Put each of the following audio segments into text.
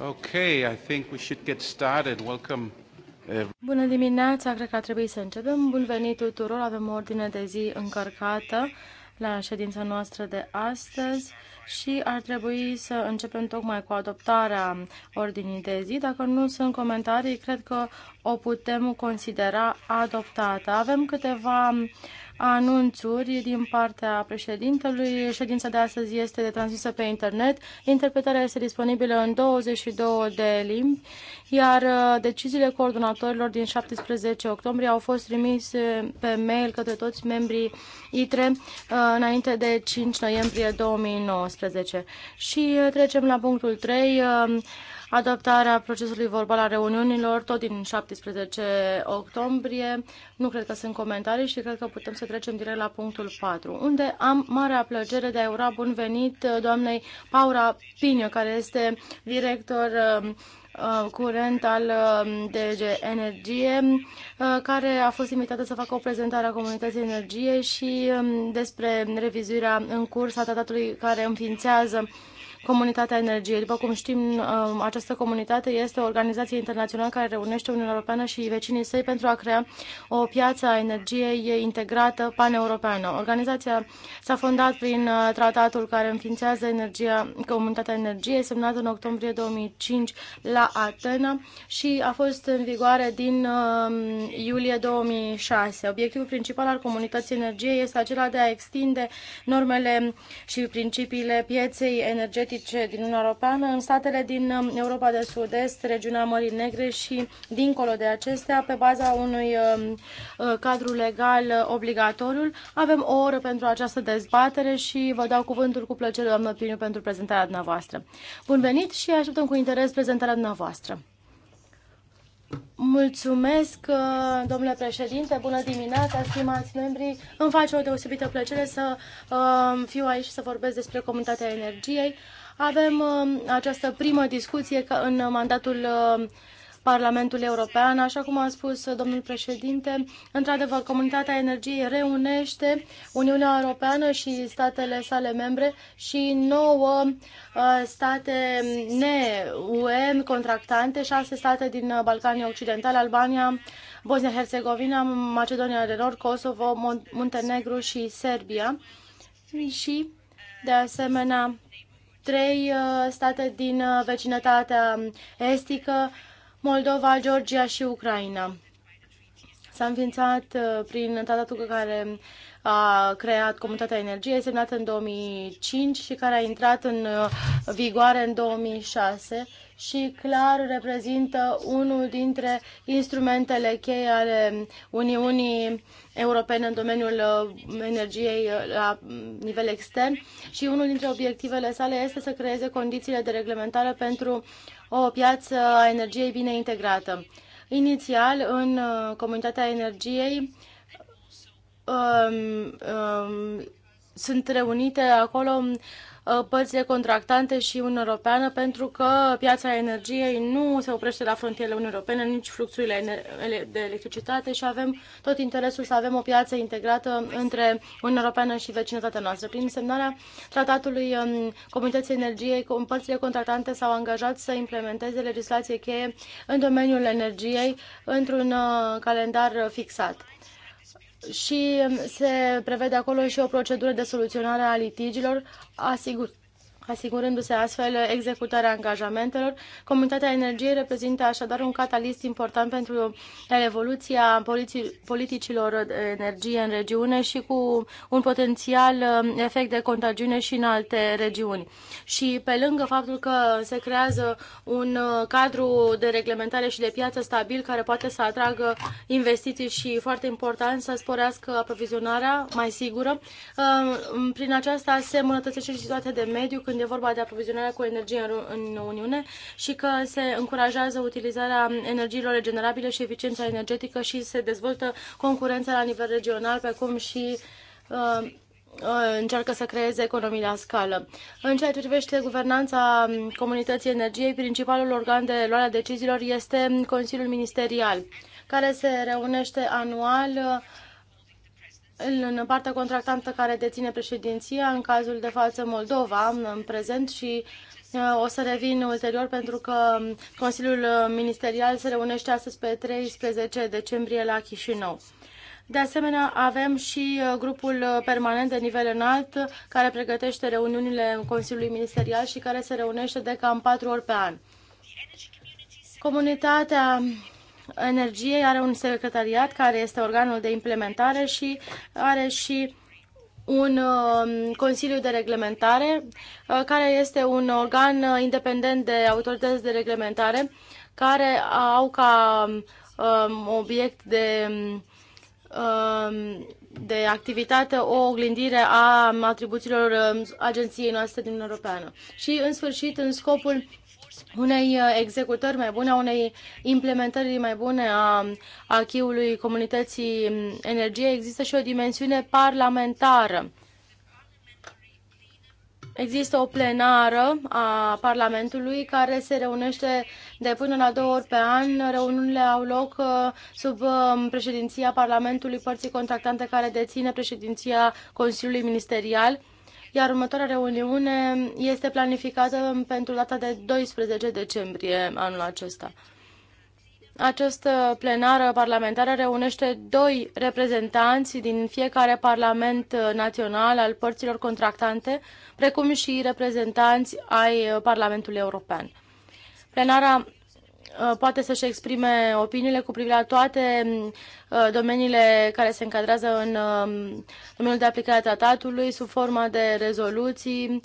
Okay, I think we should get started. Welcome. Bună dimineața, cred că ar trebui să începem. Bun venit tuturor, avem o ordine de zi încărcată la ședința noastră de astăzi și ar trebui să începem tocmai cu adoptarea ordinii de zi. Dacă nu sunt comentarii, cred că o putem considera adoptată. Avem câteva uh, anunțuri din partea președintelui. Ședința de astăzi este transmisă pe internet. Interpretarea este disponibilă în 22 de limbi, iar uh, deciziile coordonatorilor din 17 octombrie au fost trimise pe mail către toți membrii ITRE uh, înainte de 5 noiembrie 2019. Și uh, trecem la punctul 3 adoptarea procesului verbal a reuniunilor, tot din 17 octombrie. Nu cred că sunt comentarii și cred că putem să trecem direct la punctul 4, unde am marea plăcere de a ura bun venit uh, doamnei Paura Pinio, care este director um, uh, curent al um, DG Energie, uh, care a fost invitată să facă o prezentare a comunității energie și um, despre revizuirea în curs a tratatului care înființează Comunitatea Energiei. După cum știm, um, această comunitate este o organizație internațională care reunește Uniunea Europeană și vecinii săi pentru a crea o piață a energiei integrată paneuropeană. Organizația s-a fondat prin uh, tratatul care înființează energia, Comunitatea Energiei, semnat în octombrie 2005 la Atena și a fost în vigoare din um, iulie 2006. Obiectivul principal al Comunității Energiei este acela de a extinde normele și principiile pieței energetice energetice din Uniunea Europeană în statele din um, Europa de Sud-Est, regiunea Mării Negre și dincolo de acestea, pe baza unui um, uh, cadru legal obligatoriu. Avem o oră pentru această dezbatere și vă dau cuvântul cu plăcere, doamnă Piniu, pentru prezentarea dumneavoastră. Bun venit și așteptăm cu interes prezentarea dumneavoastră. Mulțumesc, uh, domnule președinte, bună dimineața, stimați membri. Îmi face o deosebită plăcere să uh, fiu aici și să vorbesc despre comunitatea energiei. Avem uh, această primă discuție în mandatul uh, Parlamentul European, așa cum a spus uh, domnul președinte. Într-adevăr, comunitatea energiei reunește Uniunea Europeană și statele sale membre și nouă state ne-UE contractante, șase state din Balcanii Occidentali, Albania, Bosnia-Herzegovina, Macedonia de Nord, Kosovo, Muntenegru și Serbia. Și, de asemenea, trei uh, state din uh, vecinătatea estică, Moldova, Georgia și Ucraina. S-a înființat uh, prin tratatul care a creat Comunitatea Energiei, semnat în 2005 și care a intrat în vigoare în 2006 și clar reprezintă unul dintre instrumentele cheie ale Uniunii Europene în domeniul uh, energiei uh, la nivel extern și unul dintre obiectivele sale este să creeze condițiile de reglementare pentru o piață a energiei bine integrată. Inițial, în uh, comunitatea energiei, um, um, sunt reunite acolo Uh, părțile contractante și Uniunea Europeană, pentru că piața energiei nu se oprește la frontierele Uniunii Europene, nici fluxurile de electricitate și avem tot interesul să avem o piață integrată între Uniunea Europeană și vecinătatea noastră. Prin semnarea tratatului um, Comunității Energiei, părțile contractante s-au angajat să implementeze legislație cheie în domeniul energiei într-un uh, calendar fixat și um, se prevede acolo și o procedură de soluționare a litigilor, asigur asigurându-se astfel executarea angajamentelor. Comunitatea energiei reprezintă așadar un catalist important pentru evoluția politicilor de energie în regiune și cu un potențial uh, efect de contagiune și în alte regiuni. Și pe lângă faptul că se creează un uh, cadru de reglementare și de piață stabil care poate să atragă investiții și foarte important să sporească aprovizionarea mai sigură, uh, prin aceasta se îmbunătățește și situația de mediu când când e vorba de aprovizionarea cu energie în Uniune și că se încurajează utilizarea energiilor regenerabile și eficiența energetică și se dezvoltă concurența la nivel regional, precum și uh, uh, încearcă să creeze economii la scală. În ceea ce privește guvernanța um, comunității energiei, principalul organ de luare deciziilor este Consiliul Ministerial, care se reunește anual uh, în partea contractantă care deține președinția, în cazul de față Moldova, în prezent și uh, o să revin ulterior pentru că Consiliul Ministerial se reunește astăzi pe 13 decembrie la Chișinău. De asemenea, avem și uh, grupul permanent de nivel înalt care pregătește reuniunile Consiliului Ministerial și care se reunește de cam patru ori pe an. Comunitatea energiei are un secretariat care este organul de implementare și are și un um, Consiliu de Reglementare, uh, care este un organ uh, independent de autorități de reglementare, care au ca um, um, obiect de, de activitate o oglindire a atribuțiilor agenției noastre din Europeană. Și, în sfârșit, în scopul unei uh, executări mai bune, a unei implementări mai bune a achiului comunității um, energie, există și o dimensiune parlamentară. Există o plenară a Parlamentului care se reunește de până la două ori pe an. Reuniunile au loc uh, sub um, președinția Parlamentului, părții contractante care deține președinția Consiliului Ministerial iar următoarea reuniune este planificată pentru data de 12 decembrie anul acesta. Această plenară parlamentară reunește doi reprezentanți din fiecare parlament național al părților contractante, precum și reprezentanți ai Parlamentului European. Plenara Uh, poate să-și exprime opiniile cu privire la toate uh, domeniile care se încadrează în uh, domeniul de aplicare a tratatului sub forma de rezoluții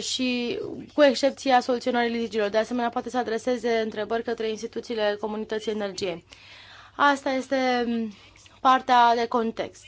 și cu excepția soluționării litigilor. De asemenea, poate să adreseze întrebări către instituțiile comunității energiei. Asta este um, partea de context.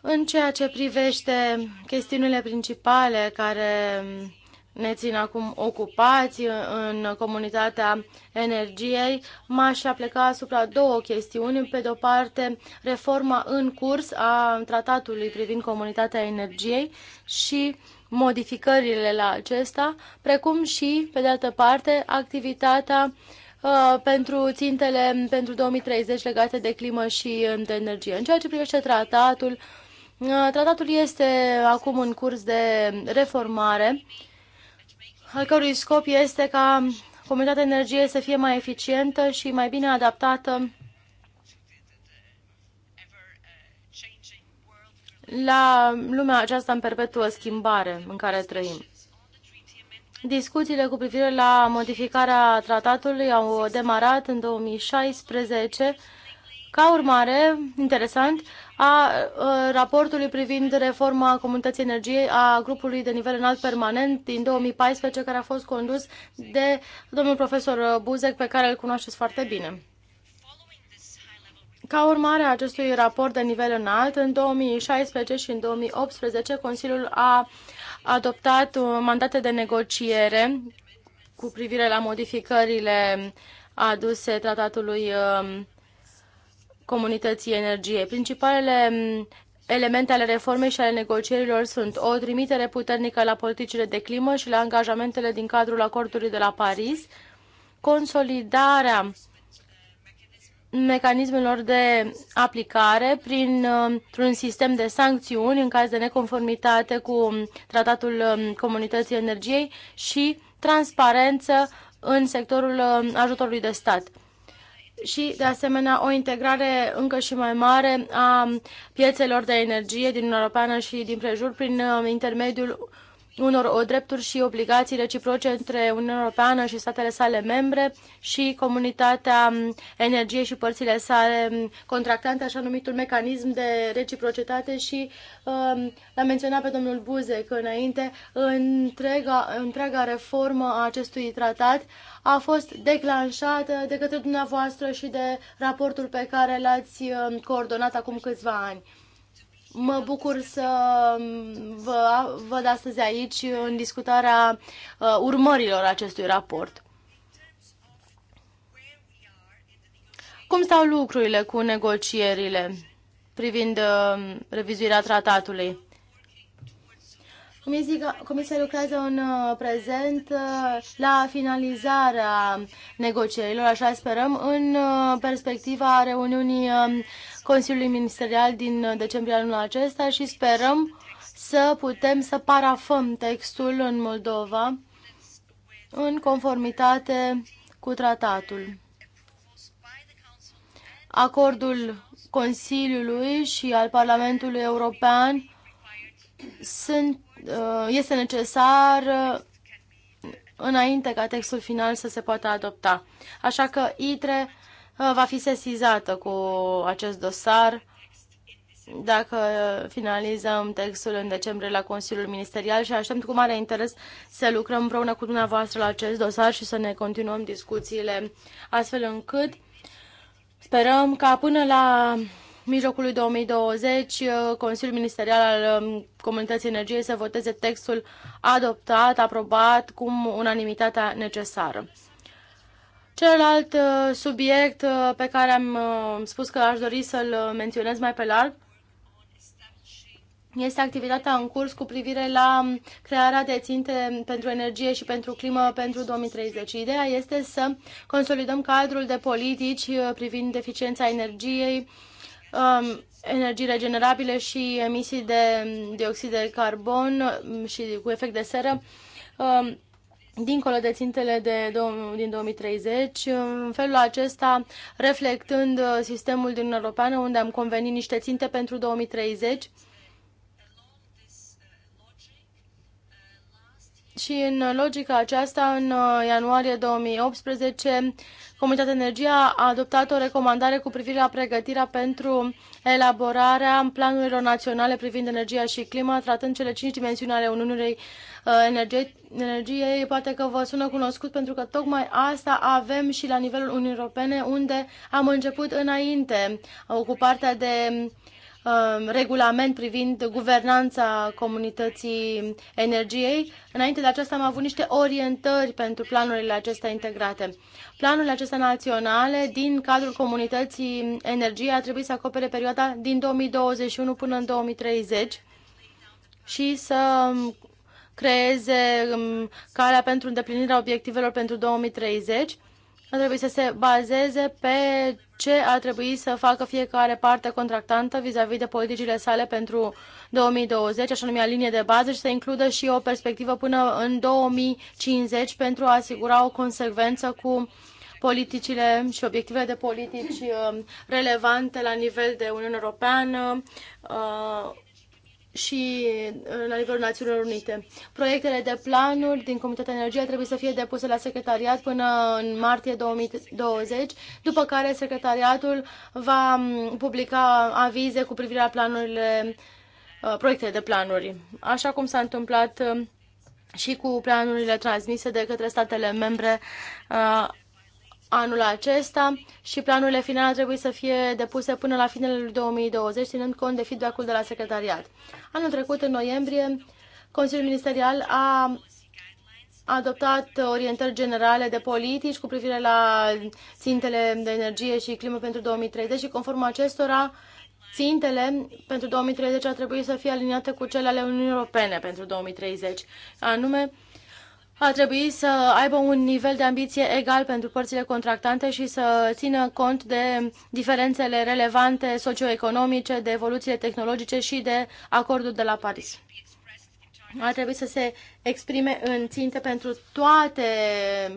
În ceea ce privește chestiunile principale care um, ne țin acum ocupați în comunitatea energiei, m-aș apleca asupra două chestiuni. Pe de-o parte, reforma în curs a tratatului privind comunitatea energiei și modificările la acesta, precum și, pe de altă parte, activitatea uh, pentru țintele pentru 2030 legate de climă și de energie. În ceea ce privește tratatul, uh, tratatul este acum în curs de reformare al cărui scop este ca comunitatea energiei să fie mai eficientă și mai bine adaptată la lumea aceasta în perpetuă schimbare în care trăim. Discuțiile cu privire la modificarea tratatului au demarat în 2016. Ca urmare, interesant, a raportului privind reforma Comunității Energiei a grupului de nivel înalt permanent din 2014, care a fost condus de domnul profesor Buzek, pe care îl cunoașteți foarte bine. Ca urmare a acestui raport de nivel înalt, în 2016 și în 2018, Consiliul a adoptat mandate de negociere cu privire la modificările aduse tratatului um, comunității energiei. Principalele mm, elemente ale reformei și ale negocierilor sunt o trimitere puternică la politicile de climă și la angajamentele din cadrul acordului de la Paris, consolidarea mecanismelor de aplicare printr-un mm, sistem de sancțiuni în caz de neconformitate cu mm, Tratatul Comunității Energiei și transparență în sectorul ajutorului de stat și, de asemenea, o integrare încă și mai mare a piețelor de energie din Europeană și din prejur prin uh, intermediul unor o drepturi și obligații reciproce între Uniunea Europeană și statele sale membre și comunitatea energiei și părțile sale contractante, așa numitul mecanism de reciprocitate și um, l-a menționat pe domnul Buzec înainte, întreaga, întreaga reformă a acestui tratat a fost declanșată de către dumneavoastră și de raportul pe care l-ați um, coordonat acum câțiva ani. Mă bucur să mm, vă văd astăzi aici în discutarea uh, urmărilor acestui raport. Cum stau lucrurile cu negocierile privind uh, revizuirea tratatului? Comisia lucrează în uh, prezent la finalizarea negocierilor, așa sperăm, în perspectiva reuniunii Consiliului Ministerial din uh, decembrie anul acesta și sperăm să putem să parafăm textul în Moldova în conformitate cu tratatul. Acordul Consiliului și al Parlamentului European sunt, uh, este necesar uh, înainte ca textul final să se poată adopta. Așa că ITRE Uh, va fi sesizată cu acest dosar dacă finalizăm textul în decembrie la Consiliul Ministerial și aștept cu mare interes să lucrăm împreună cu dumneavoastră la acest dosar și să ne continuăm discuțiile astfel încât sperăm ca până la mijlocul lui 2020 uh, Consiliul Ministerial al um, Comunității Energiei să voteze textul adoptat, aprobat, cu unanimitatea necesară. Celălalt uh, subiect uh, pe care uh, am spus că aș dori să-l menționez mai pe larg este activitatea în curs cu privire la crearea de ținte pentru energie și pentru climă pentru 2030. Ideea este să consolidăm cadrul de politici privind eficiența energiei, um, energii regenerabile și emisii de dioxid de carbon um, și cu efect de seră um, dincolo de țintele de, din 2030, în felul acesta reflectând uh, sistemul din Europeană, unde am convenit niște ținte pentru 2030 Și în logica aceasta, în uh, ianuarie 2018, Comunitatea Energia a adoptat o recomandare cu privire la pregătirea pentru elaborarea planurilor naționale privind energia și clima, tratând cele cinci dimensiuni ale Uniunii uh, Energiei. Poate că vă sună cunoscut pentru că tocmai asta avem și la nivelul Uniunii Europene, unde am început înainte uh, cu partea de Um, regulament privind guvernanța comunității energiei. Înainte de aceasta am avut niște orientări pentru planurile acestea integrate. Planurile acestea naționale din cadrul comunității energiei a trebuit să acopere perioada din 2021 până în 2030 și să creeze um, calea pentru îndeplinirea obiectivelor pentru 2030 ar trebui să se bazeze pe ce ar trebui să facă fiecare parte contractantă vis-a-vis -vis de politicile sale pentru 2020, așa numea linie de bază, și să includă și o perspectivă până în 2050 pentru a asigura o consecvență cu politicile și obiectivele de politici um, relevante la nivel de Uniune Europeană, uh, și uh, la nivelul Națiunilor Unite. Proiectele de planuri din Comitetul Energie trebuie să fie depuse la secretariat până în martie 2020, după care secretariatul va mm, publica avize cu privire la planurile, uh, proiectele de planuri, așa cum s-a întâmplat uh, și cu planurile transmise de către statele membre anul acesta și planurile finale trebuie să fie depuse până la finele lui 2020, ținând cont de feedback-ul de la secretariat. Anul trecut, în noiembrie, Consiliul Ministerial a adoptat orientări generale de politici cu privire la țintele de energie și climă pentru 2030 și conform acestora, țintele pentru 2030 ar trebui să fie aliniate cu cele ale Uniunii Europene pentru 2030, anume ar trebui să aibă un nivel de ambiție egal pentru părțile contractante și să țină cont de diferențele relevante socioeconomice, de evoluțiile tehnologice și de acordul de la Paris. Ar trebui să se exprime în ținte pentru toate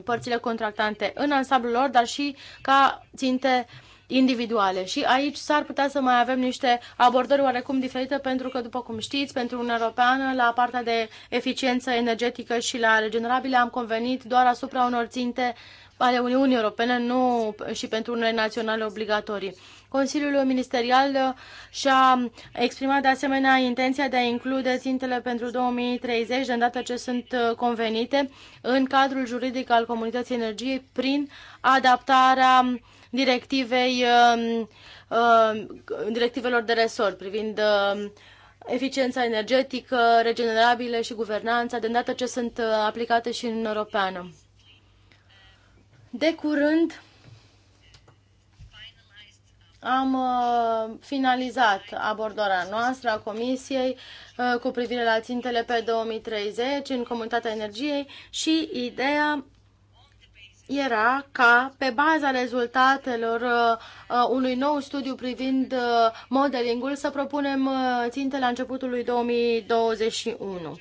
părțile contractante, în ansamblul lor, dar și ca ținte uh, individuale. Și aici s-ar putea să mai avem niște abordări oarecum diferite, pentru că, după cum știți, pentru Uniunea Europeană, la partea de eficiență energetică și la regenerabile am convenit doar asupra unor ținte ale Uniunii Europene, nu și pentru unele naționale obligatorii. Consiliul Ministerial și-a exprimat de asemenea intenția de a include țintele pentru 2030, de îndată ce sunt convenite, în cadrul juridic al Comunității Energiei prin adaptarea directivei, um, um, directivelor de resort privind um, eficiența energetică, regenerabile și guvernanța, de îndată ce sunt uh, aplicate și în Europeană. De curând am uh, finalizat abordarea noastră a Comisiei uh, cu privire la țintele pe 2030 în Comunitatea Energiei și ideea era ca, pe baza rezultatelor uh, unui nou studiu privind uh, modelingul, să propunem uh, ținte la începutul lui 2021.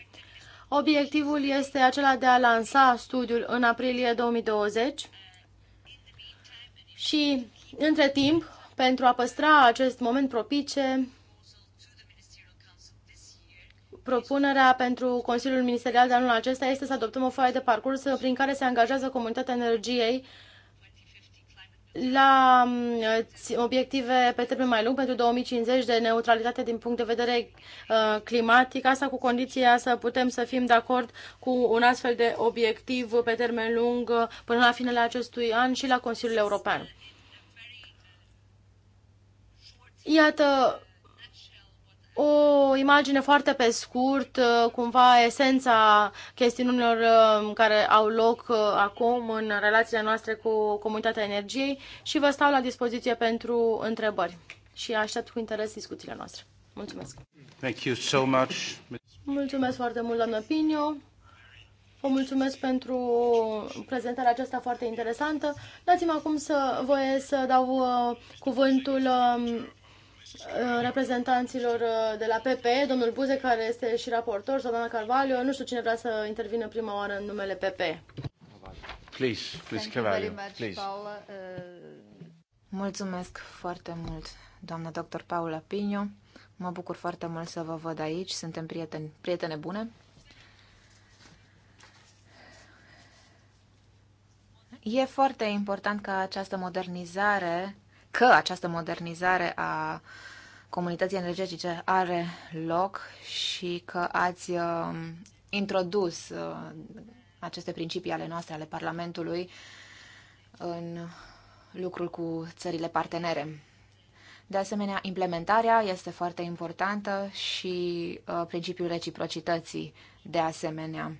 Obiectivul este acela de a lansa studiul în aprilie 2020 și, între timp, pentru a păstra acest moment propice, Propunerea pentru Consiliul Ministerial de anul acesta este să adoptăm o foaie de parcurs prin care se angajează comunitatea energiei la mm, obiective pe termen mai lung pentru 2050 de neutralitate din punct de vedere uh, climatic, asta cu condiția să putem să fim de acord cu un astfel de obiectiv pe termen lung uh, până la finele acestui an și la Consiliul European. Iată o imagine foarte pe scurt, uh, cumva esența chestiunilor uh, care au loc uh, acum în relațiile noastre cu comunitatea energiei și vă stau la dispoziție pentru întrebări și aștept cu interes discuțiile noastre. Mulțumesc! Thank you so much. Mulțumesc foarte mult, doamnă Pinio! Vă mulțumesc pentru prezentarea aceasta foarte interesantă. Dați-mi acum să voie să dau cuvântul um, Uh, reprezentanților uh, de la PP, domnul Buze, care este și raportor, sau doamna Carvalho. Nu știu cine vrea să intervină prima oară în numele PP. Please, please, Carvalho, please. Uh, Mulțumesc foarte mult, doamna doctor Paula Pino. Mă bucur foarte mult să vă văd aici. Suntem prieteni, prietene bune. E foarte important ca această modernizare că această modernizare a comunității energetice are loc și că ați uh, introdus uh, aceste principii ale noastre, ale Parlamentului, în lucrul cu țările partenere. De asemenea, implementarea este foarte importantă și uh, principiul reciprocității de asemenea.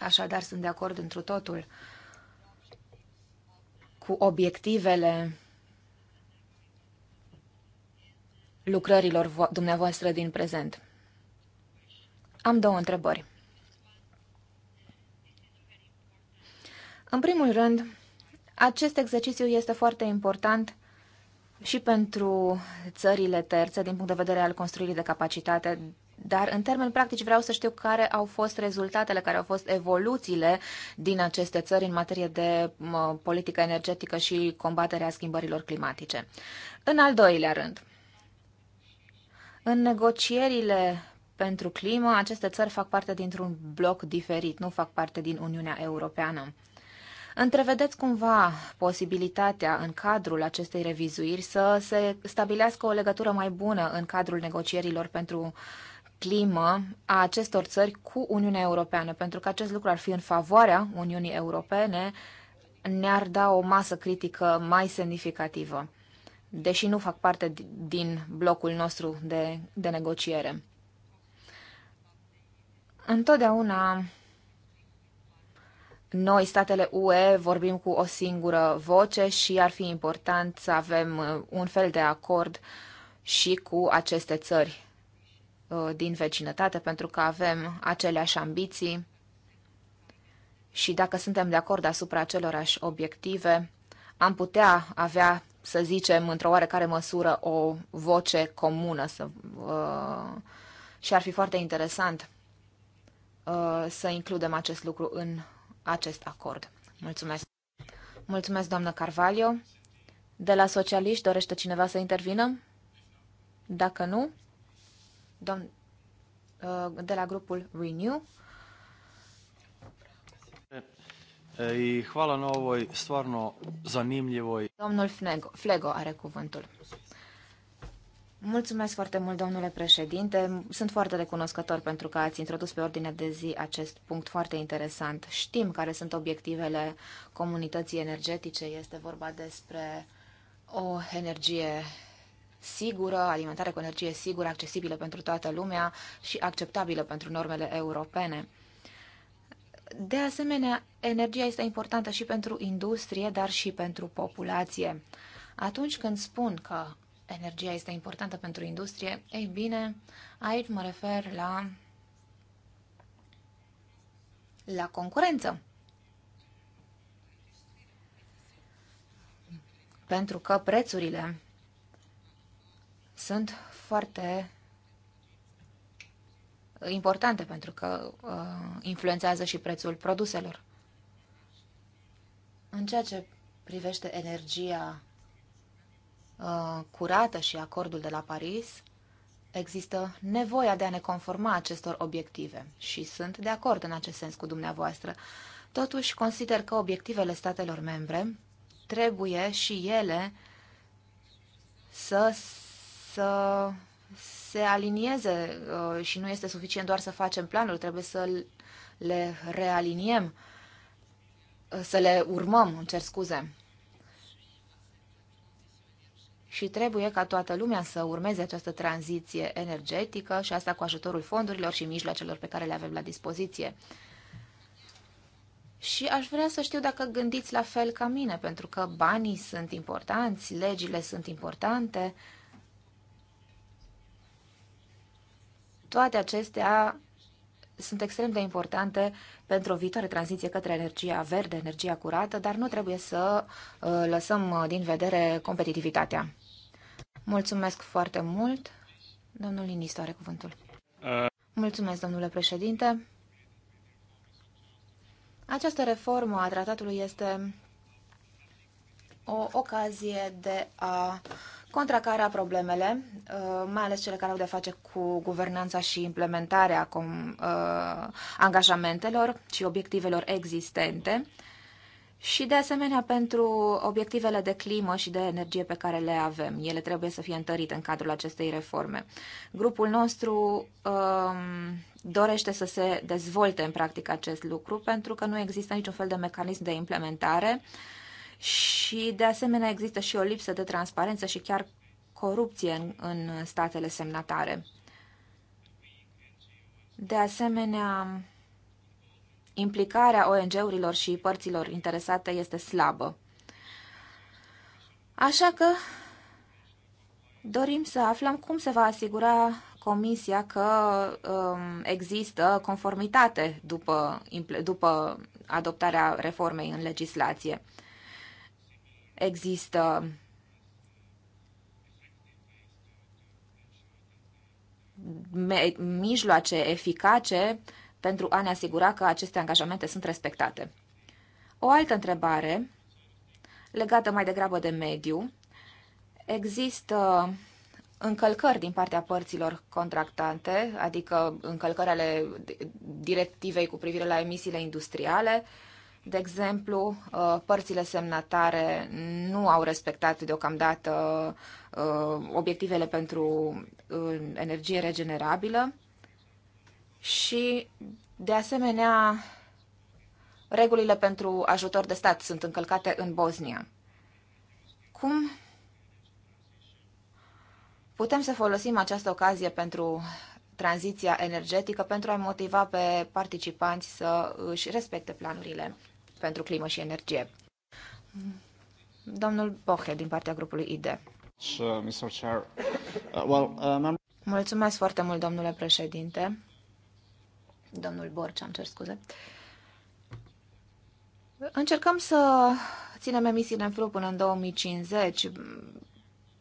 Așadar, sunt de acord întru totul cu obiectivele lucrărilor dumneavoastră din prezent. Am două întrebări. În primul rând, acest exercițiu este foarte important și pentru țările terțe din punct de vedere al construirii de capacitate dar, în termeni practici, vreau să știu care au fost rezultatele, care au fost evoluțiile din aceste țări în materie de politică energetică și combaterea schimbărilor climatice. În al doilea rând, în negocierile pentru climă, aceste țări fac parte dintr-un bloc diferit, nu fac parte din Uniunea Europeană. Întrevedeți cumva posibilitatea în cadrul acestei revizuiri să se stabilească o legătură mai bună în cadrul negocierilor pentru uh, climă a acestor țări cu Uniunea Europeană, pentru că acest lucru ar fi în favoarea Uniunii Europene, ne-ar da o masă critică mai semnificativă, deși nu fac parte din blocul nostru de, de negociere. Întotdeauna noi, statele UE, vorbim cu o singură voce și ar fi important să avem uh, un fel de acord și cu aceste țări Uh, din vecinătate pentru că avem aceleași ambiții și dacă suntem de acord asupra acelorași obiective, am putea avea, să zicem, într-o oarecare măsură o voce comună să, uh, și ar fi foarte interesant uh, să includem acest lucru în acest acord. Mulțumesc! Mulțumesc, doamnă Carvalho. De la socialiști dorește cineva să intervină? Dacă nu, domn, uh, de la grupul Renew. hvala na ovoj stvarno zanimljivoj... Domnul Flego, Flego are cuvântul. Mulțumesc foarte mult, domnule președinte. Sunt foarte recunoscător pentru că ați introdus pe ordinea de zi acest punct foarte interesant. Știm care sunt obiectivele comunității energetice. Este vorba despre o energie sigură, alimentare cu energie sigură, accesibilă pentru toată lumea și acceptabilă pentru normele europene. De asemenea, energia este importantă și pentru industrie, dar și pentru populație. Atunci când spun că energia este importantă pentru industrie, ei bine, aici mă refer la la concurență. Pentru că prețurile sunt foarte importante pentru că uh, influențează și prețul produselor. În ceea ce privește energia uh, curată și acordul de la Paris, există nevoia de a ne conforma acestor obiective și sunt de acord în acest sens cu dumneavoastră. Totuși, consider că obiectivele statelor membre trebuie și ele să să se alinieze uh, și nu este suficient doar să facem planuri, trebuie să le realiniem, uh, să le urmăm, îmi cer scuze. Și trebuie ca toată lumea să urmeze această tranziție energetică și asta cu ajutorul fondurilor și mijloacelor pe care le avem la dispoziție. Și aș vrea să știu dacă gândiți la fel ca mine, pentru că banii sunt importanți, legile sunt importante, Toate acestea sunt extrem de importante pentru o viitoare tranziție către energia verde, energia curată, dar nu trebuie să uh, lăsăm uh, din vedere competitivitatea. Mulțumesc foarte mult. Domnul Linistu are cuvântul. Uh. Mulțumesc, domnule președinte. Această reformă a tratatului este o ocazie de a uh, contracara problemele, uh, mai ales cele care au de face cu guvernanța și implementarea uh, angajamentelor și obiectivelor existente și de asemenea pentru obiectivele de climă și de energie pe care le avem. Ele trebuie să fie întărite în cadrul acestei reforme. Grupul nostru um, dorește să se dezvolte în practică acest lucru pentru că nu există niciun fel de mecanism de implementare uh, și de asemenea există și o lipsă de transparență și chiar corupție în, în statele semnatare. De asemenea, implicarea ONG-urilor și părților interesate este slabă. Așa că dorim să aflăm cum se va asigura Comisia că um, există conformitate după, după adoptarea reformei în legislație există mijloace eficace pentru a ne asigura că aceste angajamente sunt respectate. O altă întrebare, legată mai degrabă de mediu, există încălcări din partea părților contractante, adică încălcări ale directivei cu privire la emisiile industriale, de exemplu, uh, părțile semnatare nu au respectat deocamdată uh, obiectivele pentru uh, energie regenerabilă și, de asemenea, regulile pentru ajutor de stat sunt încălcate în Bosnia. Cum putem să folosim această ocazie pentru tranziția energetică pentru a motiva pe participanți să își respecte planurile pentru climă și energie. Domnul Boche, din partea grupului ID. Uh, uh, uh, Mulțumesc foarte mult, domnule președinte. Domnul Borce, am cer scuze. Încercăm să ținem emisiile în flu până în 2050.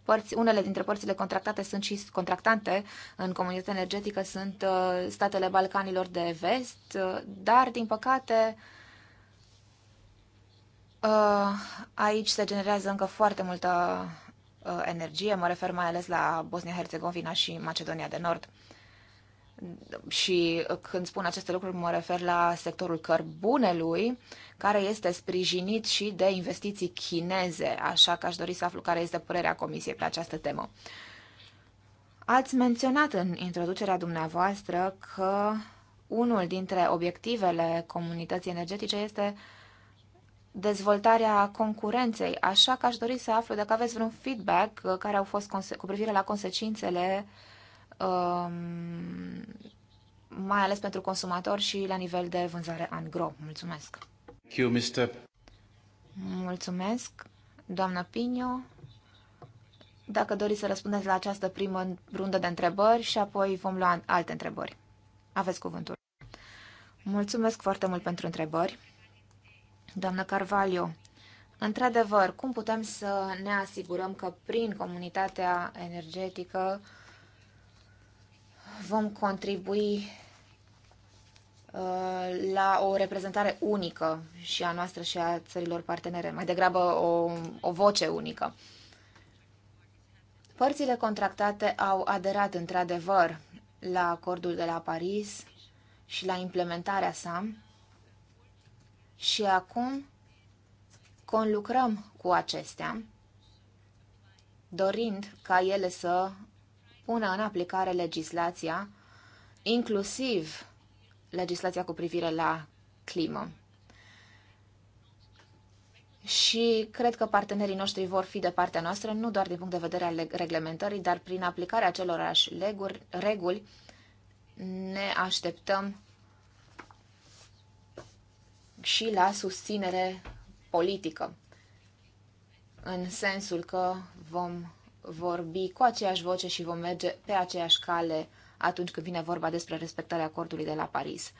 Părți, unele dintre părțile contractate sunt și contractante în comunitatea energetică sunt statele Balcanilor de vest, dar, din păcate, Uh, aici se generează încă foarte multă uh, energie, mă refer mai ales la Bosnia-Herzegovina și Macedonia de Nord. Și când spun aceste lucruri, mă refer la sectorul cărbunelui, care este sprijinit și de investiții chineze, așa că aș dori să aflu care este părerea Comisiei pe această temă. Ați menționat în introducerea dumneavoastră că unul dintre obiectivele comunității energetice este uh, dezvoltarea concurenței, așa că aș dori să aflu dacă aveți vreun feedback uh, care au fost cu privire la consecințele, um, mai ales pentru consumatori și la nivel de vânzare în gro. Mulțumesc! you, Mr. Mulțumesc, doamnă Pino. Dacă doriți să răspundeți la această primă rundă de întrebări și apoi vom lua alte întrebări. Aveți cuvântul. Mulțumesc foarte mult pentru întrebări doamnă Carvalho. Într-adevăr, cum putem să ne asigurăm că prin comunitatea energetică vom contribui uh, la o reprezentare unică și a noastră și a țărilor partenere, mai degrabă o, o voce unică. Părțile contractate au aderat într-adevăr la acordul de la Paris și la implementarea sa, și acum conlucrăm cu acestea, dorind ca ele să pună în aplicare legislația, inclusiv legislația cu privire la climă. Și cred că partenerii noștri vor fi de partea noastră, nu doar din punct de vedere al reglementării, dar prin aplicarea acelorași reguli ne așteptăm și la susținere politică, în sensul că vom vorbi cu aceeași voce și vom merge pe aceeași cale atunci când vine vorba despre respectarea acordului de la Paris.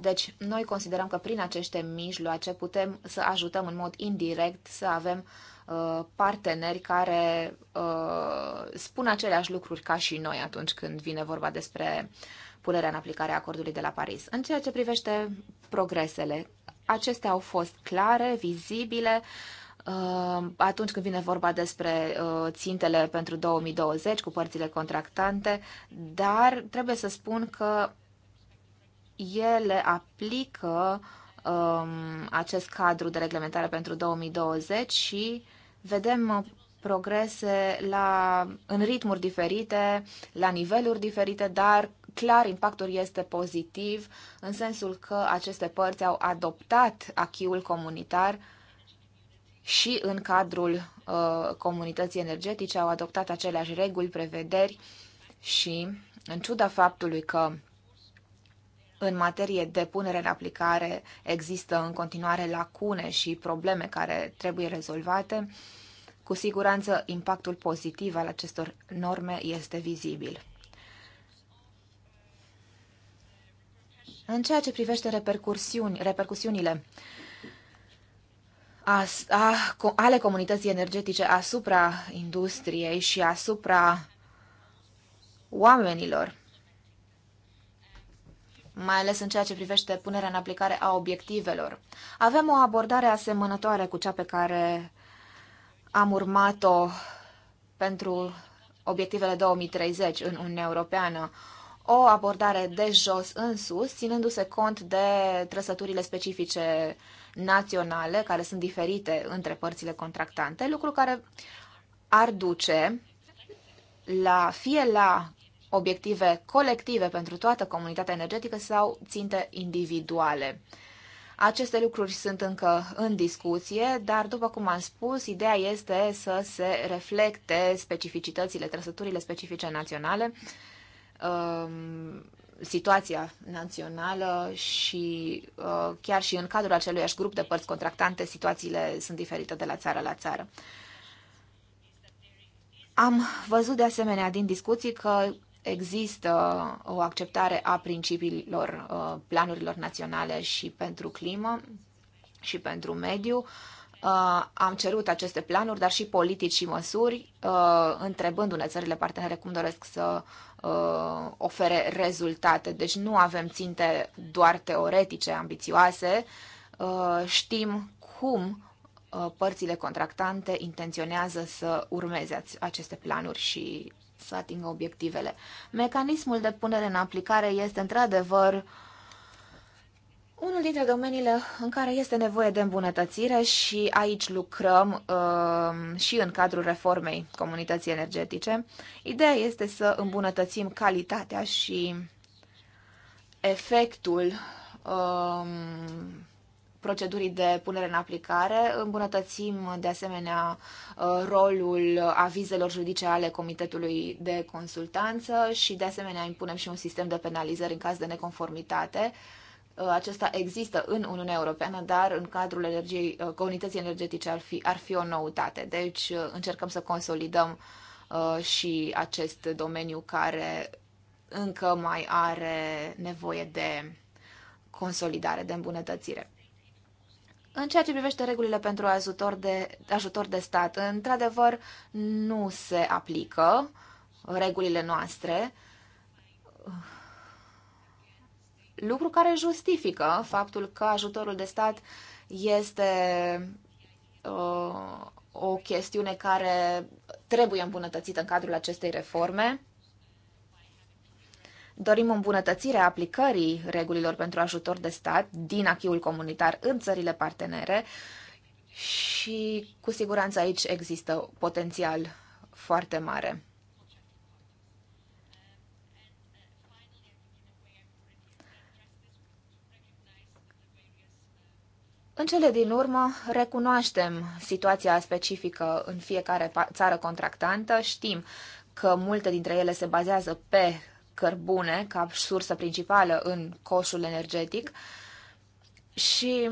Deci, noi considerăm că prin aceste mijloace putem să ajutăm în mod indirect să avem uh, parteneri care uh, spun aceleași lucruri ca și noi atunci când vine vorba despre punerea în aplicare a acordului de la Paris. În ceea ce privește progresele, Acestea au fost clare, vizibile, uh, atunci când vine vorba despre uh, țintele pentru 2020 cu părțile contractante, dar trebuie să spun că ele aplică um, acest cadru de reglementare pentru 2020 și vedem uh, progrese la, în ritmuri diferite, la niveluri diferite, dar clar impactul este pozitiv, în sensul că aceste părți au adoptat achiul comunitar și în cadrul uh, comunității energetice au adoptat aceleași reguli, prevederi și, în ciuda faptului că în materie de punere în aplicare există în continuare lacune și probleme care trebuie rezolvate, cu siguranță impactul pozitiv al acestor norme este vizibil. În ceea ce privește repercursiuni, repercursiunile as, a, ale comunității energetice asupra industriei și asupra oamenilor, mai ales în ceea ce privește punerea în aplicare a obiectivelor. Avem o abordare asemănătoare cu cea pe care am urmat-o pentru obiectivele 2030 în Uniunea Europeană o abordare de jos în sus, ținându-se cont de trăsăturile specifice naționale, care sunt diferite între părțile contractante, lucru care ar duce la, fie la obiective colective pentru toată comunitatea energetică sau ținte individuale. Aceste lucruri sunt încă în discuție, dar după cum am spus, ideea este să se reflecte specificitățile, trăsăturile specifice naționale Um, situația națională și uh, chiar și în cadrul aceluiași grup de părți contractante, situațiile sunt diferite de la țară la țară. Am văzut de asemenea din discuții că există o acceptare a principiilor uh, planurilor naționale și pentru climă și pentru mediu. Uh, Uh, am cerut aceste planuri, dar și politici și măsuri, uh, întrebându-ne țările partenere cum doresc să uh, ofere rezultate. Deci nu avem ținte doar teoretice, ambițioase. Știm cum părțile contractante intenționează să urmeze aceste planuri și să atingă obiectivele. Mecanismul de punere în aplicare este într-adevăr uh, unul dintre domeniile în care este nevoie de îmbunătățire și aici lucrăm uh, și în cadrul reformei comunității energetice, ideea este să îmbunătățim calitatea și efectul uh, procedurii de punere în aplicare. Îmbunătățim, de asemenea, uh, rolul avizelor juridice ale Comitetului de Consultanță și, de asemenea, impunem și un sistem de penalizări în caz de neconformitate. Uh, Uh, acesta există în Uniunea Europeană, dar în cadrul energiei, uh, comunității energetice ar fi, ar fi o noutate. Deci uh, încercăm să consolidăm și acest domeniu care încă mai are nevoie de consolidare, de îmbunătățire. În ceea ce privește regulile pentru ajutor de, ajutor de stat, într-adevăr, nu se aplică regulile noastre lucru care justifică faptul că ajutorul de stat este uh, o chestiune care trebuie îmbunătățită în cadrul acestei reforme. Dorim îmbunătățirea aplicării regulilor pentru ajutor de stat din achiul comunitar în țările partenere și cu siguranță aici există potențial foarte mare. În cele din urmă, recunoaștem situația specifică în fiecare țară contractantă, știm că multe dintre ele se bazează pe cărbune ca sursă principală în coșul energetic și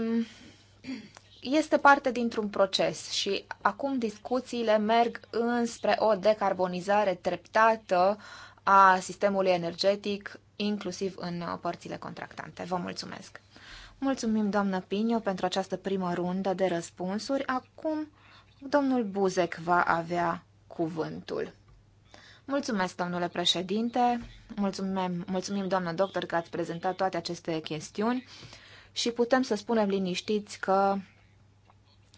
este parte dintr-un proces și acum discuțiile merg înspre o decarbonizare treptată a sistemului energetic, inclusiv în uh, părțile contractante. Vă mulțumesc! Mulțumim, doamnă Pinio, pentru această primă rundă de răspunsuri. Acum, domnul Buzec va avea cuvântul. Mulțumesc, domnule președinte, mulțumim, mulțumim doamnă doctor, că ați prezentat toate aceste chestiuni și putem să spunem liniștiți că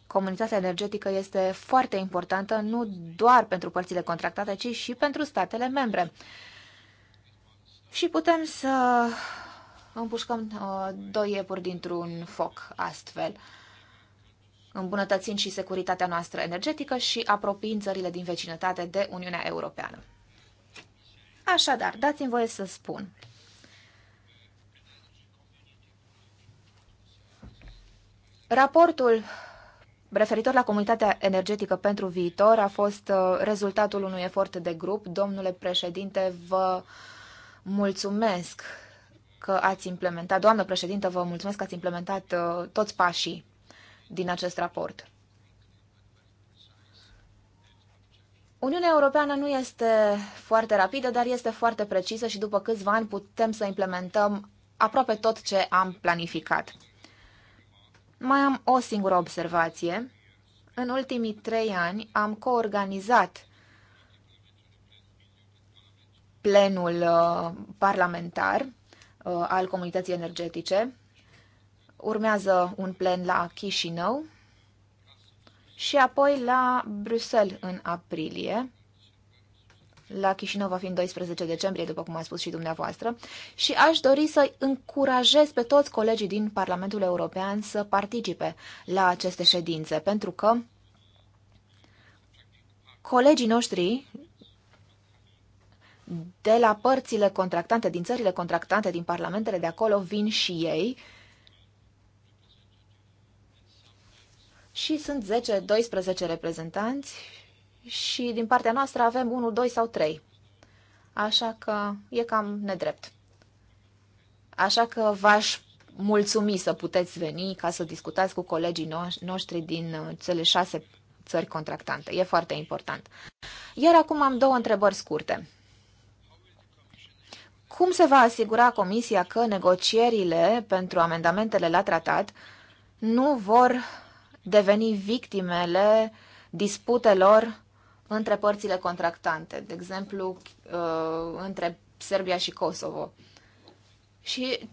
comunitatea energetică este foarte importantă nu doar pentru părțile contractate, ci și pentru statele membre. Și putem să împușcăm uh, doi iepuri dintr-un foc astfel, îmbunătățind și securitatea noastră energetică și apropiind țările din vecinătate de Uniunea Europeană. Așadar, dați-mi voie să spun. Raportul referitor la comunitatea energetică pentru viitor a fost uh, rezultatul unui efort de grup. Domnule președinte, vă mulțumesc că ați implementat, doamnă președintă, vă mulțumesc că ați implementat uh, toți pașii din acest raport. Uniunea Europeană nu este foarte rapidă, dar este foarte precisă și după câțiva ani putem să implementăm aproape tot ce am planificat. Mai am o singură observație. În ultimii trei ani am coorganizat plenul uh, parlamentar Uh, al comunității energetice. Urmează un plen la Chișinău și apoi la Bruxelles în aprilie. La Chișinău va fi în 12 decembrie, după cum a spus și dumneavoastră, și aș dori să încurajez pe toți colegii din Parlamentul European să participe la aceste ședințe, pentru că colegii noștri de la părțile contractante, din țările contractante, din parlamentele de acolo, vin și ei și sunt 10-12 reprezentanți și din partea noastră avem 1, 2 sau 3. Așa că e cam nedrept. Așa că v-aș mulțumi să puteți veni ca să discutați cu colegii noștri din uh, cele șase țări contractante. E foarte important. Iar acum am două întrebări scurte. Cum se va asigura Comisia că negocierile pentru amendamentele la tratat nu vor deveni victimele disputelor între părțile contractante, de exemplu uh, între Serbia și Kosovo? Și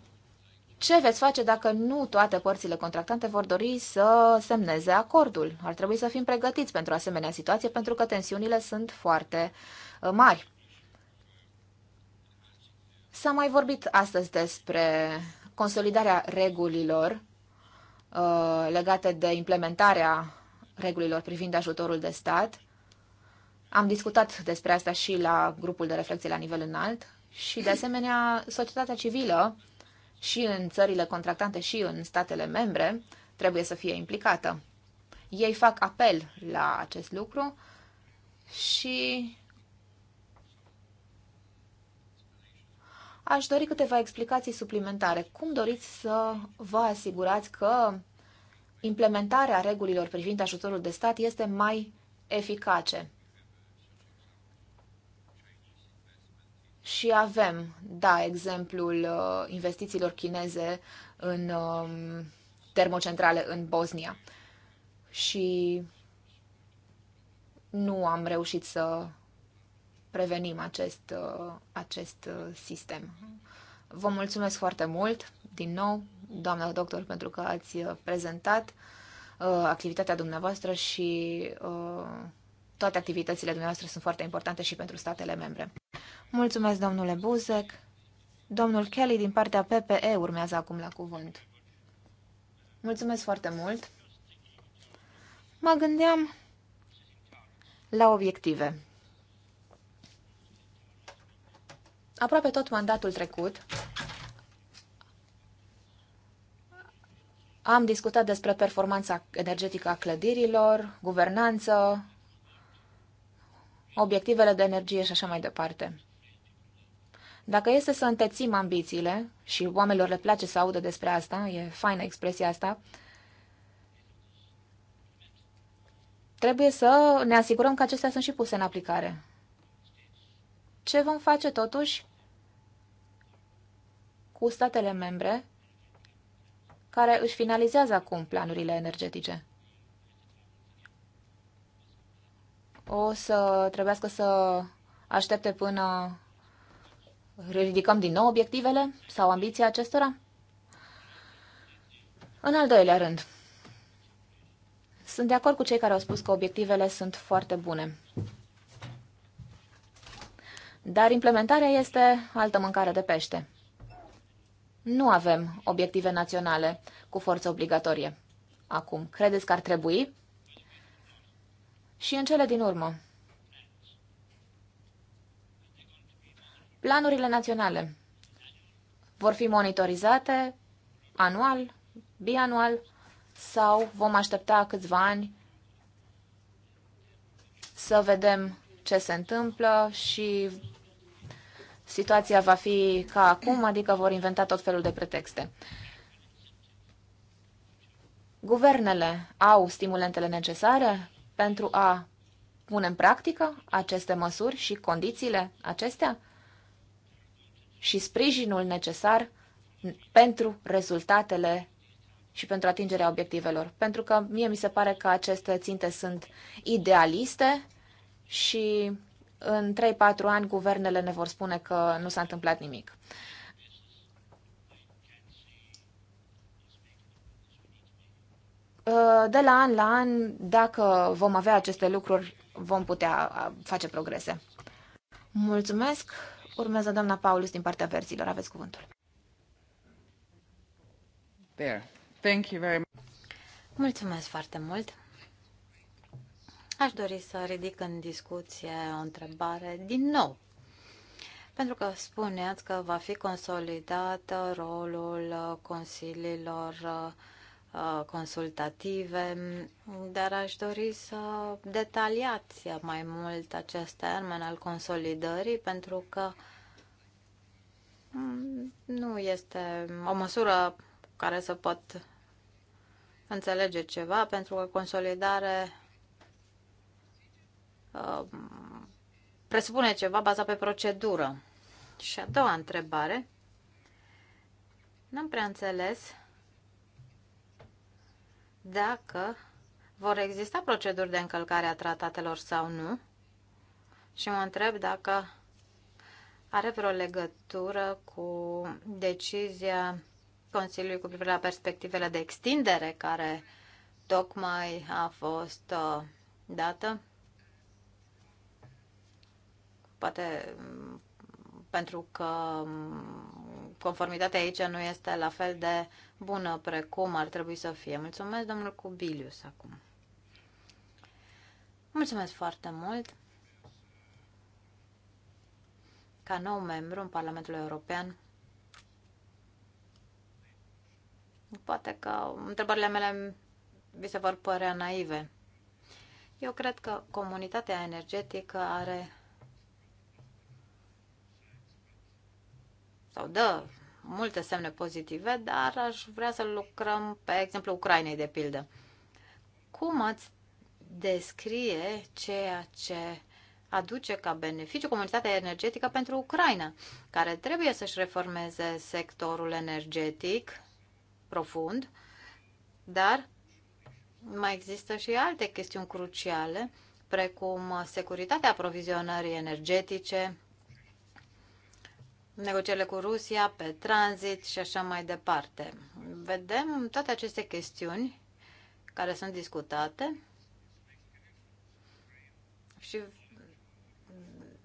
ce veți face dacă nu toate părțile contractante vor dori să semneze acordul? Ar trebui să fim pregătiți pentru asemenea situație pentru că tensiunile sunt foarte uh, mari. S-a mai vorbit astăzi despre consolidarea regulilor uh, legate de implementarea regulilor privind ajutorul de stat. Am discutat despre asta și la grupul de reflexie la nivel înalt și, de asemenea, societatea civilă și în țările contractante și în statele membre trebuie să fie implicată. Ei fac apel la acest lucru și Aș dori câteva explicații suplimentare. Cum doriți să vă asigurați că implementarea regulilor privind ajutorul de stat este mai eficace? Și avem, da, exemplul uh, investițiilor chineze în um, termocentrale în Bosnia. Și nu am reușit să prevenim acest, uh, acest uh, sistem. Vă mulțumesc foarte mult, din nou, doamna doctor, pentru că ați uh, prezentat activitatea dumneavoastră și toate activitățile dumneavoastră sunt foarte importante și pentru statele membre. Mulțumesc, domnule Buzek. Domnul Kelly, din partea PPE, urmează acum la cuvânt. Mulțumesc foarte mult. Mă gândeam la obiective. aproape tot mandatul trecut am discutat despre performanța energetică a clădirilor, guvernanță, obiectivele de energie și așa mai departe. Dacă este să întețim ambițiile, și oamenilor le place să audă despre asta, e faină expresia asta, trebuie să ne asigurăm că acestea sunt și puse în aplicare. Ce vom face totuși cu statele membre care își finalizează acum planurile energetice? O să trebuiască să aștepte până ridicăm din nou obiectivele sau ambiția acestora? În al doilea rând, sunt de acord cu cei care au spus că obiectivele sunt foarte bune. Dar implementarea este altă mâncare de pește. Nu avem obiective naționale cu forță obligatorie. Acum, credeți că ar trebui? Și în cele din urmă, planurile naționale vor fi monitorizate anual, bianual sau vom aștepta câțiva ani să vedem ce se întâmplă și situația va fi ca acum, adică vor inventa tot felul de pretexte. Guvernele au stimulentele necesare pentru a pune în practică aceste măsuri și condițiile acestea și sprijinul necesar pentru rezultatele și pentru atingerea obiectivelor. Pentru că mie mi se pare că aceste ținte sunt idealiste și în 3-4 ani guvernele ne vor spune că nu s-a întâmplat nimic. Uh, de la an la an, dacă vom avea aceste lucruri, vom putea uh, face progrese. Mulțumesc. Urmează doamna Paulus din partea verzilor. Aveți cuvântul. There. Thank you very much. Mulțumesc foarte mult. Aș dori să ridic în discuție o întrebare din nou. Pentru că spuneați că va fi consolidat rolul consiliilor uh, consultative, dar aș dori să detaliați mai mult acest termen al consolidării, pentru că mm, nu este o măsură care să pot înțelege ceva, pentru că consolidare Um, presupune ceva bazat pe procedură. Și a doua întrebare. N-am prea înțeles dacă vor exista proceduri de încălcare a tratatelor sau nu și mă întreb dacă are vreo legătură cu decizia Consiliului cu privire la perspectivele de extindere care tocmai a fost uh, dată poate pentru că conformitatea aici nu este la fel de bună precum ar trebui să fie. Mulțumesc, domnul Cubilius, acum. Mulțumesc foarte mult! Ca nou membru în Parlamentul European, poate că întrebările mele vi se vor părea naive. Eu cred că comunitatea energetică are sau dă multe semne pozitive, dar aș vrea să lucrăm pe exemplu Ucrainei de pildă. Cum ați descrie ceea ce aduce ca beneficiu comunitatea energetică pentru Ucraina, care trebuie să-și reformeze sectorul energetic profund, dar mai există și alte chestiuni cruciale, precum securitatea aprovizionării energetice, negocierile cu Rusia, pe tranzit și așa mai departe. Vedem toate aceste chestiuni care sunt discutate și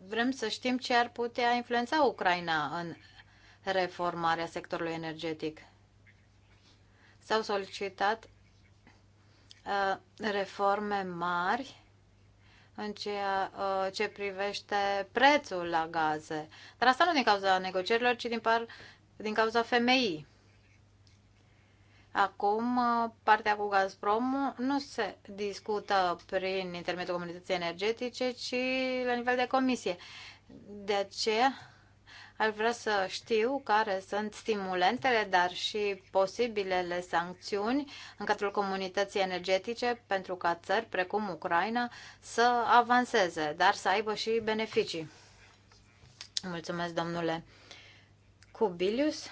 vrem să știm ce ar putea influența Ucraina în reformarea sectorului energetic. S-au solicitat uh, reforme mari în ceea uh, ce privește prețul la gaze. Dar asta nu din cauza negocierilor, ci din, par, din cauza femeii. Acum, uh, partea cu Gazprom nu se discută prin intermediul comunității energetice, ci la nivel de comisie. De aceea, ar vrea să știu care sunt stimulentele, dar și posibilele sancțiuni în cadrul comunității energetice pentru ca țări precum Ucraina să avanseze, dar să aibă și beneficii. Mulțumesc, domnule Cubilius.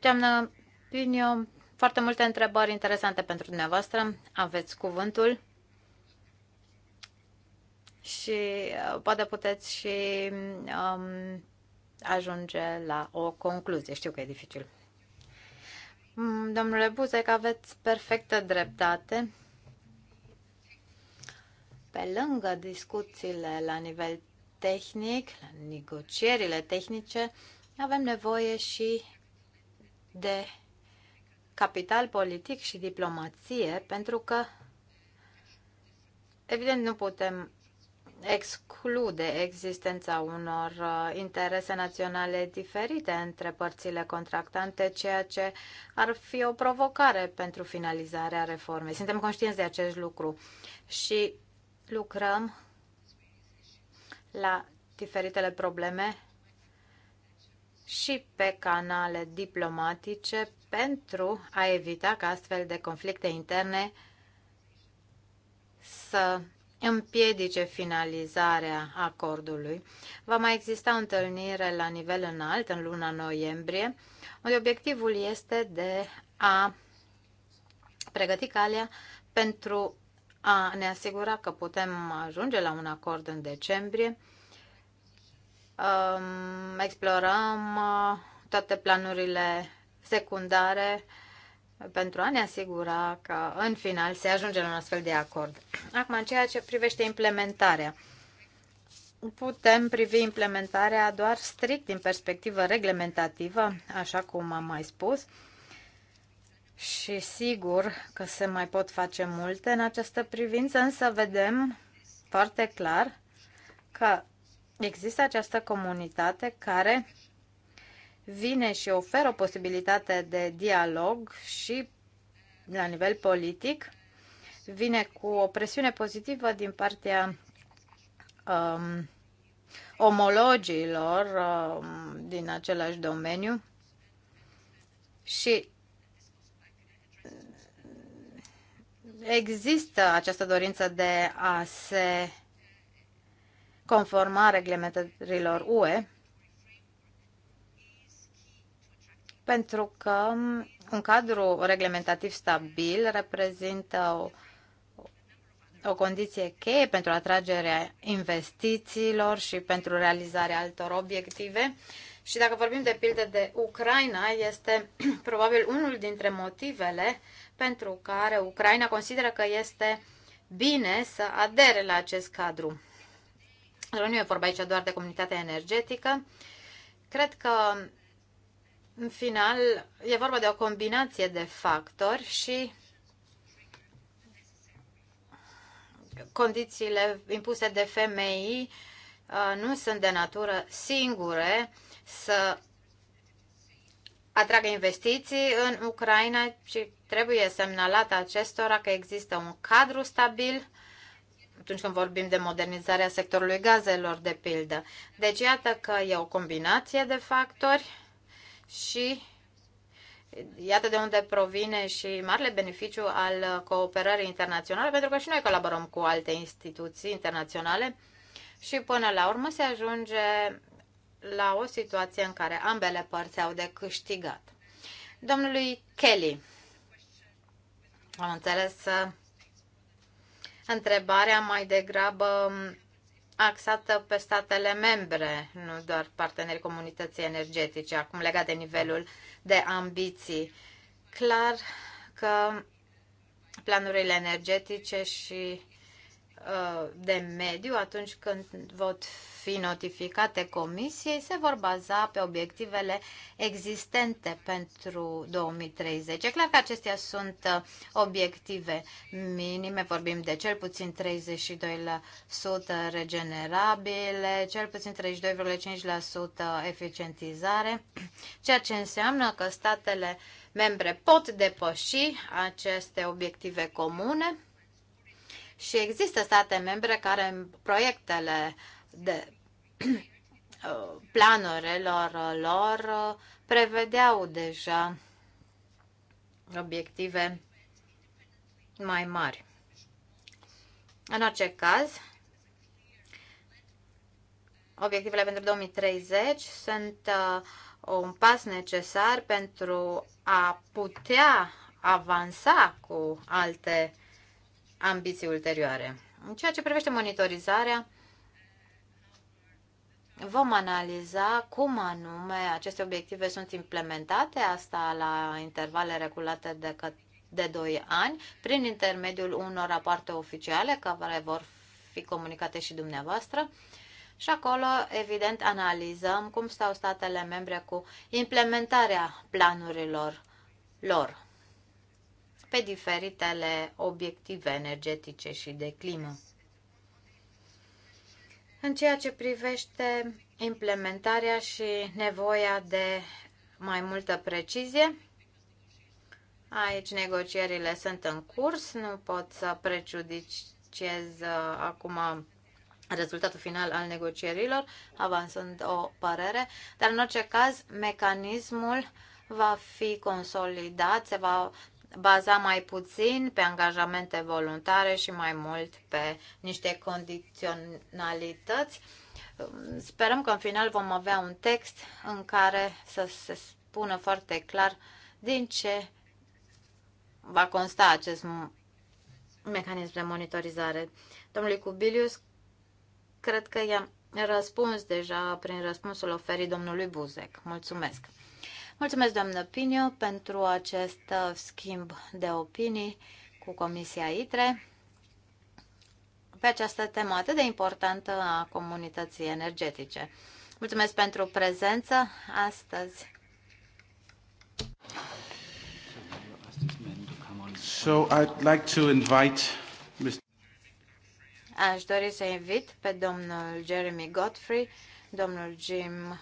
Doamnă Pinio, foarte multe întrebări interesante pentru dumneavoastră. Aveți cuvântul și uh, poate puteți și um, ajunge la o concluzie. Știu că e dificil. Mm, domnule Buzec, aveți perfectă dreptate. Pe lângă discuțiile la nivel tehnic, la negocierile tehnice, avem nevoie și de capital politic și diplomație, pentru că, evident, nu putem exclude existența unor uh, interese naționale diferite între părțile contractante, ceea ce ar fi o provocare pentru finalizarea reformei. Suntem conștienți de acest lucru și lucrăm la diferitele probleme și pe canale diplomatice pentru a evita ca astfel de conflicte interne să împiedice finalizarea acordului. Va mai exista o întâlnire la nivel înalt în luna noiembrie, unde obiectivul este de a pregăti calea pentru a ne asigura că putem ajunge la un acord în decembrie. Explorăm uh, toate planurile secundare pentru a ne asigura că în final se ajunge la un astfel de acord. Acum, în ceea ce privește implementarea, putem privi implementarea doar strict din perspectivă reglementativă, așa cum am mai spus, și sigur că se mai pot face multe în această privință, însă vedem foarte clar că există această comunitate care vine și oferă o posibilitate de dialog și la nivel politic, vine cu o presiune pozitivă din partea um, omologilor um, din același domeniu și există această dorință de a se conforma reglementărilor UE pentru că un cadru reglementativ stabil reprezintă o, o condiție cheie pentru atragerea investițiilor și pentru realizarea altor obiective. Și dacă vorbim de pildă de Ucraina, este probabil unul dintre motivele pentru care Ucraina consideră că este bine să adere la acest cadru. Nu e vorba aici doar de comunitatea energetică. Cred că în final, e vorba de o combinație de factori și condițiile impuse de femei uh, nu sunt de natură singure să atragă investiții în Ucraina și trebuie semnalat acestora că există un cadru stabil atunci când vorbim de modernizarea sectorului gazelor, de pildă. Deci iată că e o combinație de factori și iată de unde provine și marele beneficiu al cooperării internaționale, pentru că și noi colaborăm cu alte instituții internaționale și până la urmă se ajunge la o situație în care ambele părți au de câștigat. Domnului Kelly, am înțeles întrebarea mai degrabă axată pe statele membre, nu doar partenerii comunității energetice, acum legat de nivelul de ambiții. Clar că planurile energetice și Uh, de mediu atunci când vot fi notificate comisiei se vor baza pe obiectivele existente pentru 2030. E clar că acestea sunt uh, obiective minime, vorbim de cel puțin 32% regenerabile, cel puțin 32,5% eficientizare, ceea ce înseamnă că statele membre pot depăși aceste obiective comune și există state membre care în proiectele de planurilor lor prevedeau deja obiective mai mari. În orice caz, obiectivele pentru 2030 sunt uh, un pas necesar pentru a putea avansa cu alte ambiții ulterioare. În ceea ce privește monitorizarea, vom analiza cum anume aceste obiective sunt implementate, asta la intervale regulate de, de 2 ani, prin intermediul unor rapoarte oficiale care vor fi comunicate și dumneavoastră. Și acolo, evident, analizăm cum stau statele membre cu implementarea planurilor lor pe diferitele obiective energetice și de climă. În ceea ce privește implementarea și nevoia de mai multă precizie, aici negocierile sunt în curs, nu pot să prejudiciez uh, acum rezultatul final al negocierilor, avansând o părere, dar în orice caz mecanismul va fi consolidat, se va baza mai puțin pe angajamente voluntare și mai mult pe niște condiționalități. Sperăm că în final vom avea un text în care să se spună foarte clar din ce va consta acest mecanism de monitorizare. Domnului Cubilius, cred că i-am răspuns deja prin răspunsul oferit domnului Buzec. Mulțumesc! Mulțumesc, doamnă Pinio, pentru acest uh, schimb de opinii cu Comisia ITRE pe această temă atât de importantă a comunității energetice. Mulțumesc pentru prezență astăzi. So I'd like to invite Mr. Aș dori să invit pe domnul Jeremy Godfrey, domnul Jim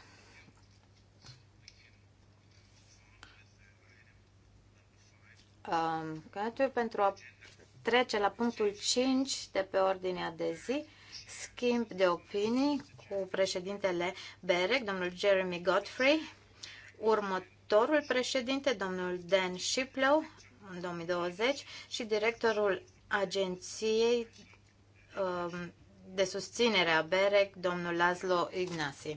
um, gături pentru a trece la punctul 5 de pe ordinea de zi, schimb de opinii cu președintele BEREC, domnul Jeremy Godfrey, următorul președinte, domnul Dan Shiplow, în 2020, și directorul agenției um, de susținere a BEREC, domnul Laszlo Ignasi.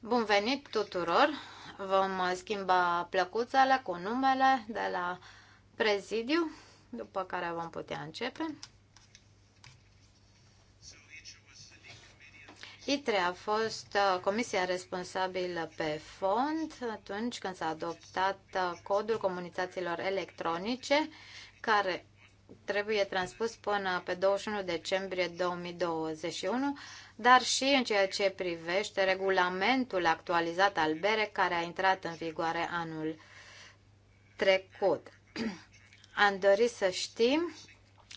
Bun venit tuturor! Vom uh, schimba plăcuțele cu numele de la prezidiu, după care vom putea începe. ITRE a fost uh, comisia responsabilă pe fond atunci când s-a adoptat uh, codul comunicațiilor electronice, care trebuie transpus până pe 21 decembrie 2021 dar și în ceea ce privește regulamentul actualizat al BEREC care a intrat în vigoare anul trecut. Am dorit să știm,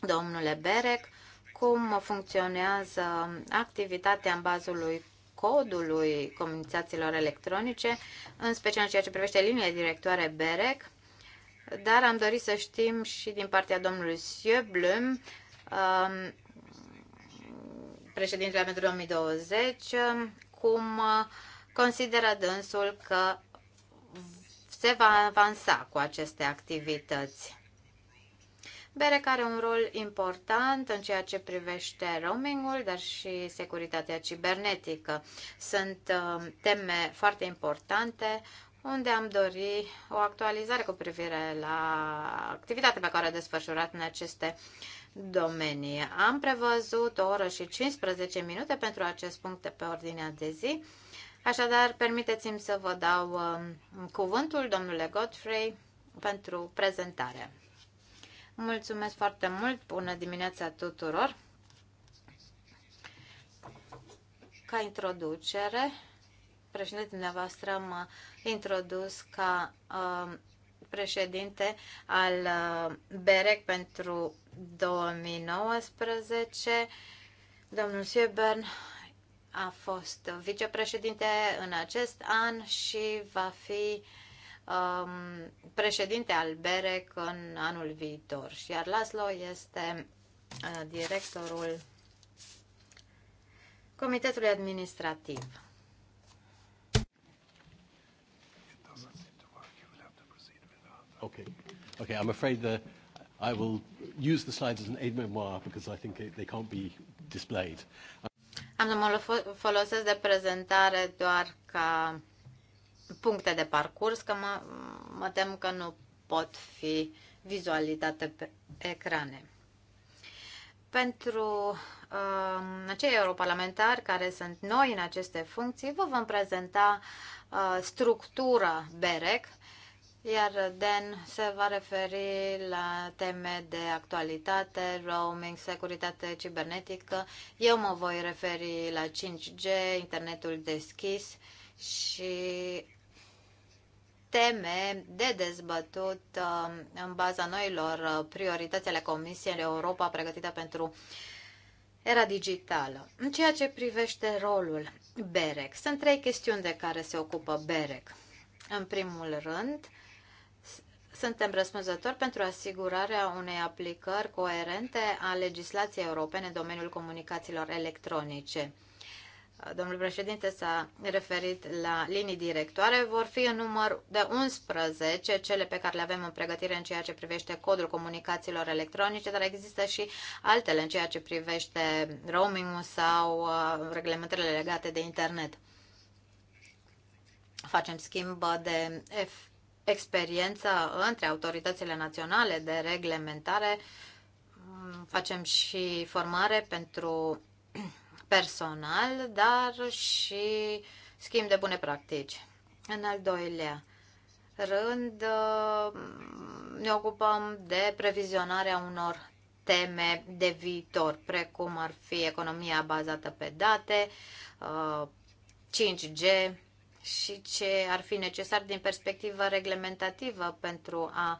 domnule Berec, cum funcționează activitatea în bazul codului comunicațiilor electronice, în special în ceea ce privește linia directoare BEREC, dar am dorit să știm și din partea domnului Sieblum președintele pentru 2020, um, cum uh, consideră dânsul că se va avansa cu aceste activități. BEREC are un rol important în ceea ce privește roamingul, dar și securitatea cibernetică. Sunt um, teme foarte importante unde am dori o actualizare cu privire la activitatea pe care a desfășurat în aceste domenii. Am prevăzut o oră și 15 minute pentru acest punct de pe ordinea de zi. Așadar, permiteți-mi să vă dau um, cuvântul, domnule Godfrey, pentru prezentare. Mulțumesc foarte mult, bună dimineața tuturor! Ca introducere, președintele dumneavoastră m-a introdus ca uh, președinte al uh, BEREC pentru 2019, domnul Siebern a fost vicepreședinte în acest an și va fi um, președinte al BEREC în anul viitor. Și iar Laszlo este uh, directorul Comitetului Administrativ. Okay. Okay, I'm afraid that I will use the slides as an aid memoir because I think they can't be displayed. Am să mă folosesc de prezentare doar ca puncte de parcurs, că mă, mă tem că nu pot fi vizualizate pe ecrane. Pentru uh, acei europarlamentari care sunt noi în aceste funcții, vă vom prezenta uh, structura BEREC, iar Dan se va referi la teme de actualitate, roaming, securitate cibernetică. Eu mă voi referi la 5G, internetul deschis și teme de dezbătut um, în baza noilor priorități ale Comisiei în Europa pregătită pentru era digitală. În ceea ce privește rolul BEREC, sunt trei chestiuni de care se ocupă BEREC. În primul rând, suntem răspunzători pentru asigurarea unei aplicări coerente a legislației europene în domeniul comunicațiilor electronice. Domnul președinte s-a referit la linii directoare. Vor fi în număr de 11 cele pe care le avem în pregătire în ceea ce privește codul comunicațiilor electronice, dar există și altele în ceea ce privește roaming-ul sau uh, reglementările legate de internet facem schimb de experiență între autoritățile naționale de reglementare. Mm, facem și formare pentru personal, dar și schimb de bune practici. În al doilea rând, mm, ne ocupăm de previzionarea unor teme de viitor, precum ar fi economia bazată pe date, 5G, uh, și ce ar fi necesar din perspectivă reglementativă pentru a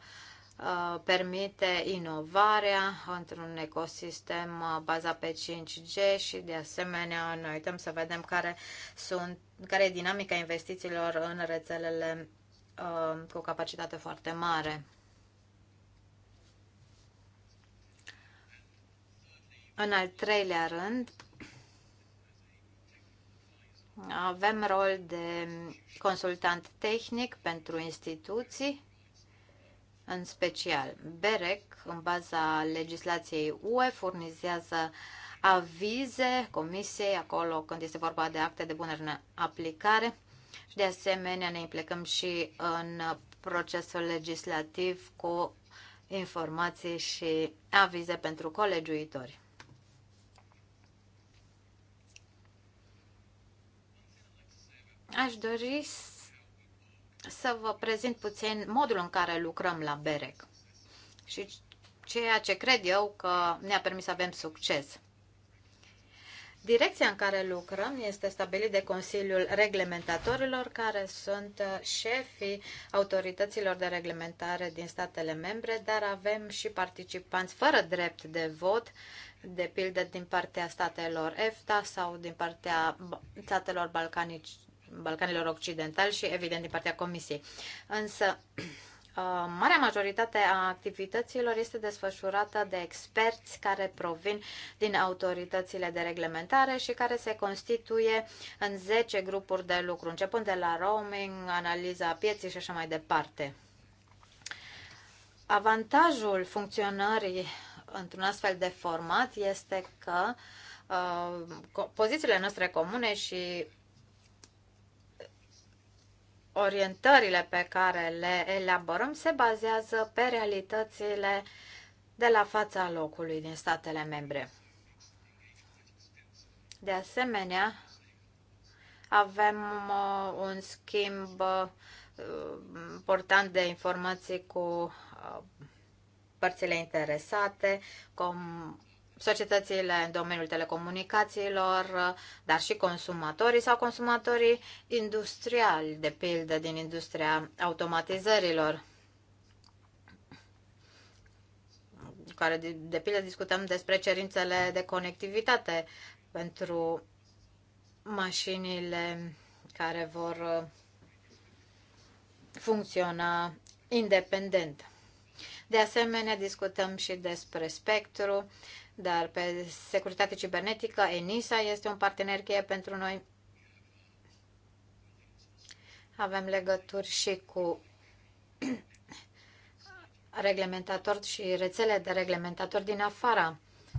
permite inovarea într-un ecosistem bazat pe 5G și de asemenea noi uităm să vedem care, sunt, care e dinamica investițiilor în rețelele cu capacitate foarte mare. În al treilea rând, avem rol de consultant tehnic pentru instituții, în special BEREC, în baza legislației UE, furnizează avize comisiei acolo când este vorba de acte de bună aplicare și de asemenea ne implicăm și în procesul legislativ cu informații și avize pentru colegiuitori. Aș dori să vă prezint puțin modul în care lucrăm la BEREC și ceea ce cred eu că ne-a permis să avem succes. Direcția în care lucrăm este stabilit de Consiliul Reglementatorilor, care sunt uh, șefii autorităților de reglementare din statele membre, dar avem și participanți fără drept de vot, de pildă din partea statelor EFTA sau din partea statelor balcanice Balcanilor Occidentali și, evident, din partea Comisiei. Însă, uh, marea majoritate a activităților este desfășurată de experți care provin din autoritățile de reglementare și care se constituie în 10 grupuri de lucru, începând de la roaming, analiza pieții și așa mai departe. Avantajul funcționării într-un astfel de format este că uh, pozițiile noastre comune și orientările pe care le elaborăm se bazează pe realitățile de la fața locului din statele membre. De asemenea, avem uh, un schimb uh, important de informații cu uh, părțile interesate, com societățile în domeniul telecomunicațiilor, dar și consumatorii sau consumatorii industriali, de pildă din industria automatizărilor, care de, de pildă discutăm despre cerințele de conectivitate pentru mașinile care vor uh, funcționa independent. De asemenea, discutăm și despre spectru, dar pe securitate cibernetică ENISA este un partener cheie pentru noi. Avem legături și cu reglementatori și rețele de reglementatori din afara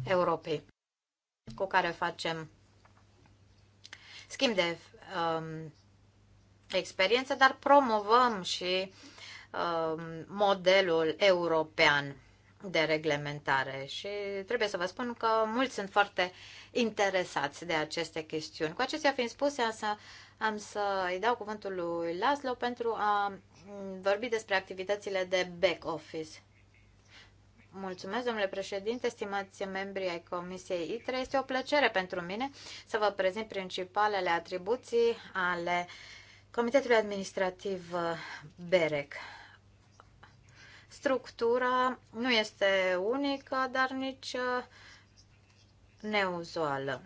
Europei cu care facem schimb de um, experiență, dar promovăm și um, modelul european de reglementare și trebuie să vă spun că mulți sunt foarte interesați de aceste chestiuni. Cu acestea fiind spuse, am să îi dau cuvântul lui Laszlo pentru a vorbi despre activitățile de back office. Mulțumesc, domnule președinte, stimați membri ai Comisiei ITRE. Este o plăcere pentru mine să vă prezint principalele atribuții ale Comitetului Administrativ uh, BEREC. Structura nu este unică, dar nici uh, neuzuală.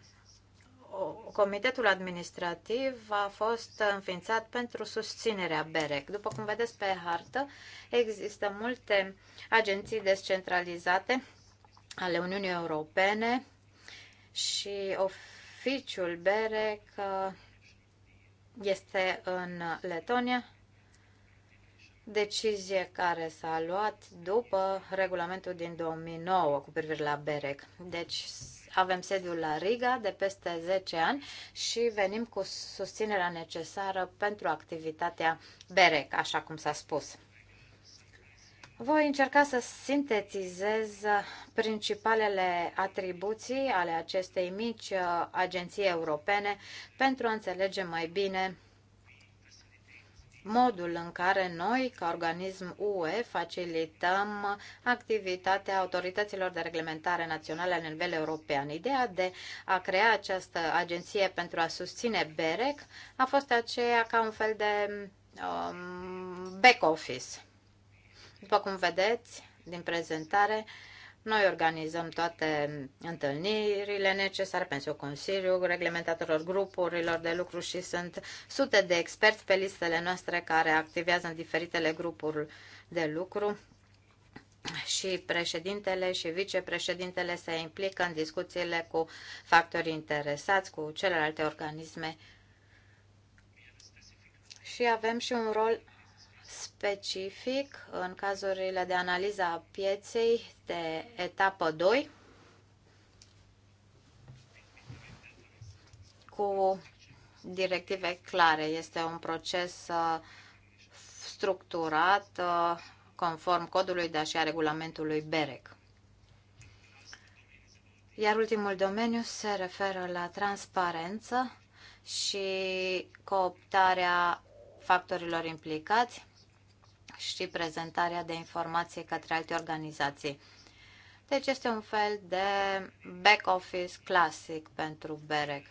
Comitetul administrativ a fost înființat pentru susținerea BEREC. După cum vedeți pe hartă, există multe agenții descentralizate ale Uniunii Europene și oficiul BEREC uh, este în Letonia decizie care s-a luat după regulamentul din 2009 cu privire la BEREC. Deci avem sediul la Riga de peste 10 ani și venim cu susținerea necesară pentru activitatea BEREC, așa cum s-a spus. Voi încerca să sintetizez principalele atribuții ale acestei mici uh, agenții europene pentru a înțelege mai bine modul în care noi, ca organism UE, facilităm activitatea autorităților de reglementare naționale la nivel european. Ideea de a crea această agenție pentru a susține BEREC a fost aceea ca un fel de um, back office. După cum vedeți din prezentare, uh, noi organizăm toate întâlnirile necesare pentru Consiliu, reglementatorilor grupurilor de lucru și sunt sute de experți pe listele noastre care activează în diferitele grupuri de lucru și președintele și vicepreședintele se implică în discuțiile cu factorii interesați, cu celelalte organisme și avem și un rol specific în cazurile de analiza a pieței de etapă 2 cu directive clare. Este un proces uh, structurat uh, conform codului, dar și a regulamentului BEREC. Iar ultimul domeniu se referă la transparență și cooptarea factorilor implicați și prezentarea de informații către alte organizații. Deci este un fel de back office clasic pentru BEREC.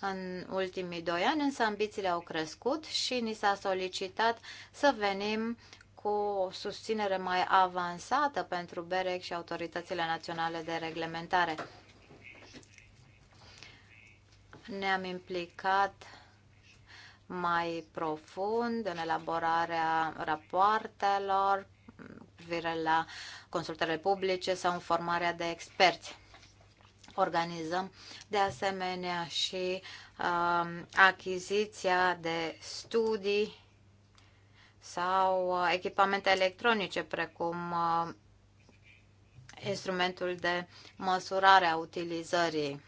În ultimii doi ani însă ambițiile au crescut și ni s-a solicitat să venim cu o susținere mai avansată pentru BEREC și autoritățile naționale de reglementare. Ne-am implicat mai profund în elaborarea rapoartelor privire la consultările publice sau în formarea de experți. Organizăm de asemenea și uh, achiziția de studii sau uh, echipamente electronice precum uh, instrumentul de măsurare a utilizării.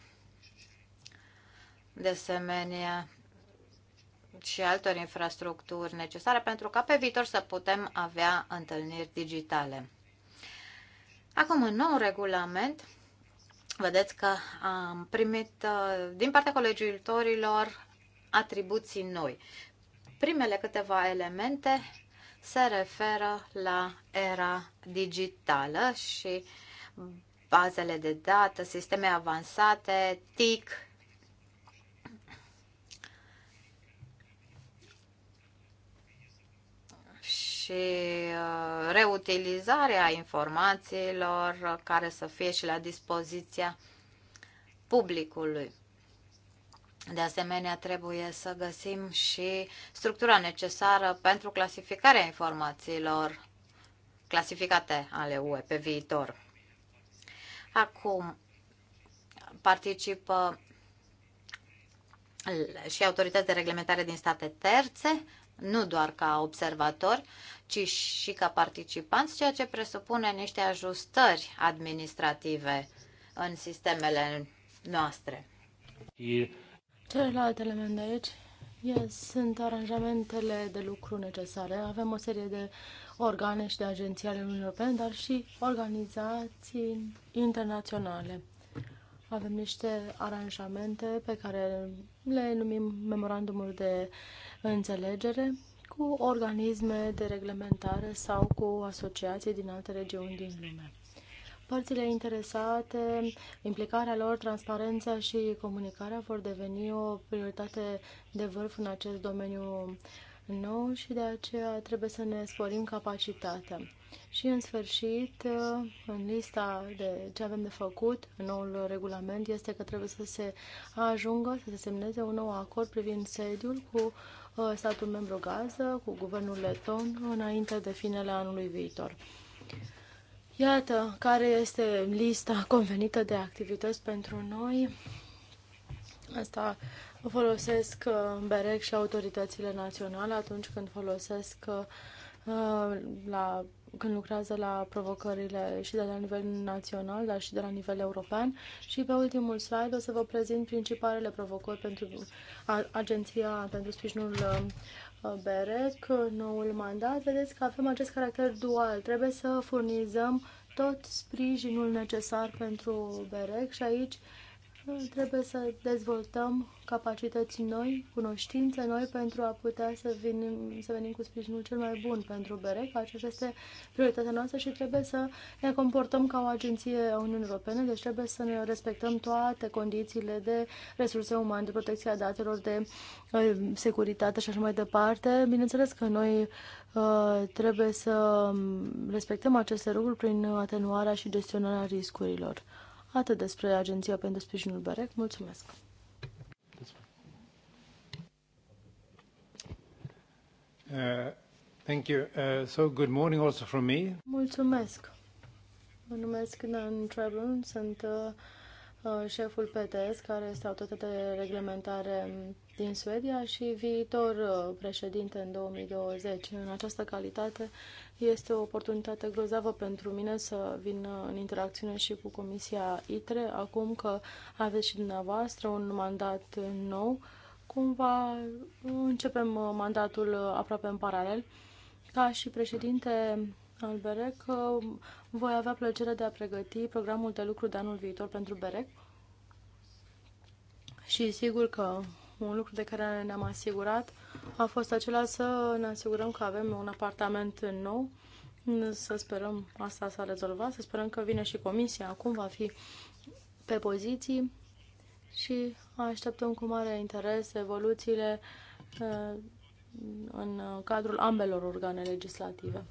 De asemenea, și altor infrastructuri necesare pentru ca pe viitor să putem avea întâlniri digitale. Acum, în nou regulament, vedeți că am primit uh, din partea colegiilor atribuții noi. Primele câteva elemente se referă la era digitală și bazele de dată, sisteme avansate, TIC, și uh, reutilizarea informațiilor care să fie și la dispoziția publicului. De asemenea, trebuie să găsim și structura necesară pentru clasificarea informațiilor clasificate ale UE pe viitor. Acum participă și autorități de reglementare din state terțe nu doar ca observatori, ci și ca participanți, ceea ce presupune niște ajustări administrative în sistemele noastre. Celălalt element de aici sunt aranjamentele de lucru necesare. Avem o serie de organe și de agenții ale Uniunii Europene, dar și organizații internaționale. Avem niște aranjamente pe care le numim memorandumul de uh, înțelegere cu organisme de reglementare sau cu asociații din alte regiuni din lume. Părțile interesate, implicarea lor, transparența și comunicarea vor deveni o prioritate de vârf în acest domeniu nou și de aceea trebuie să ne sporim capacitatea. Și în sfârșit, în lista de ce avem de făcut, în noul regulament, este că trebuie să se ajungă să se semneze un nou acord privind sediul cu Uh, statul membru GAZA cu guvernul leton înainte de finele anului viitor. Iată care este lista convenită de activități pentru noi. Asta folosesc uh, BEREC și autoritățile naționale atunci când folosesc uh, la când lucrează la provocările și de la nivel național, dar și de la nivel european. Și pe ultimul slide o să vă prezint principalele provocări pentru Agenția pentru Sprijinul uh, BEREC, noul mandat. Vedeți că avem acest caracter dual. Trebuie să furnizăm tot sprijinul necesar pentru BEREC și aici uh, Trebuie să dezvoltăm capacități noi, cunoștințe noi pentru a putea să venim, să venim cu sprijinul cel mai bun pentru BEREC. Aceasta este prioritatea noastră și trebuie să ne comportăm ca o agenție a Uniunii Europene, deci trebuie să ne respectăm toate condițiile de resurse umane, de protecția datelor, de uh, securitate și așa mai departe. Bineînțeles că noi uh, trebuie să respectăm aceste lucruri prin atenuarea și gestionarea riscurilor. Atât despre Agenția pentru Sprijinul BEREC. Mulțumesc! Uh, thank you. Uh, so good morning also from me. Mulțumesc. Mă numesc Dan Trebun, sunt uh, șeful PTS, care este autoritatea de reglementare din Suedia și viitor uh, președinte în 2020. În această calitate este o oportunitate grozavă pentru mine să vin uh, în interacțiune și cu Comisia ITRE, acum că aveți și dumneavoastră un mandat nou. Cumva începem uh, mandatul aproape în paralel. Ca și președinte al BEREC, voi avea plăcerea de a pregăti programul de lucru de anul viitor pentru BEREC. Și sigur că un lucru de care ne-am asigurat a fost acela să ne asigurăm că avem un apartament nou. Să sperăm asta s-a rezolvat, să sperăm că vine și comisia, acum va fi pe poziții și așteptăm cu mare interes evoluțiile uh, în cadrul ambelor organe legislative.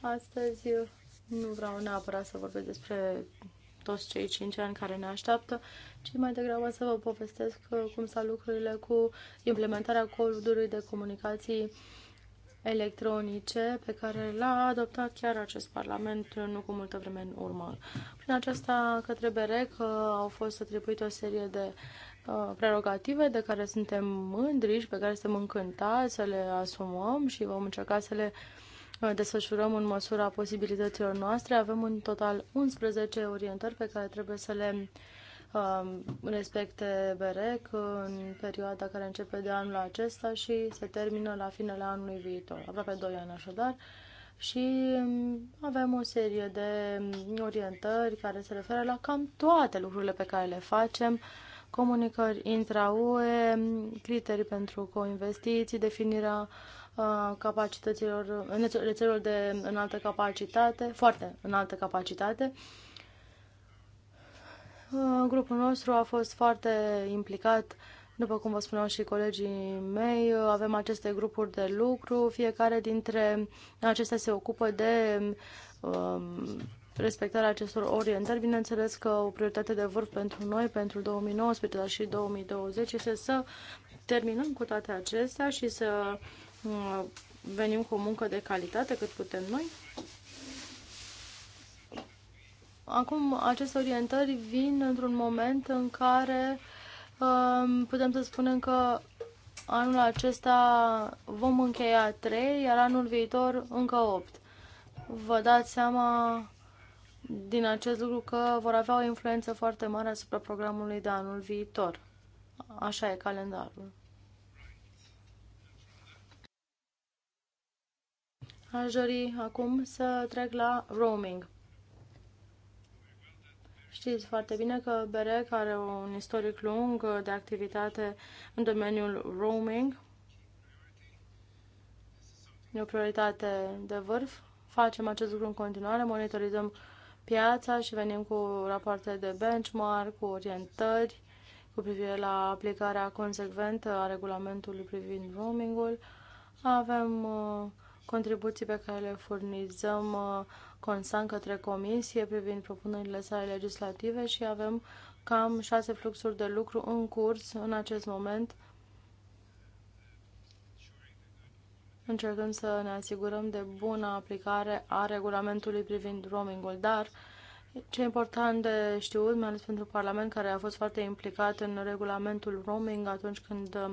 Astăzi nu vreau neapărat să vorbesc despre toți cei cinci ani care ne așteaptă, ci mai degrabă să vă povestesc uh, cum stau lucrurile cu implementarea codului de comunicații electronice pe care l-a adoptat chiar acest Parlament uh, nu cu multă vreme în urmă. Prin aceasta către BEREC uh, au fost atribuite o serie de prerogative de care suntem mândri și pe care suntem încântați să le asumăm și vom încerca să le uh, desfășurăm în măsura posibilităților noastre. Avem în total 11 orientări pe care trebuie să le um, respecte BEREC în perioada care începe de anul acesta și se termină la finele anului viitor, aproape 2 ani așadar. Și um, avem o serie de um, orientări care se referă la cam toate lucrurile pe care le facem, comunicări intra-UE, criterii pentru coinvestiții, definirea uh, capacităților, rețelelor de înaltă capacitate, foarte înaltă capacitate. Grupul nostru a fost foarte implicat, după cum vă spuneau și colegii mei, avem aceste grupuri de lucru, fiecare dintre acestea se ocupă de um, respectarea acestor orientări. Bineînțeles că o prioritate de vârf pentru noi, pentru 2019, dar și 2020, este să terminăm cu toate acestea și să uh, venim cu o muncă de calitate cât putem noi. Acum, aceste orientări vin într-un moment în care um, putem să spunem că anul acesta vom încheia 3, iar anul viitor încă 8. Vă dați seama din acest lucru că vor avea o influență foarte mare asupra programului de anul viitor. Așa e calendarul. Aș dori acum să trec la roaming. Știți foarte bine că BEREC are un istoric lung de activitate în domeniul roaming. E o prioritate de vârf. Facem acest lucru în continuare, monitorizăm piața și venim cu rapoarte de benchmark, cu orientări cu privire la aplicarea consecventă a regulamentului privind roamingul. Avem uh, contribuții pe care le furnizăm uh, constant către comisie privind propunerile sale legislative și avem cam șase fluxuri de lucru în curs în acest moment, încercând să ne asigurăm de bună aplicare a regulamentului privind roamingul, dar ce important de știut, mai ales pentru Parlament, care a fost foarte implicat în regulamentul roaming atunci când uh,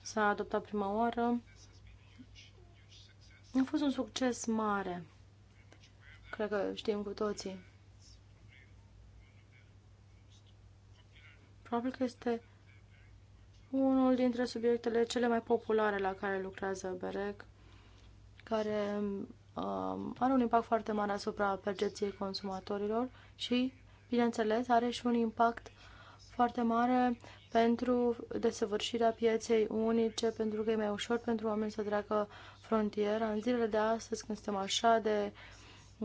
s-a adoptat prima oară, a fost un succes mare. Cred că știm cu toții. Probabil că este unul dintre subiectele cele mai populare la care lucrează BEREC, care um, are un impact foarte mare asupra percepției consumatorilor și, bineînțeles, are și un impact foarte mare pentru desăvârșirea pieței unice, pentru că e mai ușor pentru oameni să treacă frontiera. În zilele de astăzi, când suntem așa de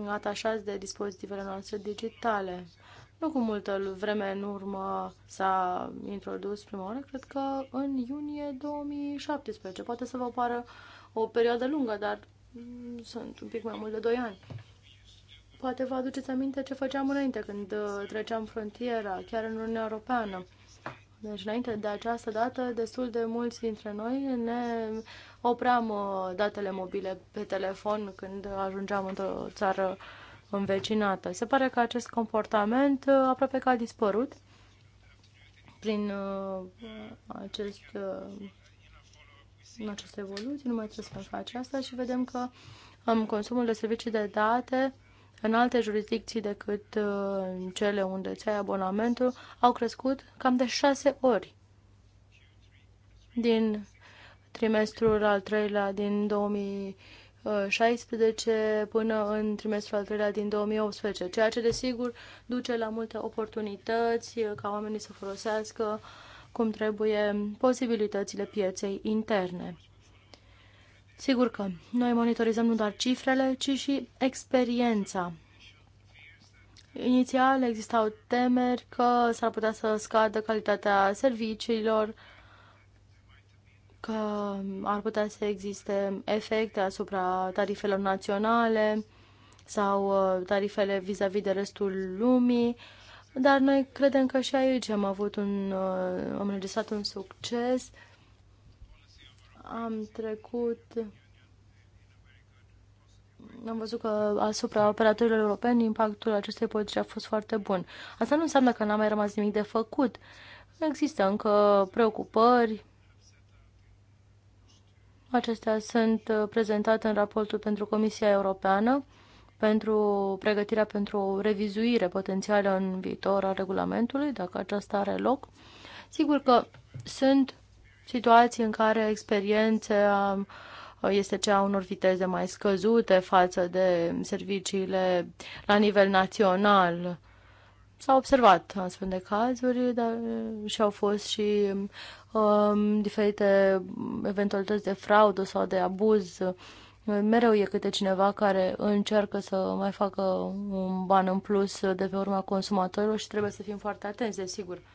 atașați de dispozitivele noastre digitale, nu cu multă vreme în urmă s-a introdus prima oară, cred că în iunie 2017. Poate să vă pară o perioadă lungă, dar sunt un pic mai mult de 2 ani. Poate vă aduceți aminte ce făceam înainte, când uh, treceam frontiera, chiar în Uniunea Europeană deci, înainte de această dată, destul de mulți dintre noi ne opream uh, datele mobile pe telefon când ajungeam într-o țară învecinată. Se pare că acest comportament uh, aproape că a dispărut prin uh, acest, această evoluție, nu mai trebuie să face asta și vedem că um, consumul de servicii de date în alte jurisdicții decât uh, cele unde ți ai abonamentul, au crescut cam de șase ori din trimestrul al treilea din 2016 până în trimestrul al treilea din 2018, ceea ce desigur duce la multe oportunități uh, ca oamenii să folosească cum trebuie posibilitățile pieței interne. Sigur că noi monitorizăm nu doar cifrele, ci și experiența. Inițial existau temeri că s-ar putea să scadă calitatea serviciilor, că ar putea să existe efecte asupra tarifelor naționale sau uh, tarifele vis-a-vis -vis de restul lumii, dar noi credem că și aici am avut un, uh, am înregistrat un succes am trecut am văzut că asupra operatorilor europeni impactul acestei politici a fost foarte bun. Asta nu înseamnă că n-a mai rămas nimic de făcut. Există încă preocupări. Acestea sunt prezentate în raportul pentru Comisia Europeană pentru pregătirea pentru o revizuire potențială în viitor a regulamentului, dacă aceasta are loc. Sigur că sunt situații în care experiența uh, este cea unor viteze mai scăzute față de serviciile la nivel național. S-au observat astfel de cazuri dar uh, și au fost și um, diferite eventualități de fraudă sau de abuz. Mereu e câte cineva care încearcă să mai facă un ban în plus de pe urma consumatorilor și trebuie să fim foarte atenți, desigur. sigur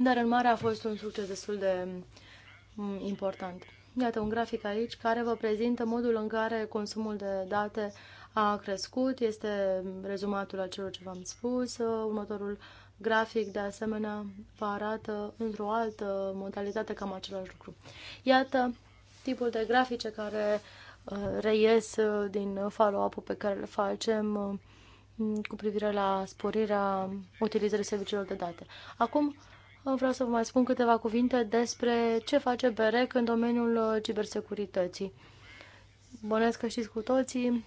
dar în mare a fost un succes destul de mm, important. Iată un grafic aici care vă prezintă modul în care consumul de date a crescut. Este rezumatul acelor ce v-am spus. Următorul grafic, de asemenea, vă arată într-o altă modalitate cam același lucru. Iată tipul de grafice care uh, reies uh, din follow-up-ul pe care le facem uh, cu privire la sporirea utilizării serviciilor de date. Acum vreau să vă mai spun câteva cuvinte despre ce face BEREC în domeniul uh, cibersecurității. Bănesc că știți cu toții.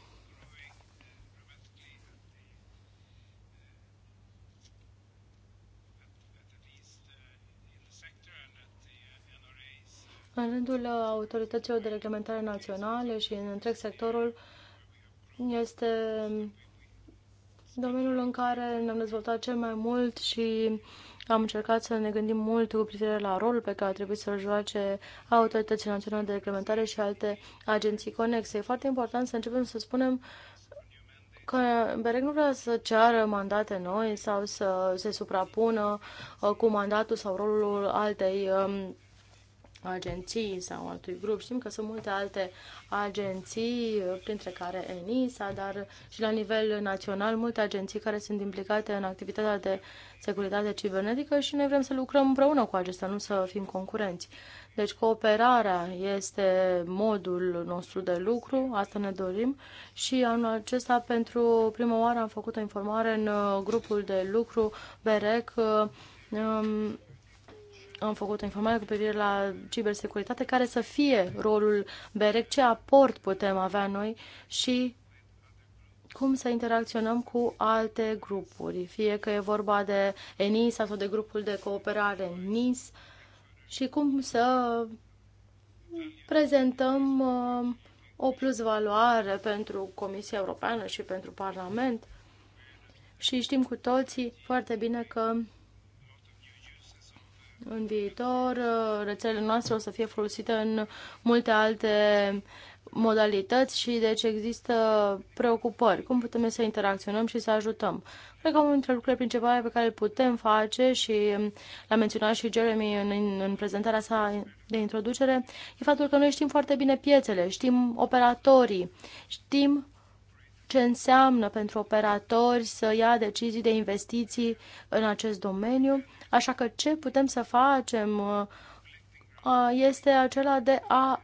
În rândul uh, autorităților de reglementare naționale și în întreg sectorul este um, domeniul în care ne-am dezvoltat cel mai mult și uh, am încercat să ne gândim mult cu privire la rolul pe care trebuie să-l joace autoritățile naționale de reglementare și alte agenții conexe. E foarte important să începem să spunem că BEREC nu vrea să ceară mandate noi sau să se suprapună uh, cu mandatul sau rolul altei um, agenții sau altui grup. Știm că sunt multe alte agenții, printre care ENISA, dar și la nivel național multe agenții care sunt implicate în activitatea de securitate cibernetică și noi vrem să lucrăm împreună cu acestea, nu să fim concurenți. Deci cooperarea este modul nostru de lucru, asta ne dorim și anul acesta pentru prima oară am făcut o informare în uh, grupul de lucru BEREC uh, um, am făcut o informare cu privire la cibersecuritate, care să fie rolul BEREC, ce aport putem avea noi și cum să interacționăm cu alte grupuri, fie că e vorba de ENIS sau de grupul de cooperare NIS și cum să prezentăm o uh, o plusvaloare pentru Comisia Europeană și pentru Parlament. Și știm cu toții foarte bine că în viitor, uh, rețelele noastre o să fie folosite în multe alte modalități și deci există preocupări. Cum putem să interacționăm și să ajutăm? Cred că unul dintre lucrurile principale pe care le putem face și l-a menționat și Jeremy în, în, prezentarea sa de introducere, e faptul că noi știm foarte bine piețele, știm operatorii, știm ce înseamnă pentru operatori să ia decizii de investiții în acest domeniu Așa că ce putem să facem uh, uh, este acela de a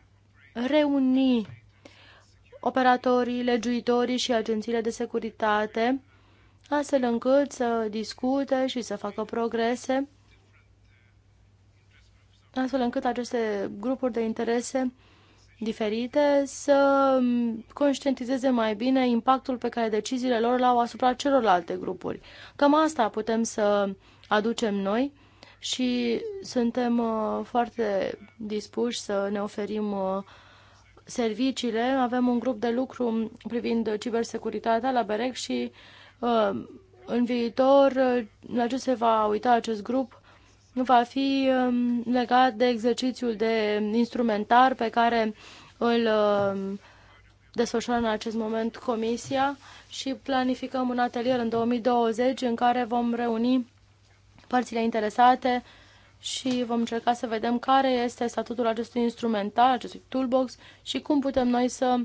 reuni operatorii, legiuitorii și agențiile de securitate, astfel încât să discute și să facă progrese, astfel încât aceste grupuri de interese diferite să conștientizeze mai bine impactul pe care deciziile lor l-au asupra celorlalte grupuri. Cam asta putem să aducem noi și suntem uh, foarte dispuși să ne oferim uh, serviciile. Avem un grup de lucru privind cibersecuritatea la BEREC și uh, în viitor la ce se va uita acest grup va fi um, legat de exercițiul de instrumentar pe care îl um, desfășoară în acest moment comisia și planificăm un atelier în 2020 în care vom reuni părțile interesate și vom încerca să vedem care este statutul acestui instrumental acestui toolbox și cum putem noi să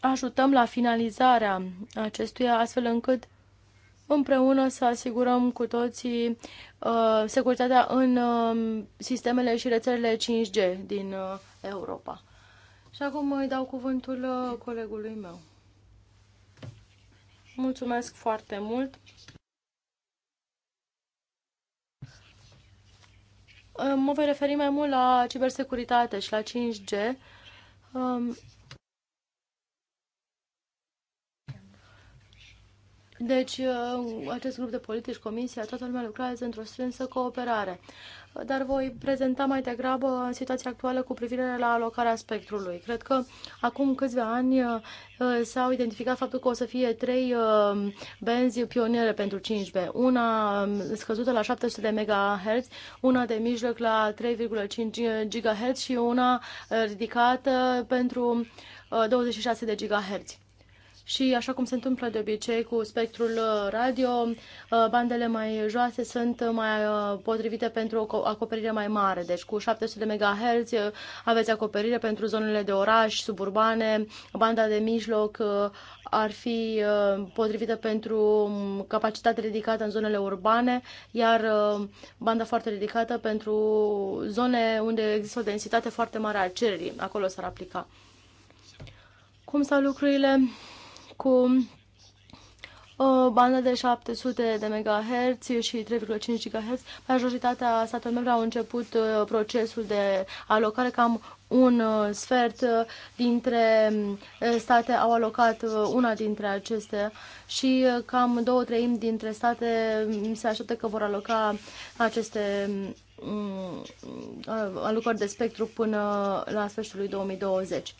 ajutăm la finalizarea acestuia astfel încât împreună să asigurăm cu toții uh, securitatea în uh, sistemele și rețelele 5G din uh, Europa. Și acum îi dau cuvântul uh, colegului meu. Mulțumesc foarte mult! Mă voi referi mai mult la cibersecuritate și la 5G. Deci, uh, acest grup de politici, comisia, toată lumea lucrează într-o strânsă cooperare dar voi prezenta mai degrabă situația actuală cu privire la alocarea spectrului. Cred că acum câțiva ani uh, s-au identificat faptul că o să fie trei uh, benzi pioniere pentru 5G. Una um, scăzută la 700 de MHz, una de mijloc la 3,5 GHz și una uh, ridicată pentru 26 de GHz și așa cum se întâmplă de obicei cu spectrul uh, radio, uh, bandele mai joase sunt mai uh, potrivite pentru o acoperire mai mare. Deci cu 700 MHz aveți acoperire pentru zonele de oraș, suburbane, banda de mijloc ar fi potrivită pentru um, capacitate ridicată în zonele urbane, iar banda foarte ridicată pentru zone unde există o densitate foarte mare a cererii. Acolo s-ar aplica. Cum stau lucrurile? cu o bandă de 700 de MHz și 3,5 GHz. Majoritatea statelor membre au început uh, procesul de alocare, cam un uh, sfert uh, dintre state au alocat una dintre acestea și cam două treimi dintre state mm, se așteaptă că vor aloca aceste mm, mm, alocări de spectru până la sfârșitul lui 2020.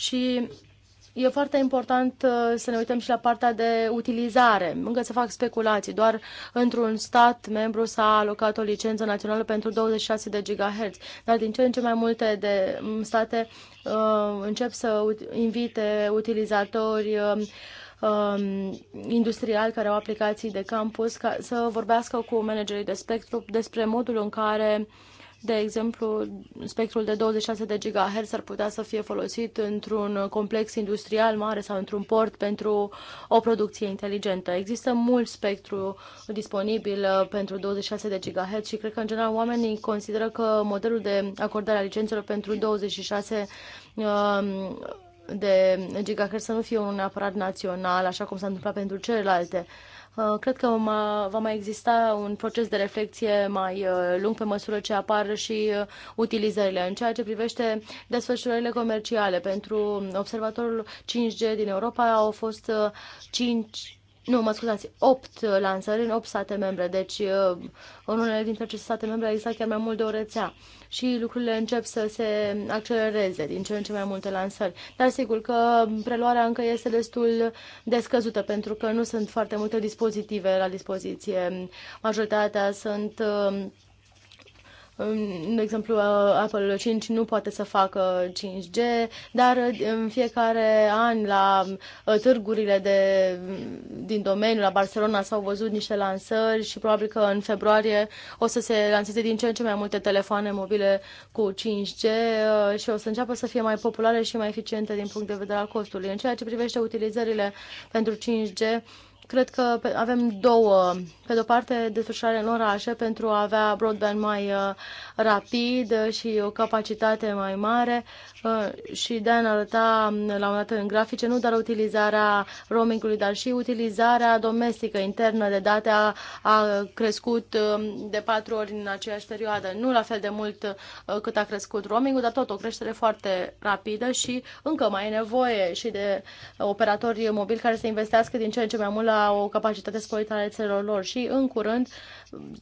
Și e foarte important uh, să ne uităm și la partea de utilizare. Încă se fac speculații. Doar într-un stat membru s-a alocat o licență națională pentru 26 de gigahertz, dar din ce în ce mai multe de um, state uh, încep să invite utilizatori uh, um, industriali care au aplicații de campus ca să vorbească cu managerii de spectru despre modul în care uh, de exemplu, spectrul de 26 de GHz ar putea să fie folosit într-un complex industrial mare sau într-un port pentru o producție inteligentă. Există mult spectru disponibil pentru 26 de GHz și cred că, în general, oamenii consideră că modelul de acordare a licențelor pentru 26 um, de GHz să nu fie un aparat național, așa cum s-a întâmplat pentru celelalte Uh, cred că va mai exista un proces de reflexie mai uh, lung pe măsură ce apar și uh, utilizările. În ceea ce privește desfășurările comerciale, pentru observatorul 5G din Europa au fost 5 nu, mă scuzați, 8 lansări în 8 state membre, deci uh, în unele dintre aceste state membre a existat chiar mai mult de o rețea și lucrurile încep să se accelereze din ce în ce mai multe lansări. Dar sigur că preluarea încă este destul de scăzută pentru că nu sunt foarte multe dispozitive la dispoziție. Majoritatea sunt uh, de exemplu, Apple 5 nu poate să facă 5G, dar în fiecare an la uh, târgurile de, din domeniu, la Barcelona, s-au văzut niște lansări și probabil că în februarie o să se lanseze din ce în ce mai multe telefoane mobile cu 5G uh, și o să înceapă să fie mai populare și mai eficiente din punct de vedere al costului. În ceea ce privește utilizările pentru 5G, Cred că avem două. Pe de-o parte, desfășurare în orașe pentru a avea broadband mai uh, rapid și o capacitate mai mare Uh, și Dan arăta um, la un dat în grafice nu doar utilizarea roamingului, dar și utilizarea domestică internă de date a, a crescut um, de patru ori în aceeași perioadă. Nu la fel de mult uh, cât a crescut roamingul, dar tot o creștere foarte rapidă și încă mai e nevoie și de operatori mobili care să investească din ce în ce mai mult la o capacitate sporită a rețelelor lor și în curând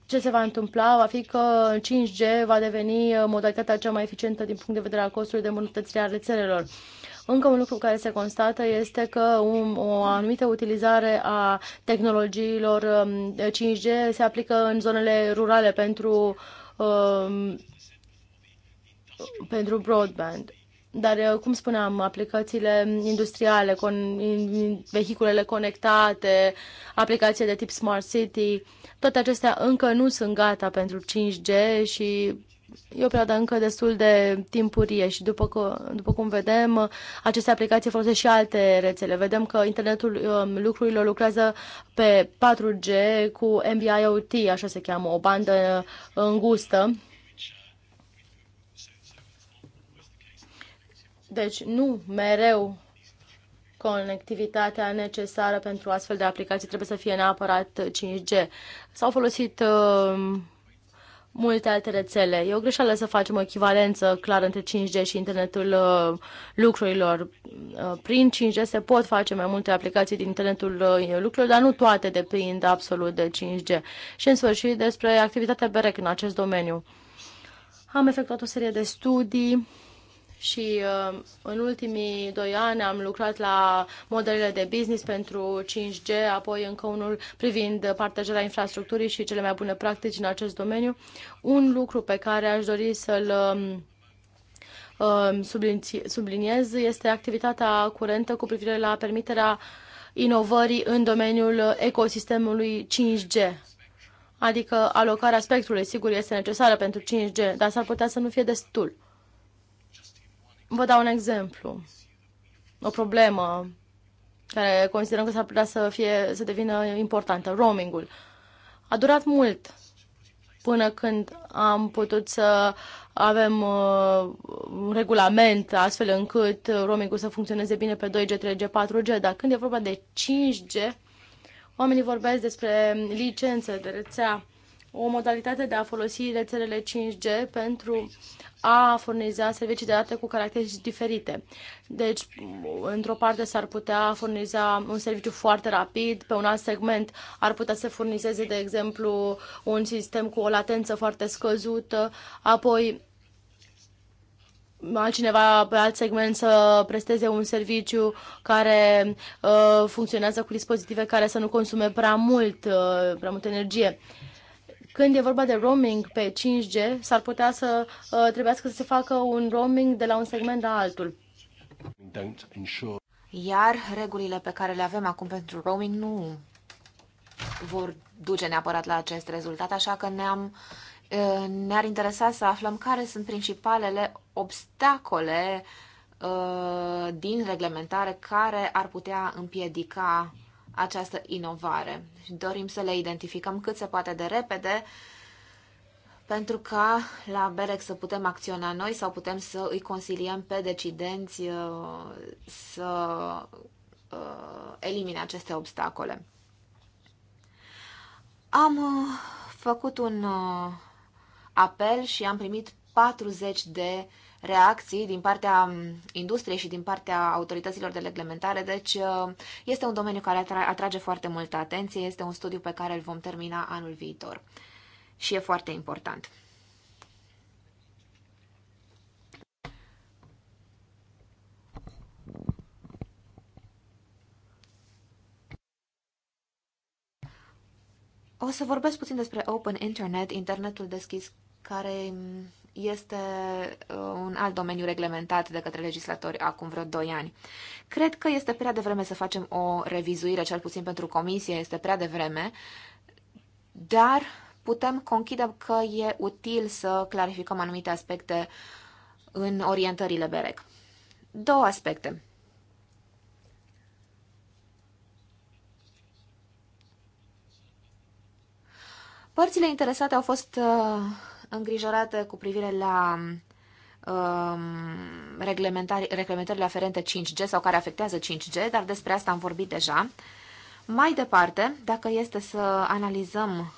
ce se va întâmpla va fi că 5G va deveni uh, modalitatea cea mai eficientă din punct de vedere al costului de îmbunătățire a rețelelor. Încă un lucru care se constată este că un, o anumită utilizare a tehnologiilor 5G um, se aplică în zonele rurale pentru, um, pentru broadband. Dar, uh, cum spuneam, aplicațiile industriale, con, vehiculele conectate, aplicații de tip Smart City, toate acestea încă nu sunt gata pentru 5G și e o perioadă încă destul de timpurie și după, că, după cum vedem, aceste aplicații folosesc și alte rețele. Vedem că internetul um, lucrurilor lucrează pe 4G cu MBIOT, așa se cheamă, o bandă îngustă Deci nu mereu conectivitatea necesară pentru astfel de aplicații trebuie să fie neapărat 5G. S-au folosit uh, multe alte rețele. E o greșeală să facem o echivalență clară între 5G și internetul uh, lucrurilor. Uh, prin 5G se pot face mai multe aplicații din internetul uh, lucrurilor, dar nu toate depind absolut de 5G. Și în sfârșit despre activitatea BEREC în acest domeniu. Am efectuat o serie de studii și uh, în ultimii doi ani am lucrat la modelele de business pentru 5G, apoi încă unul privind partajarea infrastructurii și cele mai bune practici în acest domeniu. Un lucru pe care aș dori să-l um, um, subliniez este activitatea curentă cu privire la permiterea inovării în domeniul ecosistemului 5G. Adică alocarea spectrului, sigur, este necesară pentru 5G, dar s-ar putea să nu fie destul. Vă dau un exemplu. O problemă care considerăm că s-ar putea să, fie, să devină importantă, roamingul. A durat mult până când am putut să avem uh, un regulament astfel încât roamingul să funcționeze bine pe 2G, 3G, 4G, dar când e vorba de 5G, oamenii vorbesc despre licențe de rețea, o modalitate de a folosi rețelele 5G pentru a furniza servicii de date cu caracteristici diferite. Deci, într-o parte s-ar putea furniza un serviciu foarte rapid, pe un alt segment ar putea să furnizeze, de exemplu, un sistem cu o latență foarte scăzută, apoi altcineva pe alt segment să presteze un serviciu care uh, funcționează cu dispozitive care să nu consume prea mult, uh, prea multă energie. Uh, când e vorba de roaming pe 5G, s-ar putea să uh, trebuiască să se facă un roaming de la un segment la altul. Iar regulile pe care le avem acum pentru roaming nu vor duce neapărat la acest rezultat, așa că ne-am, uh, ne-ar interesa să aflăm care sunt principalele obstacole uh, din reglementare care ar putea împiedica această inovare. Dorim să le identificăm cât se poate de repede pentru ca la BEREC să putem acționa noi sau putem să îi consiliem pe decidenți uh, să uh, elimine aceste obstacole. Am uh, făcut un apel și am primit 40 de reacții din partea mm, industriei și din partea autorităților de reglementare, deci uh, este un domeniu care atrage foarte multă atenție, este un studiu pe care îl vom termina anul viitor și e foarte important. O să vorbesc puțin despre Open Internet, internetul deschis care este uh, un alt domeniu reglementat de către legislatori acum vreo 2 ani. Cred că este prea devreme să facem o revizuire, cel puțin pentru comisie este prea devreme, dar putem conchide că e util să clarificăm anumite aspecte în orientările BEREC. Două aspecte. Părțile interesate au fost uh, îngrijorată cu privire la um, reglementari, reglementările aferente 5G sau care afectează 5G, dar despre asta am vorbit deja. Mai departe, dacă este să analizăm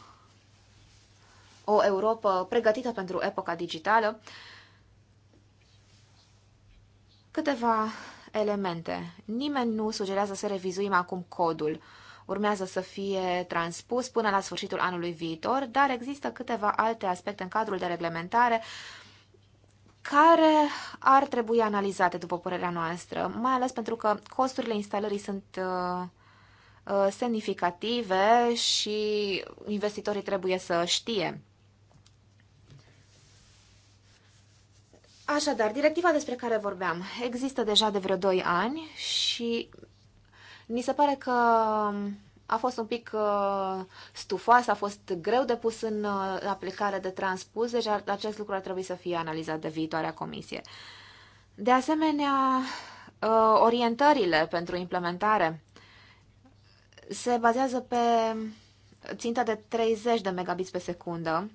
o Europa pregătită pentru epoca digitală, câteva elemente. Nimeni nu sugerează să revizuim acum codul. Uh, urmează să fie transpus până la sfârșitul anului viitor, dar există câteva alte aspecte în cadrul de reglementare care ar trebui analizate, după părerea noastră, mai ales pentru că costurile instalării sunt uh, uh, semnificative și investitorii trebuie să știe. Așadar, directiva despre care vorbeam există deja de vreo 2 ani și mi se pare că um, a fost un pic uh, stufos, a fost greu de pus în uh, aplicare de transpus, deci ar, acest lucru ar trebui să fie analizat de viitoarea comisie. De asemenea, uh, orientările pentru implementare se bazează pe ținta de 30 de megabits pe secundă,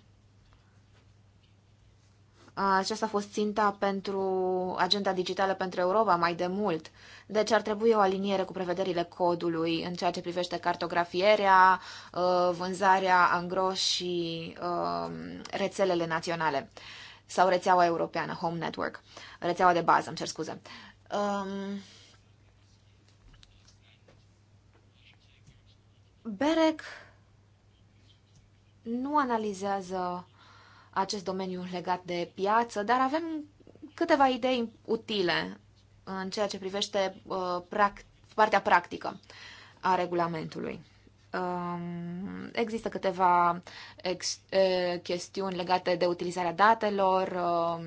aceasta a fost ținta pentru agenda digitală pentru Europa mai de mult. Deci ar trebui o aliniere cu prevederile codului în ceea ce privește cartografierea, uh, vânzarea angro și um, rețelele naționale sau rețeaua europeană, Home Network, rețeaua de bază, îmi cer scuze. Um, Berec nu analizează acest domeniu legat de piață, dar avem câteva idei utile în ceea ce privește uh, partea practică a regulamentului. Um, există câteva chestiuni legate de utilizarea datelor, um,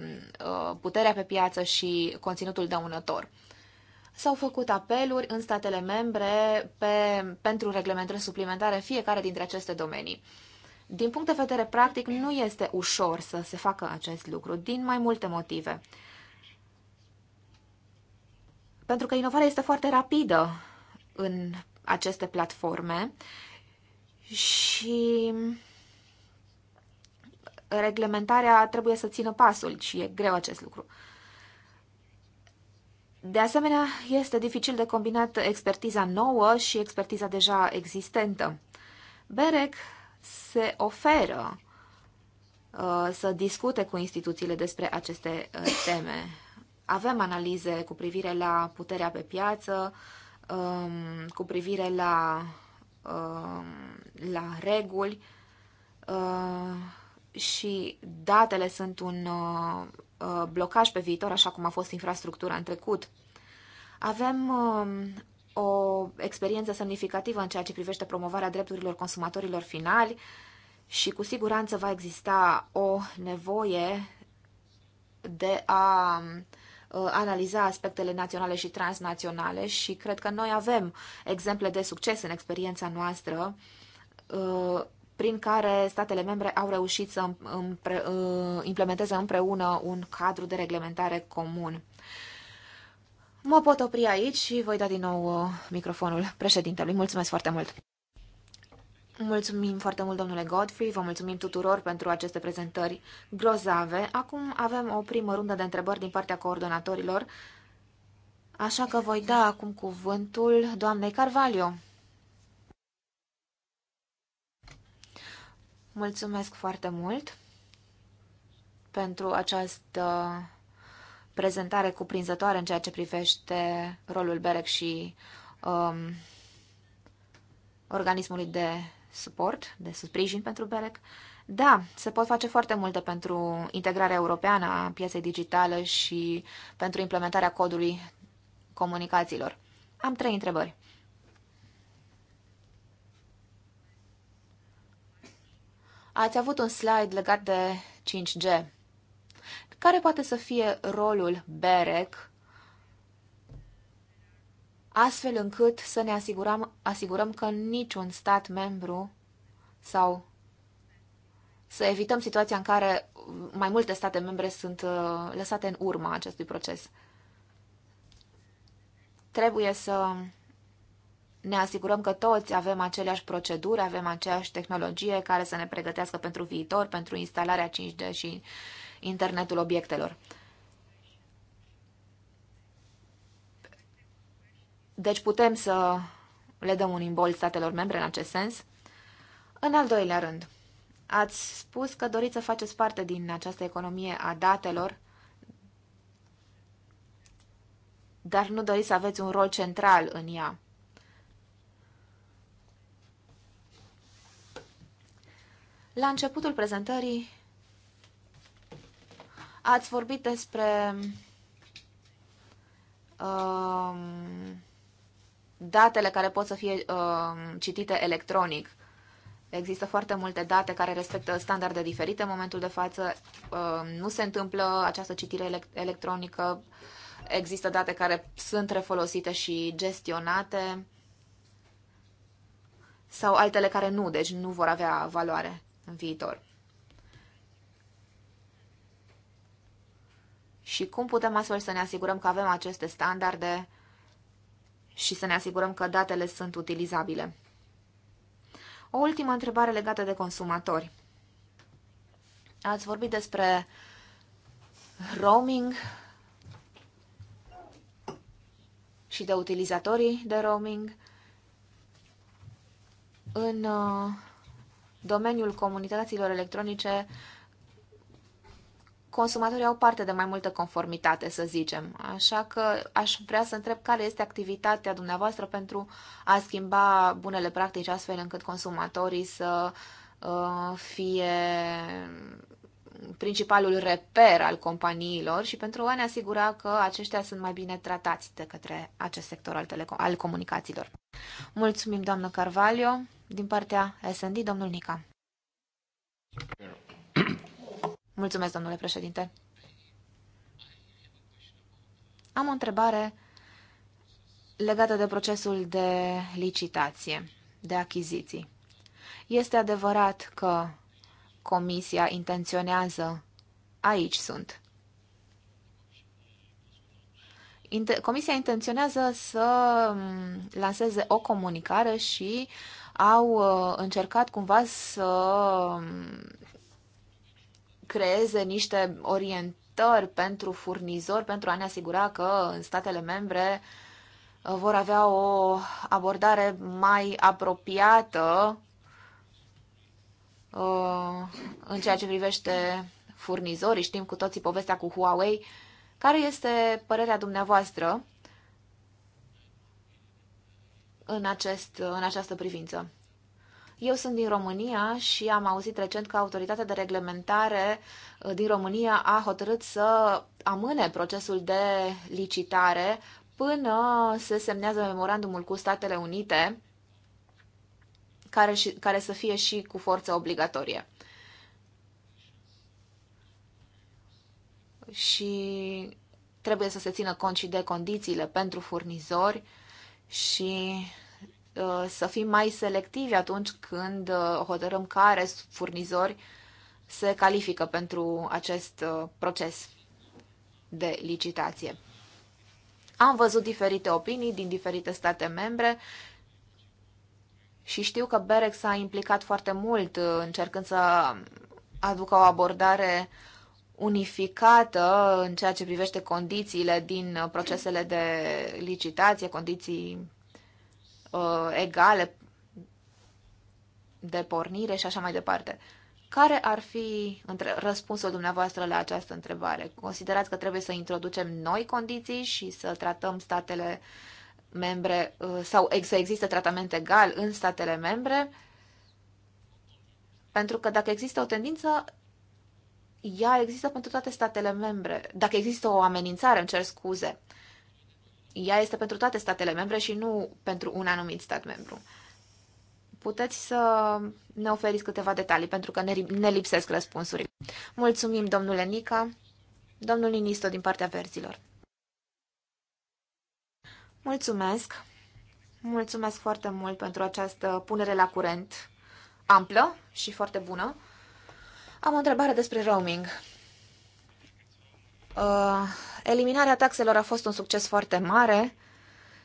uh, puterea pe piață și conținutul dăunător. S-au făcut apeluri în statele membre pe, pentru reglementări suplimentare fiecare dintre aceste domenii. Uh, din punct de vedere practic, nu este ușor să se facă acest lucru, din mai multe motive. Pentru că inovarea este foarte rapidă în aceste platforme și reglementarea trebuie să țină pasul și e greu acest lucru. De asemenea, este dificil de combinat expertiza nouă și expertiza deja existentă. BEREC se oferă uh, să discute cu instituțiile despre aceste uh, teme. Avem analize cu privire la puterea pe piață, um, cu privire la, um, la reguli uh, și datele sunt un blocaj pe viitor, așa cum a fost infrastructura în trecut. Avem um, o experiență semnificativă în ceea ce privește promovarea drepturilor consumatorilor finali și cu siguranță va exista o nevoie de a uh, analiza aspectele naționale și transnaționale și cred că noi avem exemple de succes în experiența noastră uh, prin care statele membre au reușit să uh, implementeze împreună un cadru de reglementare comun. Mă pot opri aici și voi da din nou uh, microfonul președintelui. Mulțumesc foarte mult! Mulțumim foarte mult, domnule Godfrey, vă mulțumim tuturor pentru aceste prezentări grozave. Acum avem o primă rundă de întrebări din partea coordonatorilor, așa că voi da acum cuvântul doamnei Carvalho. Mulțumesc foarte mult pentru această prezentare cuprinzătoare în ceea ce privește rolul BEREC și um, organismului de suport, de sprijin pentru BEREC. Da, se pot face foarte multe pentru integrarea europeană a pieței digitale și pentru implementarea codului comunicațiilor. Am trei întrebări. Ați avut un slide legat de 5G care poate să fie rolul BEREC astfel încât să ne asigurăm, asigurăm că niciun stat membru sau să evităm situația în care mai multe state membre sunt uh, lăsate în urma acestui proces. Trebuie să ne asigurăm că toți avem aceleași proceduri, avem aceeași tehnologie care să ne pregătească pentru viitor, pentru instalarea 5G și internetul obiectelor. Deci putem să le dăm un imbol statelor membre în acest sens. În al doilea rând, ați spus că doriți să faceți parte din această economie a datelor, dar nu doriți să aveți un rol central în ea. La începutul prezentării Ați vorbit despre uh, datele care pot să fie uh, citite electronic. Există foarte multe date care respectă standarde diferite în momentul de față. Um, nu se întâmplă această citire electronică. Există date care sunt refolosite și gestionate sau altele care nu, deci nu vor avea valoare în viitor. și cum putem astfel să ne asigurăm că avem aceste standarde și să ne asigurăm că datele sunt utilizabile. O ultimă întrebare legată de consumatori. Ați vorbit despre roaming și de utilizatorii de roaming în uh, domeniul comunicațiilor electronice consumatorii au parte de mai multă conformitate, să zicem. Așa că aș vrea să întreb care este activitatea dumneavoastră pentru a schimba bunele practici astfel încât consumatorii să uh, fie principalul reper al companiilor și pentru a ne asigura că aceștia sunt mai bine tratați de către acest sector al, telecom- al comunicațiilor. Mulțumim, doamnă Carvalho. Din partea SND, domnul Nica. Mulțumesc, domnule președinte. Am o întrebare legată de procesul de licitație, de achiziții. Este adevărat că comisia intenționează, aici sunt, Comisia intenționează să lanseze o comunicare și au uh, încercat cumva să creeze niște orientări pentru furnizori, pentru a ne asigura că în statele membre uh, vor avea o abordare mai apropiată uh, în ceea ce privește furnizorii. Știm cu toții povestea cu Huawei. Care este părerea dumneavoastră în, acest, în această privință? Eu sunt din România și am auzit recent că autoritatea de reglementare uh, din România a hotărât să amâne procesul de licitare până se semnează memorandumul cu Statele Unite, care, și, care să fie și cu forță obligatorie. Și trebuie să se țină cont și de condițiile pentru furnizori și Uh, să fim mai selectivi atunci când uh, hotărâm care furnizori se califică pentru acest uh, proces de licitație. Am văzut diferite opinii din diferite state membre și știu că Berec s-a implicat foarte mult încercând să aducă o abordare unificată în ceea ce privește condițiile din procesele de licitație, condiții uh, egale de pornire și așa mai departe. Care ar fi între, răspunsul dumneavoastră la această întrebare? Considerați că trebuie să introducem noi condiții și să tratăm statele membre uh, sau să există tratament egal în statele membre? Pentru că dacă există o tendință, ea există pentru toate statele membre. Dacă există o amenințare, îmi cer scuze, ea este pentru toate statele membre și nu pentru un anumit stat membru. Puteți să ne oferiți câteva detalii, pentru că ne, ne lipsesc răspunsurile. Mulțumim, domnule Nica. Domnul Ninisto, din partea verzilor. Mulțumesc. Mulțumesc foarte mult pentru această punere la curent amplă și foarte bună. Am o întrebare despre roaming. Uh, eliminarea taxelor a fost un succes foarte mare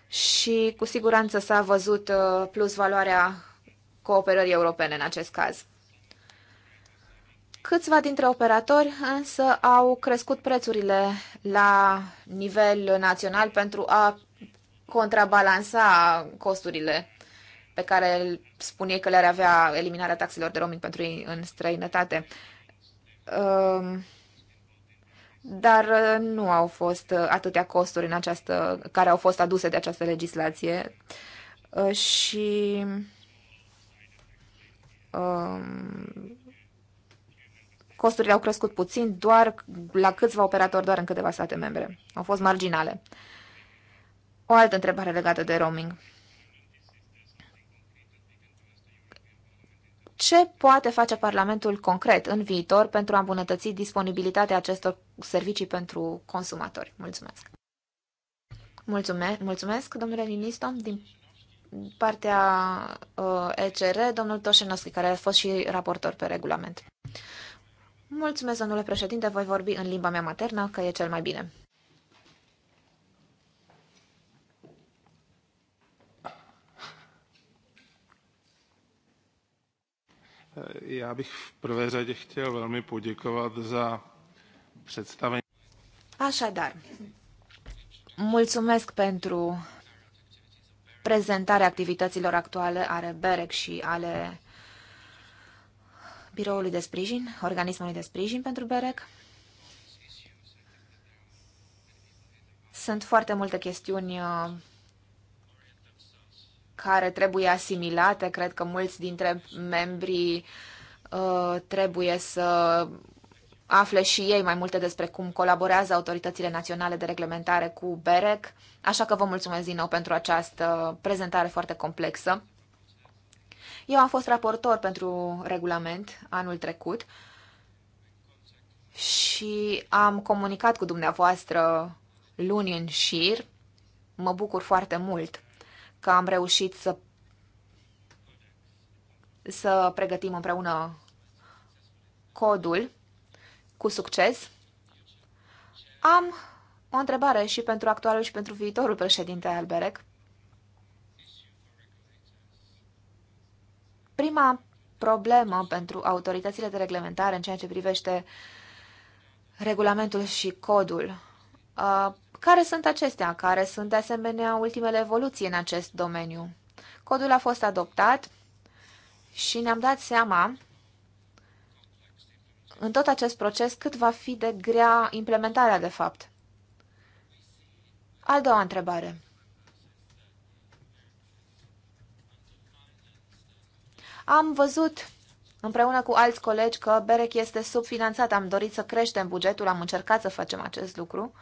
și cu siguranță s-a văzut uh, plus valoarea cooperării europene în acest caz. Câțiva dintre operatori însă au crescut prețurile la nivel național pentru a contrabalansa costurile pe care spun ei că le-ar avea eliminarea taxelor de roaming pentru ei în străinătate. Um, dar uh, nu au fost uh, atâtea costuri în această, care au fost aduse de această legislație uh, și um, costurile au crescut puțin doar la câțiva operatori, doar în câteva state membre. Au fost marginale. O altă întrebare legată de roaming. Ce poate face Parlamentul concret în viitor pentru a îmbunătăți disponibilitatea acestor servicii pentru consumatori. Mulțumesc! Mulțume- mulțumesc, domnule ministru, din partea uh, ECR, domnul Toșenoschi, care a fost și raportor pe regulament. Mulțumesc, domnule președinte, voi vorbi în limba mea maternă, că e cel mai bine. Já bych v prvé řadě chtěl velmi poděkovat za Przedstawień. Așadar, mulțumesc pentru prezentarea activităților actuale ale BEREC și ale Biroului de Sprijin, Organismului de Sprijin pentru BEREC. Sunt foarte multe chestiuni uh, care trebuie asimilate. Cred că mulți dintre membrii uh, trebuie să afle și ei mai multe despre cum colaborează autoritățile naționale de reglementare cu BEREC, așa că vă mulțumesc din nou pentru această prezentare foarte complexă. Eu am fost raportor pentru regulament anul trecut și am comunicat cu dumneavoastră luni în șir. Mă bucur foarte mult că am reușit să, să pregătim împreună codul cu succes. Am o întrebare și pentru actualul și pentru viitorul președinte Alberec. Prima problemă pentru autoritățile de reglementare în ceea ce privește regulamentul și codul. Uh, care sunt acestea? Care sunt de asemenea ultimele evoluții în acest domeniu? Codul a fost adoptat și ne-am dat seama în tot acest proces cât va fi de grea implementarea, de fapt. Al doua întrebare. Am văzut împreună cu alți colegi că BEREC este subfinanțat. Am dorit să creștem bugetul, am încercat să facem acest lucru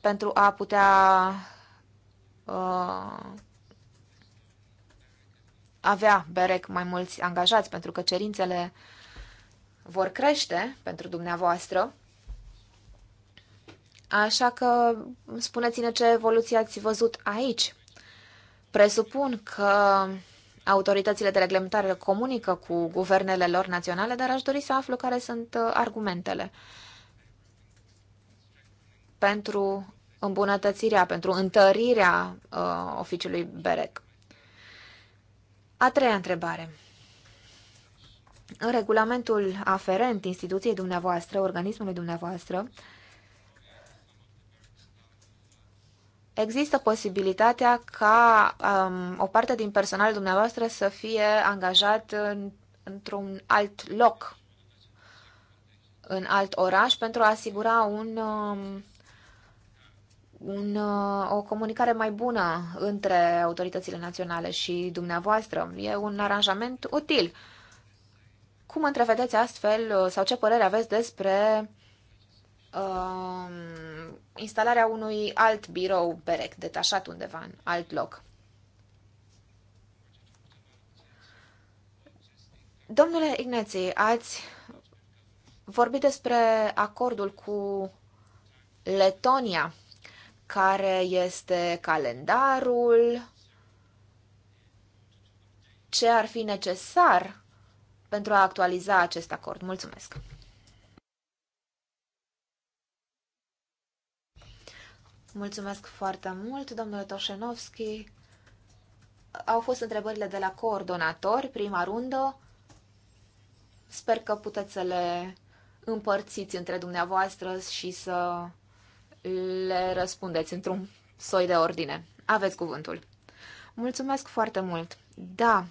pentru a putea uh, avea BEREC mai mulți angajați, pentru că cerințele uh, vor crește pentru dumneavoastră. Așa că spuneți-ne ce evoluție ați văzut aici. Presupun că autoritățile de reglementare comunică cu guvernele lor naționale, dar aș dori să aflu care sunt uh, argumentele pentru îmbunătățirea, pentru întărirea uh, oficiului BEREC. A treia întrebare. În regulamentul aferent instituției dumneavoastră, organismului dumneavoastră, există posibilitatea ca um, o parte din personalul dumneavoastră să fie angajat în, într-un alt loc, în alt oraș, pentru a asigura un, um, un, uh, o comunicare mai bună între autoritățile naționale și dumneavoastră. E un aranjament util. Uh, cum întrevedeți astfel uh, sau ce părere aveți despre uh, instalarea unui alt birou perec detașat undeva în alt loc? Domnule Ignații, ați vorbit despre acordul cu Letonia, care este calendarul, ce ar fi necesar pentru a actualiza acest acord. Mulțumesc! Mulțumesc foarte mult, domnule Toșenovski. Au fost întrebările de la coordonatori, prima rundă. Sper că puteți să le împărțiți între dumneavoastră și să le răspundeți într-un soi de ordine. Aveți cuvântul. Mulțumesc foarte mult. Da,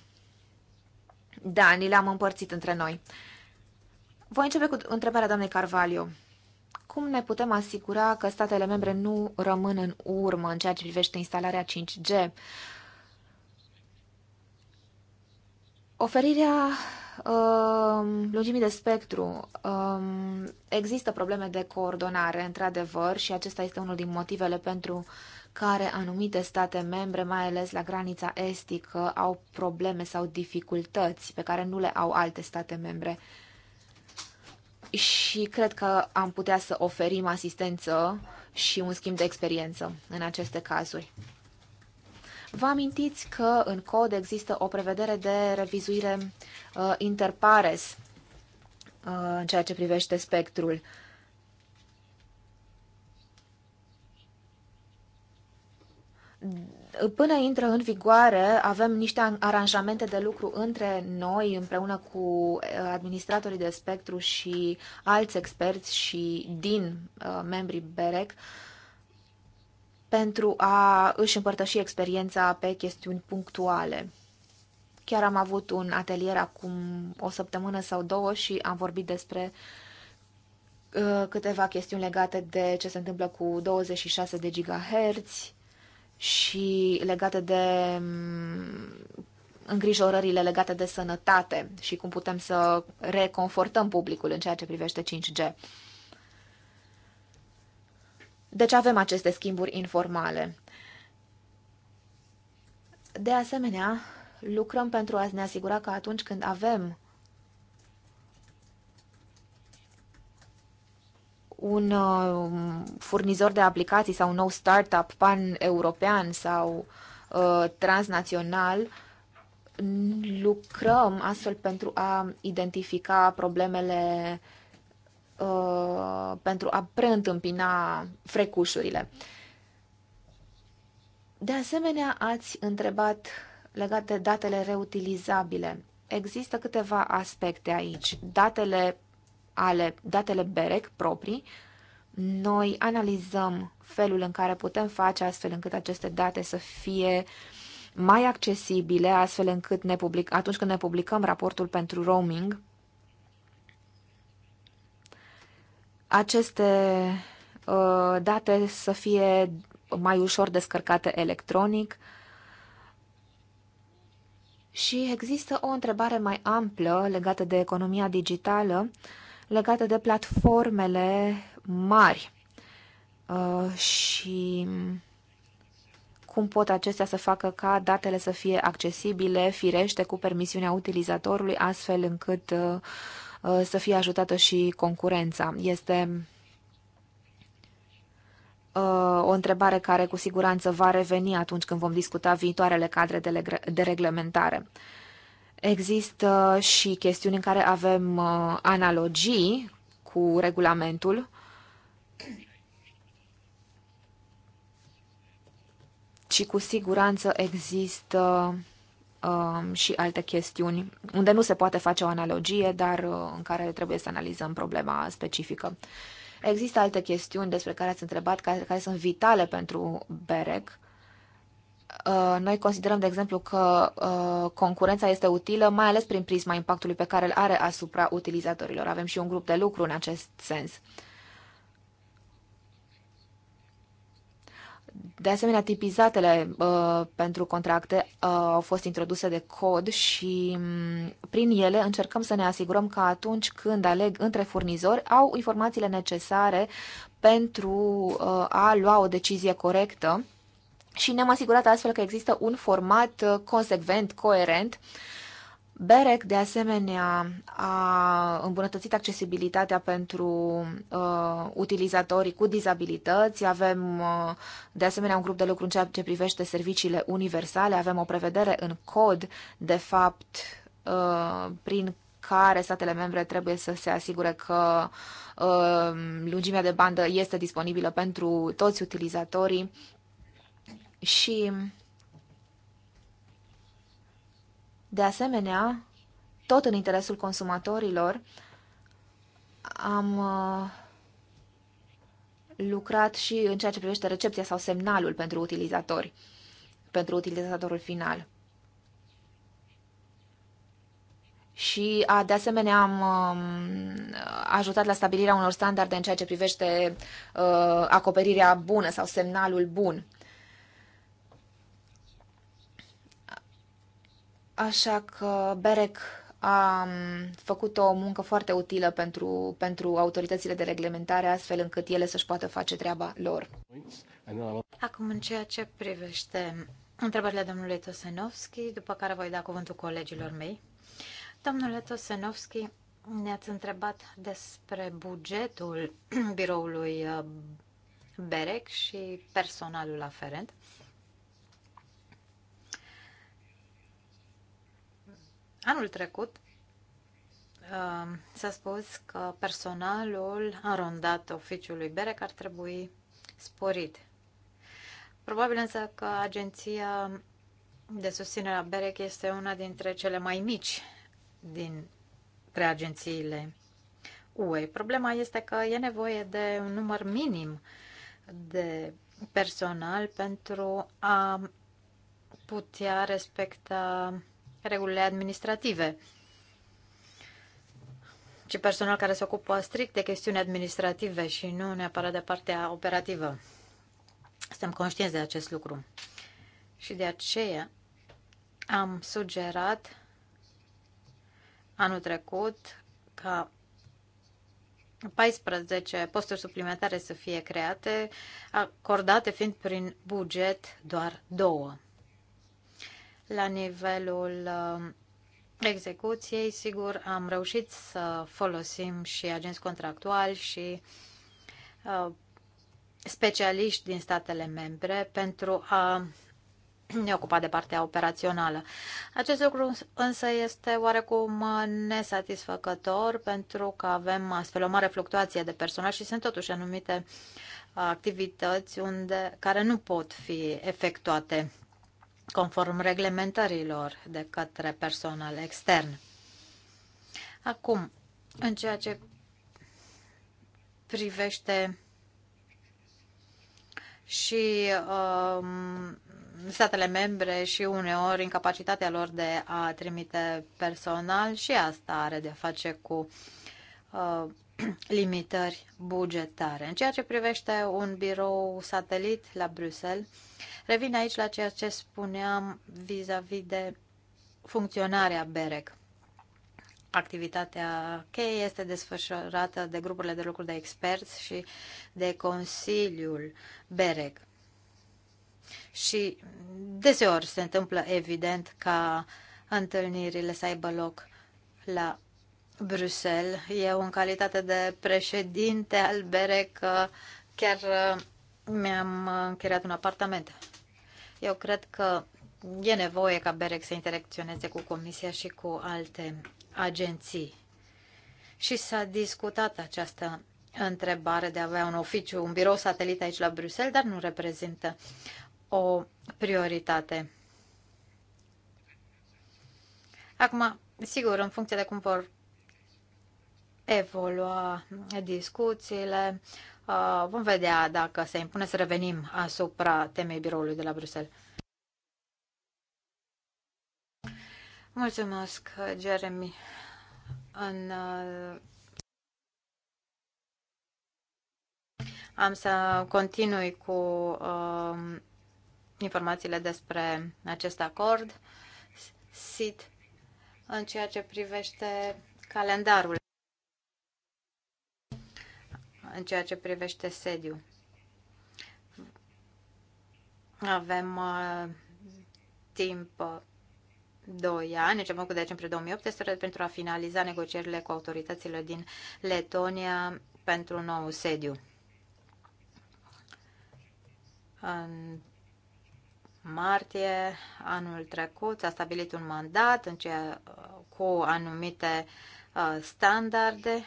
da, ni le-am împărțit între noi. Voi începe cu întrebarea doamnei Carvalho. Cum ne putem asigura că statele membre nu rămân în urmă în ceea ce privește instalarea 5G? Oferirea um, lungimii de spectru. Um, există probleme de coordonare, într-adevăr, și acesta este unul din motivele pentru uh, care anumite state membre, mai ales la granița estică, au probleme sau dificultăți pe care nu le au alte state membre. Și cred că am putea să oferim asistență și un schimb de experiență în aceste cazuri. Vă amintiți că în cod există o prevedere de revizuire uh, interpares uh, în ceea ce privește spectrul uh, Până intră în vigoare, avem niște aranjamente de lucru între noi, împreună cu eh, administratorii de spectru și alți experți și din uh, membrii BEREC, pentru a își împărtăși experiența pe chestiuni punctuale. Chiar am avut un atelier acum o săptămână sau două și am vorbit despre uh, câteva chestiuni legate de ce se întâmplă cu 26 de gigahertz, și legate de mm, îngrijorările legate de sănătate și cum putem să reconfortăm publicul în ceea ce privește 5G. Deci avem aceste schimburi informale. De asemenea, lucrăm pentru a ne asigura că atunci când avem un um, furnizor de aplicații sau un nou startup pan-european sau uh, transnațional, lucrăm astfel pentru a identifica problemele, uh, pentru a preîntâmpina frecușurile. De asemenea, ați întrebat legat de datele reutilizabile. Există câteva aspecte aici. Datele ale datele BEREC proprii, noi analizăm felul în care putem face astfel încât aceste date să fie mai accesibile, astfel încât ne public, atunci când ne publicăm raportul pentru roaming, aceste uh, date să fie mai ușor descărcate electronic. Și există o întrebare mai amplă legată de economia digitală. Uh, legate de platformele mari uh, și cum pot acestea să facă ca datele să fie accesibile, firește, cu permisiunea utilizatorului, astfel încât uh, uh, să fie ajutată și concurența. Este o întrebare care cu siguranță va reveni atunci când vom discuta viitoarele cadre de, reglementare. Există și chestiuni în care avem uh, analogii cu regulamentul. Și cu siguranță există um, și alte chestiuni unde nu se poate face o analogie, dar uh, în care trebuie să analizăm problema specifică. Există alte chestiuni despre care ați întrebat, care, care sunt vitale pentru BEREC. Uh, noi considerăm, de exemplu, că uh, concurența este utilă, mai ales prin prisma impactului pe care îl are asupra utilizatorilor. Avem și un grup de lucru în acest sens. De asemenea, tipizatele uh, pentru contracte uh, au fost introduse de cod și um, prin ele încercăm să ne asigurăm că atunci când aleg între furnizori au informațiile necesare pentru uh, a lua o decizie corectă și ne-am asigurat astfel că există un format uh, consecvent, coerent. BEREC, de asemenea, a îmbunătățit accesibilitatea pentru uh, utilizatorii cu dizabilități. Avem, uh, de asemenea, un grup de lucru în ceea ce privește serviciile universale. Avem o prevedere în cod, de fapt, uh, prin care statele membre trebuie să se asigure că uh, lungimea de bandă este disponibilă pentru toți utilizatorii și, de asemenea, tot în interesul consumatorilor, am uh, lucrat și în ceea ce privește recepția sau semnalul pentru utilizatori, pentru utilizatorul final. Și, de asemenea, am um, ajutat la stabilirea unor standarde în ceea ce privește uh, acoperirea bună sau semnalul bun. Așa că BEREC a mm, făcut o muncă foarte utilă pentru, pentru autoritățile de reglementare, astfel încât ele să-și poată face treaba lor. Acum, în ceea ce privește întrebările domnului Tosenovski, după care voi da cuvântul colegilor mei. Domnule Tosenovski, ne-ați întrebat despre bugetul biroului uh, BEREC și personalul aferent. Anul trecut uh, s-a spus că personalul arondat oficiului BEREC ar trebui sporit. Probabil însă că agenția de susținere a BEREC este una dintre cele mai mici dintre agențiile UE. Problema este că e nevoie de un număr minim de personal pentru a putea respecta regulile administrative, ci personal care se ocupă strict de chestiuni administrative și nu neapărat de partea operativă. Suntem conștienți de acest lucru. Și de aceea am sugerat anul trecut ca 14 posturi suplimentare să fie create, acordate fiind prin buget doar două la nivelul uh, execuției, sigur, am reușit să folosim și agenți contractuali și uh, specialiști din statele membre pentru a ne ocupa de partea operațională. Acest lucru însă este oarecum uh, nesatisfăcător pentru că avem astfel o mare fluctuație de personal și sunt totuși anumite activități unde, care nu pot fi efectuate conform reglementărilor de către personal extern. Acum, în ceea ce privește și um, statele membre și uneori incapacitatea lor de a trimite personal și asta are de a face cu uh, limitări bugetare. În ceea ce privește un birou satelit la Bruxelles, Revin aici la ceea ce spuneam vis-a-vis -vis de funcționarea BEREC. Activitatea cheie este desfășurată de grupurile de lucru de experți și de Consiliul BEREC. Și deseori se întâmplă, evident, ca întâlnirile să aibă loc la Bruxelles. Eu, în calitate de președinte al BEREC, chiar mi-am uh, închiriat un apartament. Eu cred că e nevoie ca BEREC să interacționeze cu Comisia și cu alte agenții. Și s-a discutat această întrebare de a avea un oficiu, un birou satelit aici la Bruxelles, dar nu reprezintă o prioritate. Acum, sigur, în funcție de cum vor evolua discuțiile, Uh, vom vedea dacă se impune să revenim asupra temei biroului de la Bruxelles. Mulțumesc, Jeremy. În, uh, am să continui cu uh, informațiile despre acest acord. SIT în ceea ce privește calendarul în ceea ce privește sediu. Avem uh, timp uh, 2 ani, începând cu decembrie 2018, pentru a finaliza negocierile cu autoritățile din Letonia pentru un nou sediu. În martie anul trecut s-a stabilit un mandat în ceea, uh, cu anumite uh, standarde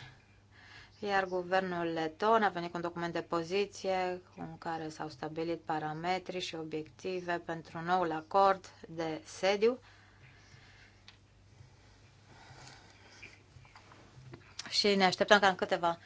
iar guvernul leton a venit cu un document de poziție în care s-au stabilit parametri și obiective pentru noul acord de sediu. Și ne așteptăm ca în câteva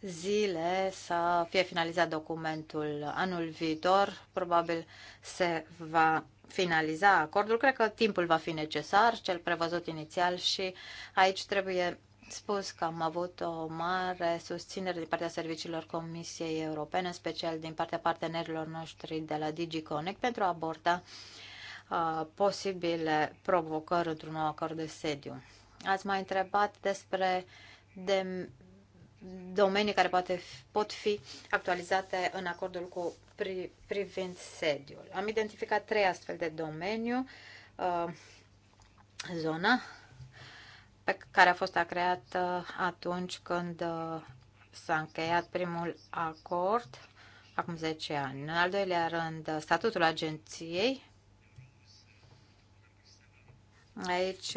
zile să fie finalizat documentul anul viitor. Probabil se va finaliza acordul. Cred că timpul va fi necesar, cel prevăzut inițial și aici trebuie spus că am avut o mare susținere din partea serviciilor Comisiei Europene, în special din partea partenerilor noștri de la DigiConnect, pentru a aborda uh, posibile provocări într-un nou acord de sediu. Ați mai întrebat despre de domenii care poate, pot fi actualizate în acordul cu pri, privind sediul. Am identificat trei astfel de domeniu. Uh, zona pe care a fost a creată uh, atunci când uh, s-a încheiat primul acord, acum 10 ani. În al doilea rând, uh, statutul agenției. Aici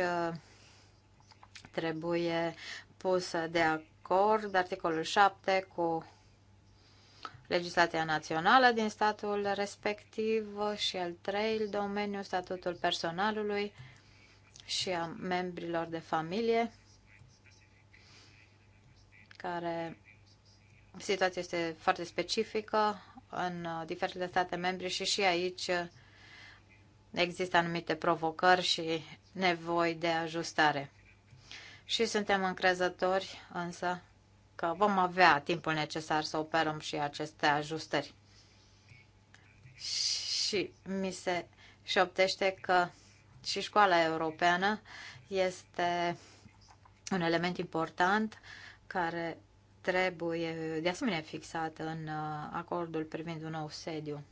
trebuie pus de acord articolul 7 cu legislația națională din statul respectiv și al treilea domeniul statutul personalului și a membrilor de familie, care situația este foarte specifică în diferite state membre și și aici există anumite provocări și nevoi de ajustare. Și suntem încrezători însă că vom avea timpul necesar să operăm și aceste ajustări. Și mi se șoptește că și școala europeană este un element important care trebuie de asemenea fixat în uh, acordul privind un nou sediu.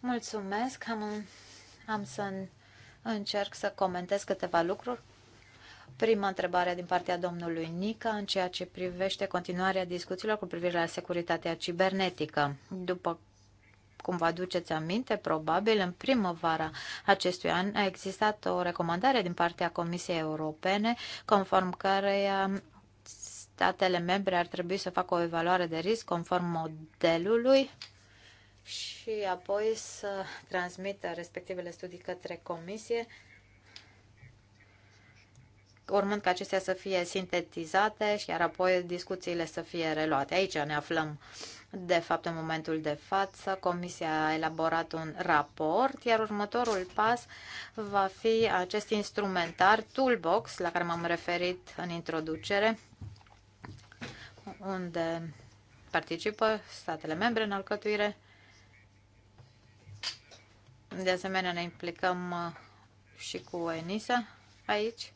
Mulțumesc, am, am să încerc să comentez câteva lucruri. Prima întrebare din partea domnului Nica în ceea ce privește continuarea discuțiilor cu privire la securitatea cibernetică. După cum vă aduceți aminte, probabil în primăvara acestui an a existat o recomandare din partea Comisiei Europene, conform căreia statele membre ar trebui să facă o evaluare de risc conform modelului și apoi să transmită respectivele studii către comisie, urmând ca acestea să fie sintetizate și iar apoi discuțiile să fie reluate. Aici ne aflăm de fapt, în momentul de față, Comisia a elaborat un raport, iar următorul pas va fi acest instrumentar, Toolbox, la care m-am referit în introducere, unde participă statele membre în alcătuire. De asemenea, ne implicăm uh, și cu ENISA aici.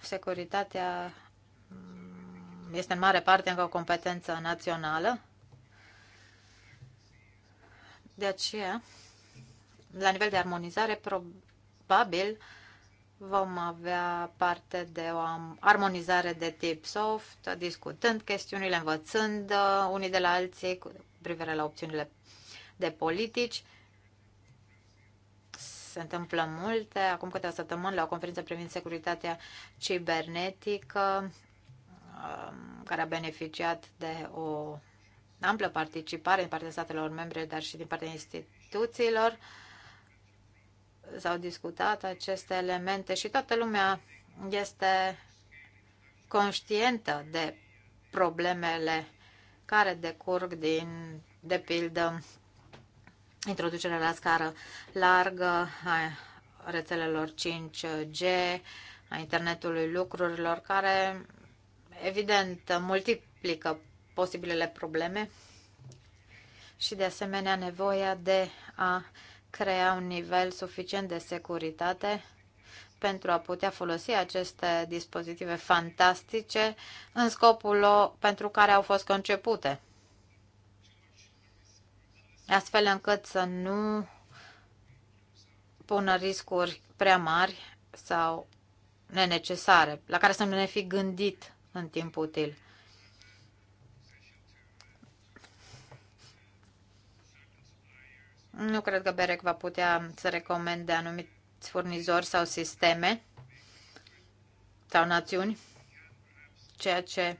Securitatea este în mare parte încă o competență națională. De aceea, la nivel de armonizare, probabil vom avea parte de o armonizare de tip soft, discutând chestiunile, învățând uh, unii de la alții cu privire la opțiunile de politici. Se întâmplă multe. Acum câteva săptămâni, la o conferință privind securitatea cibernetică, Um, care a beneficiat de o amplă participare din partea statelor membre, dar și din partea instituțiilor. S-au discutat aceste elemente și toată lumea este conștientă de problemele care decurg din, de pildă, introducerea la scară largă a rețelelor 5G, a internetului lucrurilor, care evident, multiplică posibilele probleme și, de asemenea, nevoia de a crea un nivel suficient de securitate pentru a putea folosi aceste dispozitive fantastice în scopul pentru care au fost concepute. Astfel încât să nu pună riscuri prea mari sau nenecesare, la care să nu ne fi gândit în timp util. Nu cred că BEREC va putea să recomande anumiți furnizori sau sisteme sau națiuni, ceea ce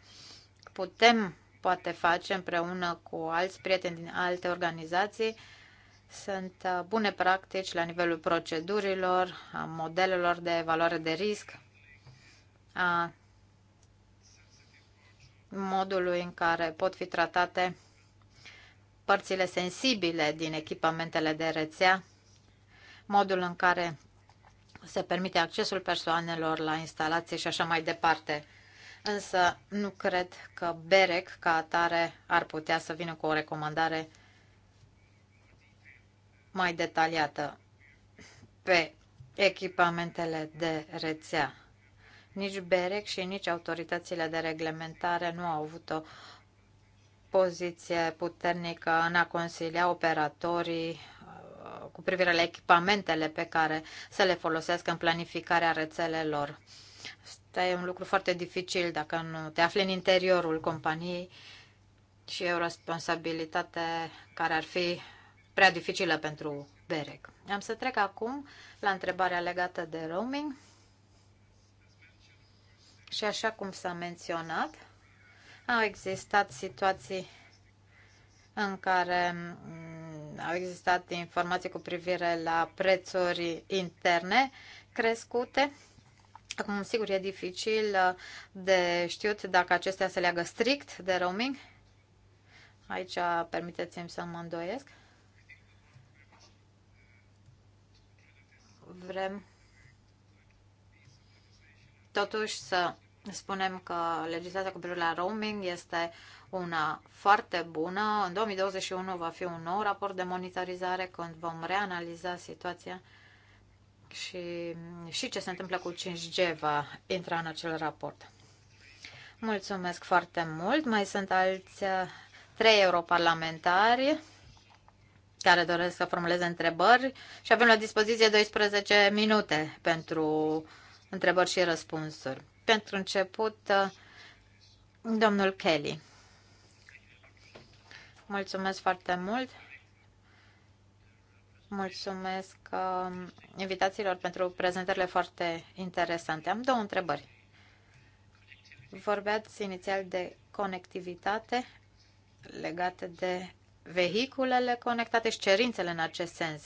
putem poate face împreună cu alți prieteni din alte organizații sunt uh, bune practici la nivelul procedurilor, a modelelor de evaluare de risc, a modului în care pot fi tratate părțile sensibile din echipamentele de rețea, modul în care se permite accesul persoanelor la instalații și așa mai departe. Însă nu cred că BEREC ca atare ar putea să vină cu o recomandare mai detaliată pe echipamentele de rețea. Nici BEREC și nici autoritățile de reglementare nu au avut o poziție puternică în a consilia operatorii uh, cu privire la echipamentele pe care să le folosească în planificarea rețelelor. Asta e un lucru foarte dificil dacă nu te afli în interiorul companiei și e o responsabilitate care ar fi prea dificilă pentru BEREC. Am să trec acum la întrebarea legată de roaming. Și așa cum s-a menționat, au existat situații în care mm, au existat informații cu privire la prețuri interne crescute. Acum, sigur, e dificil uh, de știut dacă acestea se leagă strict de roaming. Aici permiteți-mi să mă îndoiesc. Vrem totuși să spunem că legislația cu privire la roaming este una foarte bună. În 2021 va fi un nou raport de monitorizare când vom reanaliza situația și, și ce se întâmplă cu 5G va intra în acel raport. Mulțumesc foarte mult. Mai sunt alți uh, trei europarlamentari care doresc să formuleze întrebări și avem la dispoziție 12 minute pentru întrebări și răspunsuri. Pentru început, uh, domnul Kelly. Mulțumesc foarte mult. Mulțumesc uh, invitațiilor pentru prezentările foarte interesante. Am două întrebări. Vorbeați inițial de conectivitate legate de vehiculele conectate și cerințele în acest sens.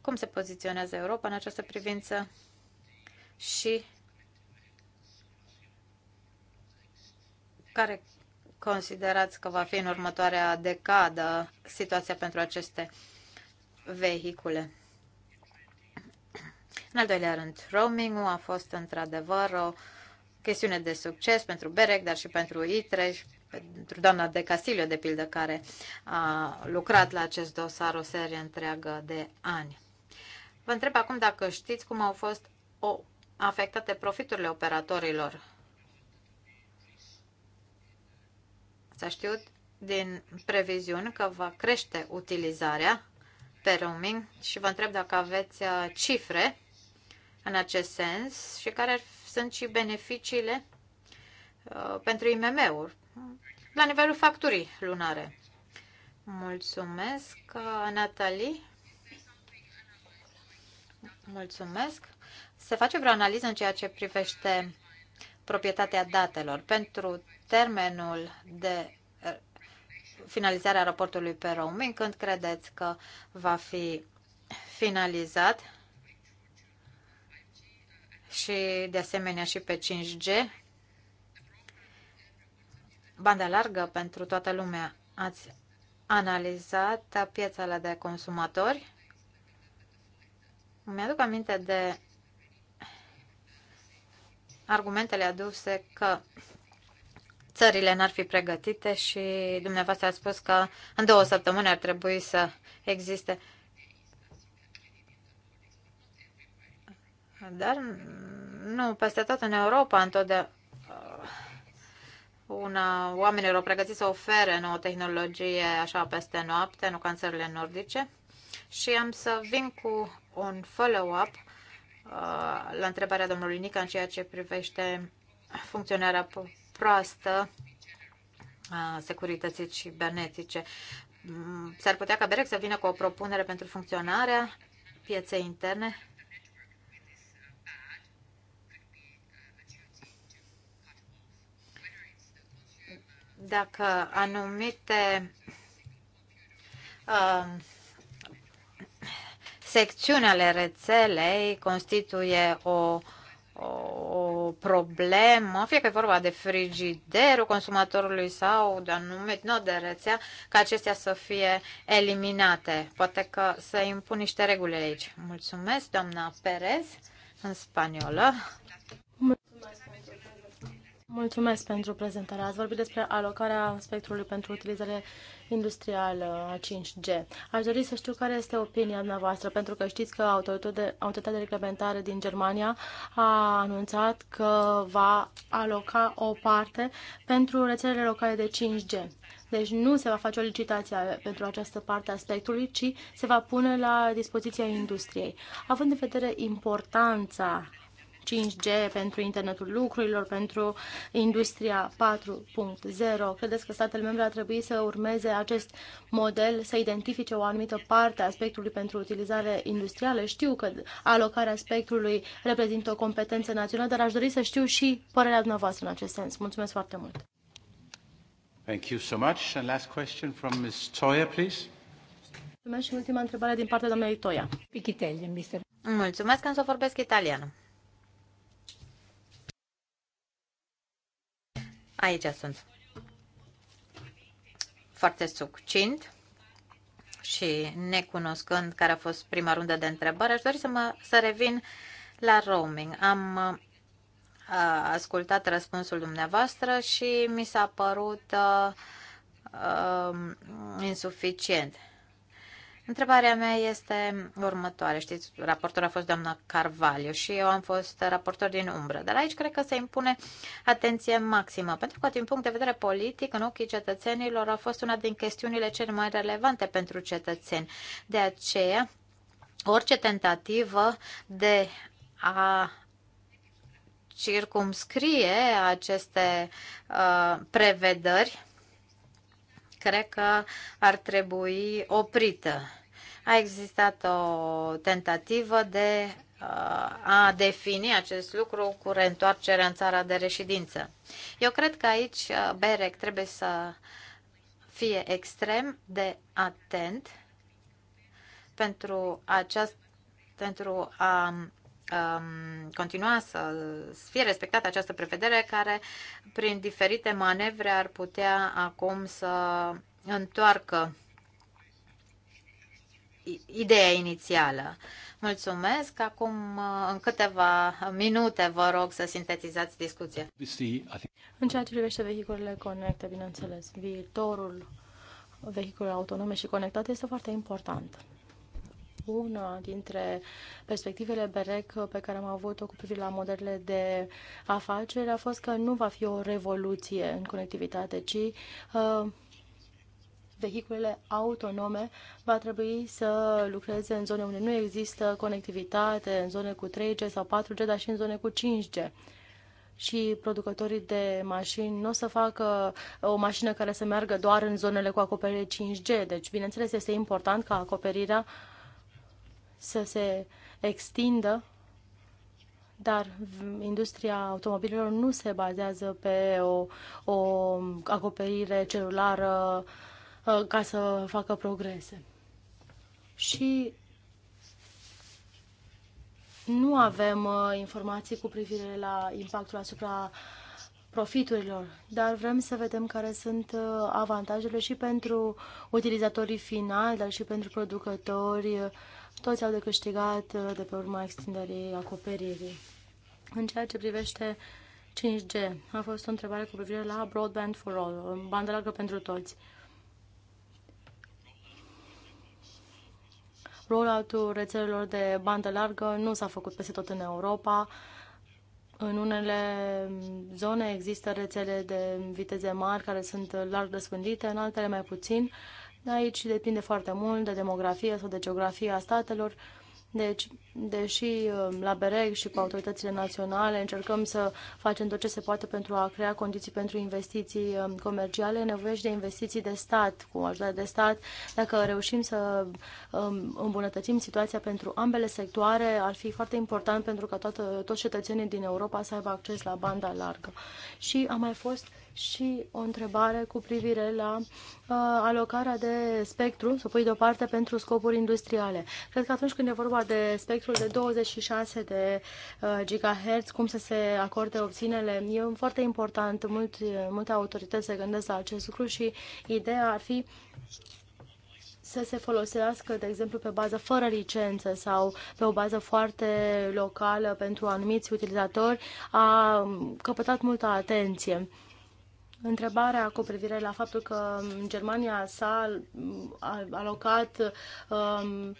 Cum se poziționează Europa în această privință? și care considerați că va fi în următoarea decadă situația pentru aceste vehicule? În al doilea rând, roaming-ul a fost într-adevăr o chestiune de succes pentru Berec, dar și pentru ITRE și pentru doamna de Casilio, de pildă, care a lucrat la acest dosar o serie întreagă de ani. Vă întreb acum dacă știți cum au fost o afectate profiturile operatorilor. S-a știut din previziuni că va crește utilizarea pe roaming și vă întreb dacă aveți uh, cifre în acest sens și care sunt și beneficiile uh, pentru IMM-uri la nivelul facturii lunare. Mulțumesc, uh, Natalie. Mulțumesc se face vreo analiză în ceea ce privește proprietatea datelor pentru termenul de eh, finalizare a raportului pe roaming, când credeți că va fi finalizat și de asemenea și pe 5G. Banda largă pentru toată lumea. Ați analizat piețele de consumatori? Mi-aduc aminte de argumentele aduse că țările n-ar fi pregătite și dumneavoastră a spus că în două săptămâni ar trebui să existe. Dar nu, peste tot în Europa întotdeauna oamenilor oamenii pregătit să ofere nouă tehnologie așa peste noapte, nu ca în țările nordice. Și am să vin cu un follow-up Uh, la întrebarea domnului Nica în ceea ce privește funcționarea proastă a securității cibernetice. Mm, s-ar putea ca BEREC să vină cu o propunere pentru funcționarea pieței interne? Dacă anumite uh, secțiune ale rețelei constituie o, o, o problemă, fie că e vorba de frigiderul consumatorului sau de anume nu de rețea, ca acestea să fie eliminate. Poate că să impun niște reguli aici. Mulțumesc, doamna Perez, în spaniolă. Mulțumesc pentru prezentare. Ați vorbit despre alocarea spectrului pentru utilizare industrială a 5G. Aș dori să știu care este opinia dumneavoastră, pentru că știți că autoritatea de reglementare din Germania a anunțat că va aloca o parte pentru rețelele locale de 5G. Deci nu se va face o licitație pentru această parte a spectrului, ci se va pune la dispoziția industriei. Având în vedere importanța 5G, pentru internetul lucrurilor, pentru industria 4.0. Credeți că statele membre ar trebui să urmeze acest model, să identifice o anumită parte a spectrului pentru utilizare industrială? Știu că alocarea spectrului reprezintă o competență națională, dar aș dori să știu și părerea dumneavoastră în acest sens. Mulțumesc foarte mult! Thank you so much. And last question from Ms. Toia, please. Mulțumesc și ultima întrebare din partea doamnei Toia. Mulțumesc că am să vorbesc italiană. Aici sunt. Foarte succint și necunoscând care a fost prima rundă de întrebări, aș dori să, mă, să revin la roaming. Am uh, ascultat răspunsul dumneavoastră și mi s-a părut uh, uh, insuficient. Întrebarea mea este următoare. Știți, raportor a fost doamna Carvalho și eu am fost raportor din umbră, dar aici cred că se impune atenție maximă, pentru că din punct de vedere politic, în ochii cetățenilor, a fost una din chestiunile cele mai relevante pentru cetățeni. De aceea, orice tentativă de a circumscrie aceste uh, prevederi cred că ar trebui oprită. A existat o tentativă de uh, a defini acest lucru cu reîntoarcerea în țara de reședință. Eu cred că aici uh, Berec trebuie să fie extrem de atent pentru, aceast, pentru a Um, continua să fie respectată această prevedere care prin diferite manevre ar putea acum să întoarcă ideea inițială. Mulțumesc. Acum, uh, în câteva minute, vă rog să sintetizați discuția. În ceea ce privește vehiculele conecte, bineînțeles, viitorul vehiculelor autonome și conectate este foarte important una uh, dintre perspectivele BEREC uh, pe care am avut-o cu privire la modelele de afaceri a fost că nu va fi o revoluție în conectivitate, ci uh, vehiculele autonome va trebui să lucreze în zone unde nu există conectivitate, în zone cu 3G sau 4G, dar și în zone cu 5G și producătorii de mașini nu o să facă o mașină care să meargă doar în zonele cu acoperire 5G. Deci, bineînțeles, este important ca acoperirea uh, să se extindă, dar industria automobililor nu se bazează pe o, o acoperire celulară ă, ca să facă progrese. Și nu avem ă, informații cu privire la impactul asupra profiturilor, dar vrem să vedem care sunt ă, avantajele și pentru utilizatorii finali, dar și pentru producători toți au de câștigat uh, de pe urma extinderii acoperirii. În ceea ce privește 5G, a fost o întrebare cu privire la Broadband for All, um, bandă largă pentru toți. Rolloutul rețelelor de bandă largă nu s-a făcut peste tot în Europa. În unele um, zone există rețele de viteze mari care sunt larg răspândite, în altele mai puțin. Aici depinde foarte mult de demografie sau de geografia statelor. Deci, deși uh, la BEREG și cu autoritățile naționale încercăm să facem tot ce se poate pentru a crea condiții pentru investiții uh, comerciale, nevoie și de investiții de stat, cu ajutor de stat. Dacă reușim să um, îmbunătățim situația pentru ambele sectoare, ar fi foarte important pentru ca toată, toți cetățenii din Europa să aibă acces la banda largă. Și a mai fost și o întrebare cu privire la uh, alocarea de spectru, să pui deoparte pentru scopuri industriale. Cred că atunci când e vorba de spectrul de 26 de uh, gigahertz, cum să se acorde opțiunile, e foarte important. Mult, multe autorități se gândesc la acest lucru și ideea ar fi să se folosească, de exemplu, pe bază fără licență sau pe o bază foarte locală pentru anumiți utilizatori, a um, căpătat multă atenție. Întrebarea cu privire la faptul că Germania s-a alocat um,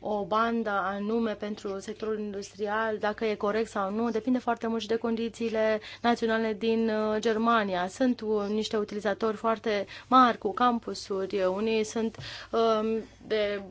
o bandă anume pentru sectorul industrial, dacă e corect sau nu, depinde foarte mult și de condițiile naționale din uh, Germania. Sunt uh, niște utilizatori foarte mari cu campusuri, unii sunt um, de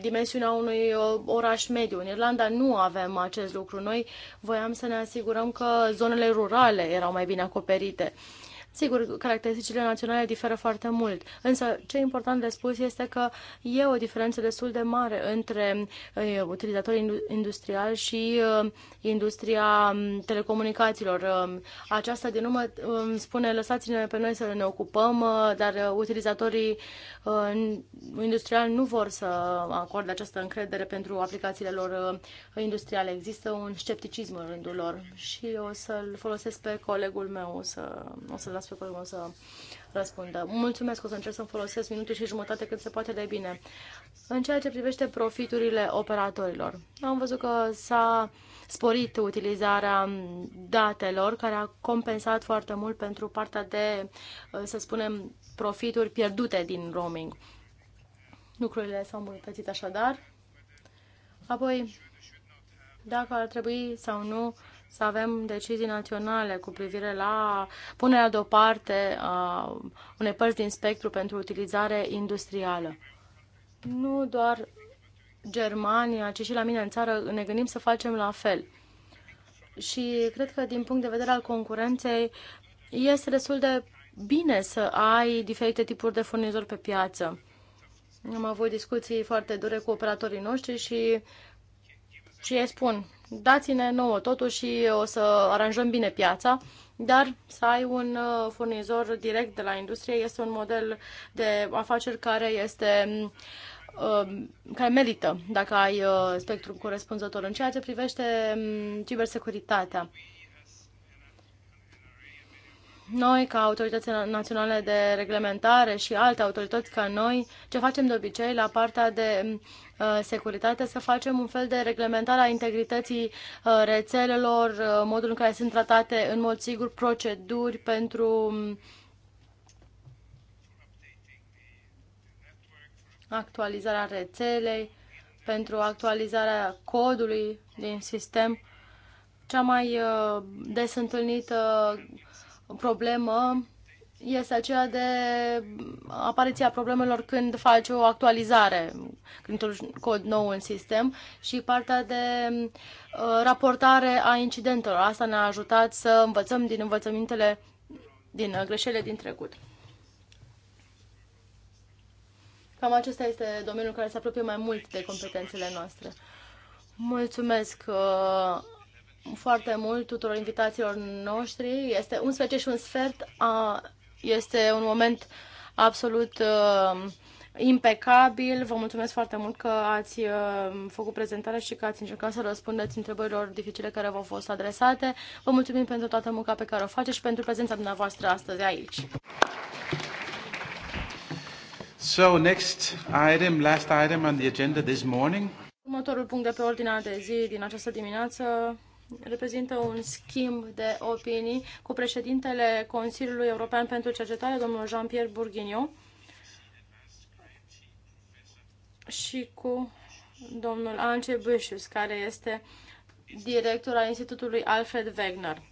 dimensiunea unui uh, oraș mediu. În Irlanda nu avem acest lucru. Noi voiam să ne asigurăm că zonele rurale erau mai bine acoperite. Uh, Sigur, caracteristicile naționale diferă foarte mult, însă ce important de spus este că e o diferență destul de mare între uh, utilizatorii industriali și uh, industria mm, telecomunicațiilor. Uh, aceasta din urmă uh, spune lăsați-ne pe noi să ne ocupăm, uh, dar uh, utilizatorii uh, industriali nu vor să acorde această încredere pentru aplicațiile lor uh, industriale. Există un scepticism în rândul lor și o să-l folosesc pe colegul meu, o, să, o să las astfel că o să răspundă. Mulțumesc, o să încerc să folosesc minute și jumătate cât se poate de bine. În ceea ce privește profiturile operatorilor, am văzut că s-a sporit utilizarea datelor, care a compensat foarte mult pentru partea de, să spunem, profituri pierdute din roaming. Lucrurile s-au îmbunătățit așadar. Apoi, dacă ar trebui sau nu să avem decizii naționale cu privire la punerea deoparte a unei părți din spectru pentru utilizare industrială. Nu doar Germania, ci și la mine în țară ne gândim să facem la fel. Și cred că din punct de vedere al concurenței este destul de bine să ai diferite tipuri de furnizori pe piață. Am avut discuții foarte dure cu operatorii noștri și, și spun, dați-ne nouă totuși și o să aranjăm bine piața, dar să ai un uh, furnizor direct de la industrie este un model de afaceri care este uh, care merită dacă ai uh, spectrul corespunzător în ceea ce privește mm, cibersecuritatea. Noi, ca autoritățile naționale de reglementare și alte autorități ca noi, ce facem de obicei la partea de uh, securitate, să facem un fel de reglementare a integrității uh, rețelelor, uh, modul în care sunt tratate în mod sigur proceduri pentru actualizarea rețelei, pentru actualizarea codului din sistem. Cea mai uh, des întâlnită uh, problemă este aceea de apariția problemelor când faci o actualizare, când introduci cod nou în sistem și partea de uh, raportare a incidentelor. Asta ne-a ajutat să învățăm din învățămintele, din uh, greșelile din trecut. Cam acesta este domeniul care se apropie mai mult de competențele noastre. Mulțumesc! Uh, foarte mult tuturor invitațiilor noștri. Este 11 și un sfert. A, este un moment absolut uh, impecabil. Vă mulțumesc foarte mult că ați uh, făcut prezentarea și că ați încercat să răspundeți întrebărilor dificile care v-au fost adresate. Vă mulțumim pentru toată munca pe care o faceți și pentru prezența dumneavoastră astăzi aici. So next item, last item on the agenda this morning. Următorul punct de pe ordinea de zi din această dimineață reprezintă un schimb de opinii cu președintele Consiliului European pentru Cercetare, domnul Jean-Pierre Bourguignon, și cu domnul Ange Bâșius, care este director al Institutului Alfred Wegener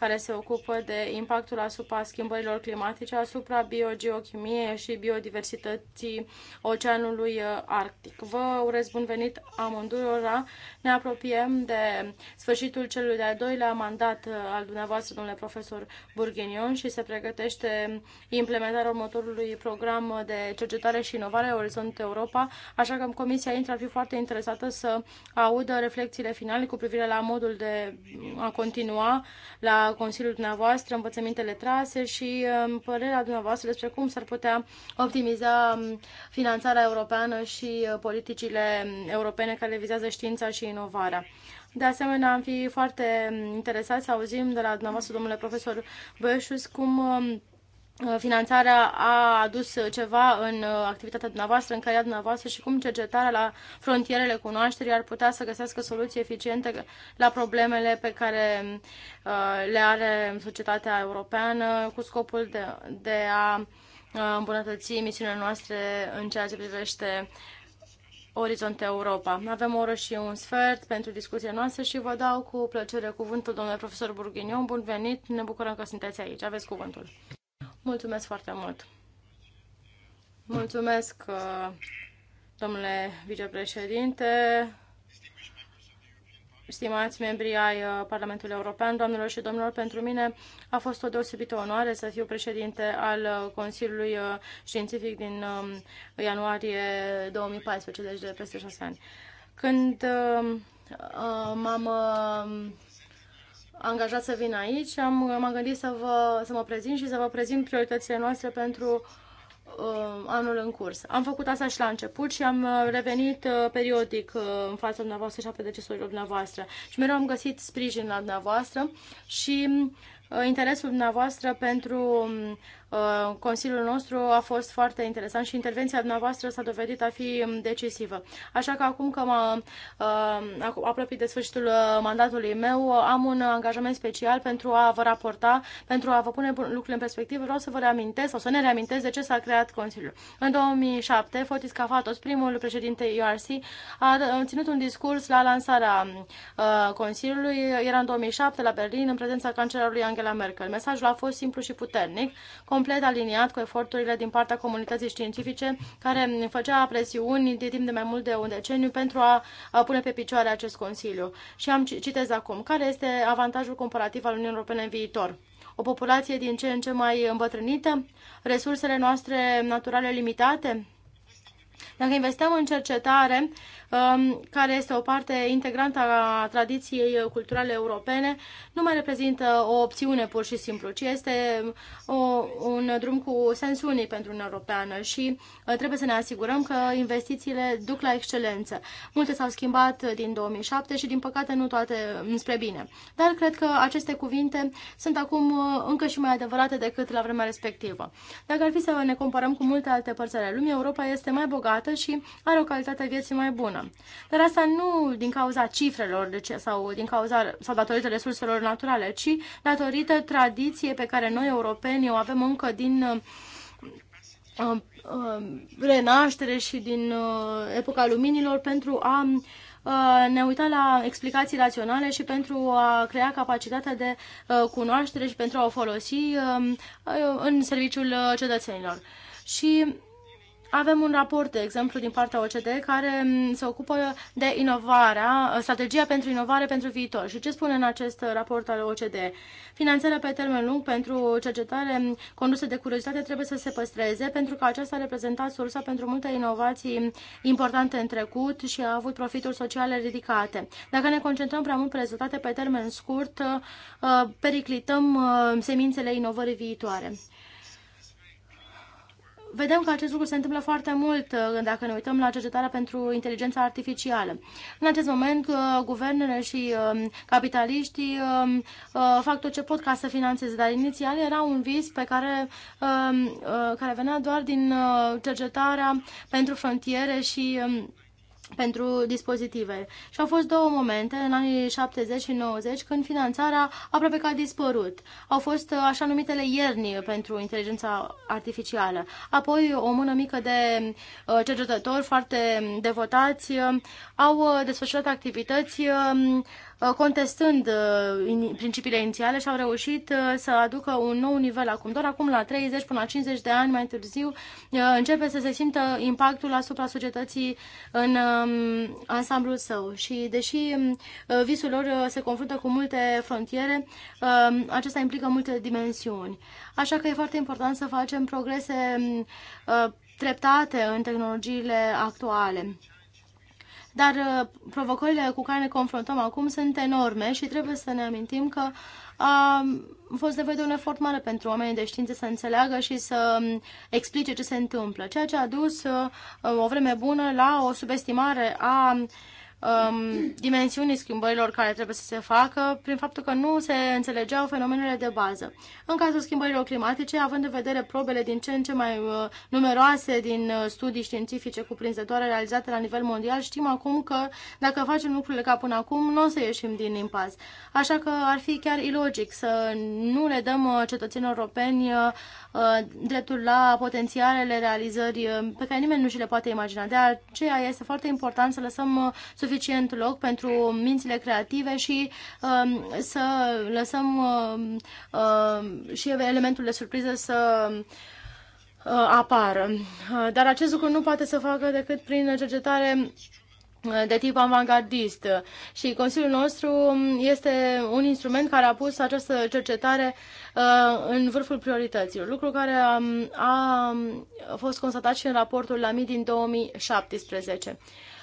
care se ocupă de impactul asupra schimbărilor climatice, asupra biogeochimiei și biodiversității Oceanului uh, Arctic. Vă urez bun venit amândurora. Ne apropiem de sfârșitul celui de-al doilea mandat uh, al dumneavoastră, domnule profesor Burghenion, și se pregătește implementarea următorului program de cercetare și inovare Orizont Europa, așa că Comisia Intra ar fi foarte interesată să audă reflexiile finale cu privire la modul de a continua, la Consiliul dumneavoastră, învățămintele trase și um, părerea dumneavoastră despre cum s-ar putea optimiza um, finanțarea europeană și uh, politicile um, europene care vizează știința și inovarea. De asemenea, am fi foarte interesat să auzim de la dumneavoastră, domnule profesor Bășus, cum Uh, finanțarea a adus ceva în uh, activitatea dumneavoastră, în cariera dumneavoastră și cum cercetarea la frontierele cunoașterii ar putea să găsească soluții eficiente la problemele pe care uh, le are societatea europeană cu scopul de, de a îmbunătăți misiunile noastre în ceea ce privește Orizont Europa. Avem o oră și un sfert pentru discuția noastră și vă dau cu plăcere cuvântul, domnule profesor Burghignon. Bun venit, ne bucurăm că sunteți aici. Aveți cuvântul. Mulțumesc foarte mult! Mulțumesc, uh, domnule vicepreședinte, stimați membrii ai uh, Parlamentului European, doamnelor și domnilor, pentru mine a fost o deosebită onoare să fiu președinte al uh, Consiliului Științific din um, ianuarie 2014, deci de peste șase ani. Când m-am angajat să vin aici. Am, m-am gândit să, vă, să mă prezint și să vă prezint prioritățile noastre pentru uh, anul în curs. Am făcut asta și la început și am uh, revenit uh, periodic uh, în fața dumneavoastră și a predecesorilor dumneavoastră. Și mereu am găsit sprijin la dumneavoastră și uh, interesul dumneavoastră pentru um, Uh, Consiliul nostru a fost foarte interesant și intervenția dumneavoastră s-a dovedit a fi um, decisivă. Așa că acum că mă uh, apropii de sfârșitul uh, mandatului meu, am un angajament special pentru a vă raporta, pentru a vă pune lucrurile în perspectivă. Vreau să vă reamintesc sau să ne reamintesc de ce s-a creat Consiliul. În 2007, Fotis Kafatos, primul președinte URC, a ținut un discurs la lansarea Consiliului. Era în 2007 la Berlin, în prezența cancelarului Angela Merkel. Mesajul a fost simplu și puternic. Com complet aliniat cu eforturile din partea comunității științifice, care făcea presiuni de timp de mai mult de un deceniu pentru a, a pune pe picioare acest Consiliu. Și am citez acum, care este avantajul comparativ al Uniunii Europene în viitor? o populație din ce în ce mai îmbătrânită, resursele noastre naturale limitate. Dacă investeam în cercetare, Um, care este o parte integrantă a tradiției culturale europene, nu mai reprezintă o opțiune pur și simplu, ci este o, un drum cu sens unic pentru Uniunea Europeană și uh, trebuie să ne asigurăm că investițiile duc la excelență. Multe s-au schimbat din 2007 și, din păcate, nu toate spre bine. Dar cred că aceste cuvinte sunt acum uh, încă și mai adevărate decât la vremea respectivă. Dacă ar fi să ne comparăm cu multe alte părți ale lumii, Europa este mai bogată și are o calitate vieții mai bună natură. Dar asta nu din cauza cifrelor deci, sau, din cauza, sau datorită resurselor naturale, ci datorită tradiției pe care noi europenii o avem încă din uh, uh, uh, renaștere și din uh, epoca luminilor pentru a uh, ne uita la explicații raționale și pentru a crea capacitatea de uh, cunoaștere și pentru a o folosi um, în serviciul cetățenilor. Și avem un raport, de exemplu, din partea OCDE care mm, se ocupă de inovarea, strategia pentru inovare pentru viitor. Și ce spune în acest raport al OCDE? Finanțarea pe termen lung pentru cercetare mm, condusă de curiozitate trebuie să se păstreze pentru că aceasta a reprezentat sursa pentru multe inovații importante în trecut și a avut profituri sociale ridicate. Dacă ne concentrăm prea mult pe rezultate pe termen scurt, uh, periclităm uh, semințele inovării viitoare. Vedem că acest lucru se întâmplă foarte mult uh, dacă ne uităm la cercetarea pentru inteligența artificială. În acest moment, uh, guvernele și um, capitaliștii um, uh, fac tot ce pot ca să financeze, dar inițial era un vis pe care, um, care venea doar din cercetarea pentru frontiere și pentru dispozitive. Și au fost două momente, în anii 70 și 90, când finanțarea aproape că a dispărut. Au fost uh, așa numitele ierni pentru inteligența artificială. Apoi o mână mică de uh, cercetători foarte devotați uh, au desfășurat activități um, Uh, contestând uh, principiile inițiale și au reușit uh, să aducă un nou nivel acum. Doar acum, la 30 până la 50 de ani mai târziu, începe să se simtă impactul asupra societății în um, ansamblul său. Și deși um, visul lor se confruntă cu multe frontiere, um, acesta implică multe dimensiuni. Așa că e foarte important să facem progrese treptate în tehnologiile actuale. Dar uh, provocările cu care ne confruntăm acum sunt enorme și trebuie să ne amintim că a fost nevoie de un efort mare pentru oamenii de știință să înțeleagă și să um, explice ce se întâmplă, ceea ce a dus uh, o vreme bună la o subestimare a um, dimensiunii schimbărilor care trebuie să se facă prin faptul că nu se înțelegeau fenomenele de bază. În cazul schimbărilor climatice, având în vedere probele din ce în ce mai uh, numeroase din uh, studii științifice cuprinzătoare realizate la nivel mondial, știm acum că dacă facem lucrurile ca până acum, nu o să ieșim din impas. Așa că ar fi chiar ilogic să nu le dăm uh, cetățenilor europeni uh, uh dreptul la potențialele realizări uh, pe care nimeni nu și le poate imagina. De aceea este foarte important să lăsăm suficient uh, suficient loc pentru mințile creative și uh, să lăsăm uh, uh, și elementul de surpriză să uh, apară. Uh, dar acest lucru nu poate să facă decât prin cercetare uh, de tip avantgardist și Consiliul nostru este un instrument care a pus această cercetare uh, în vârful priorităților, lucru care a, fost constatat și în raportul la MIT din 2017.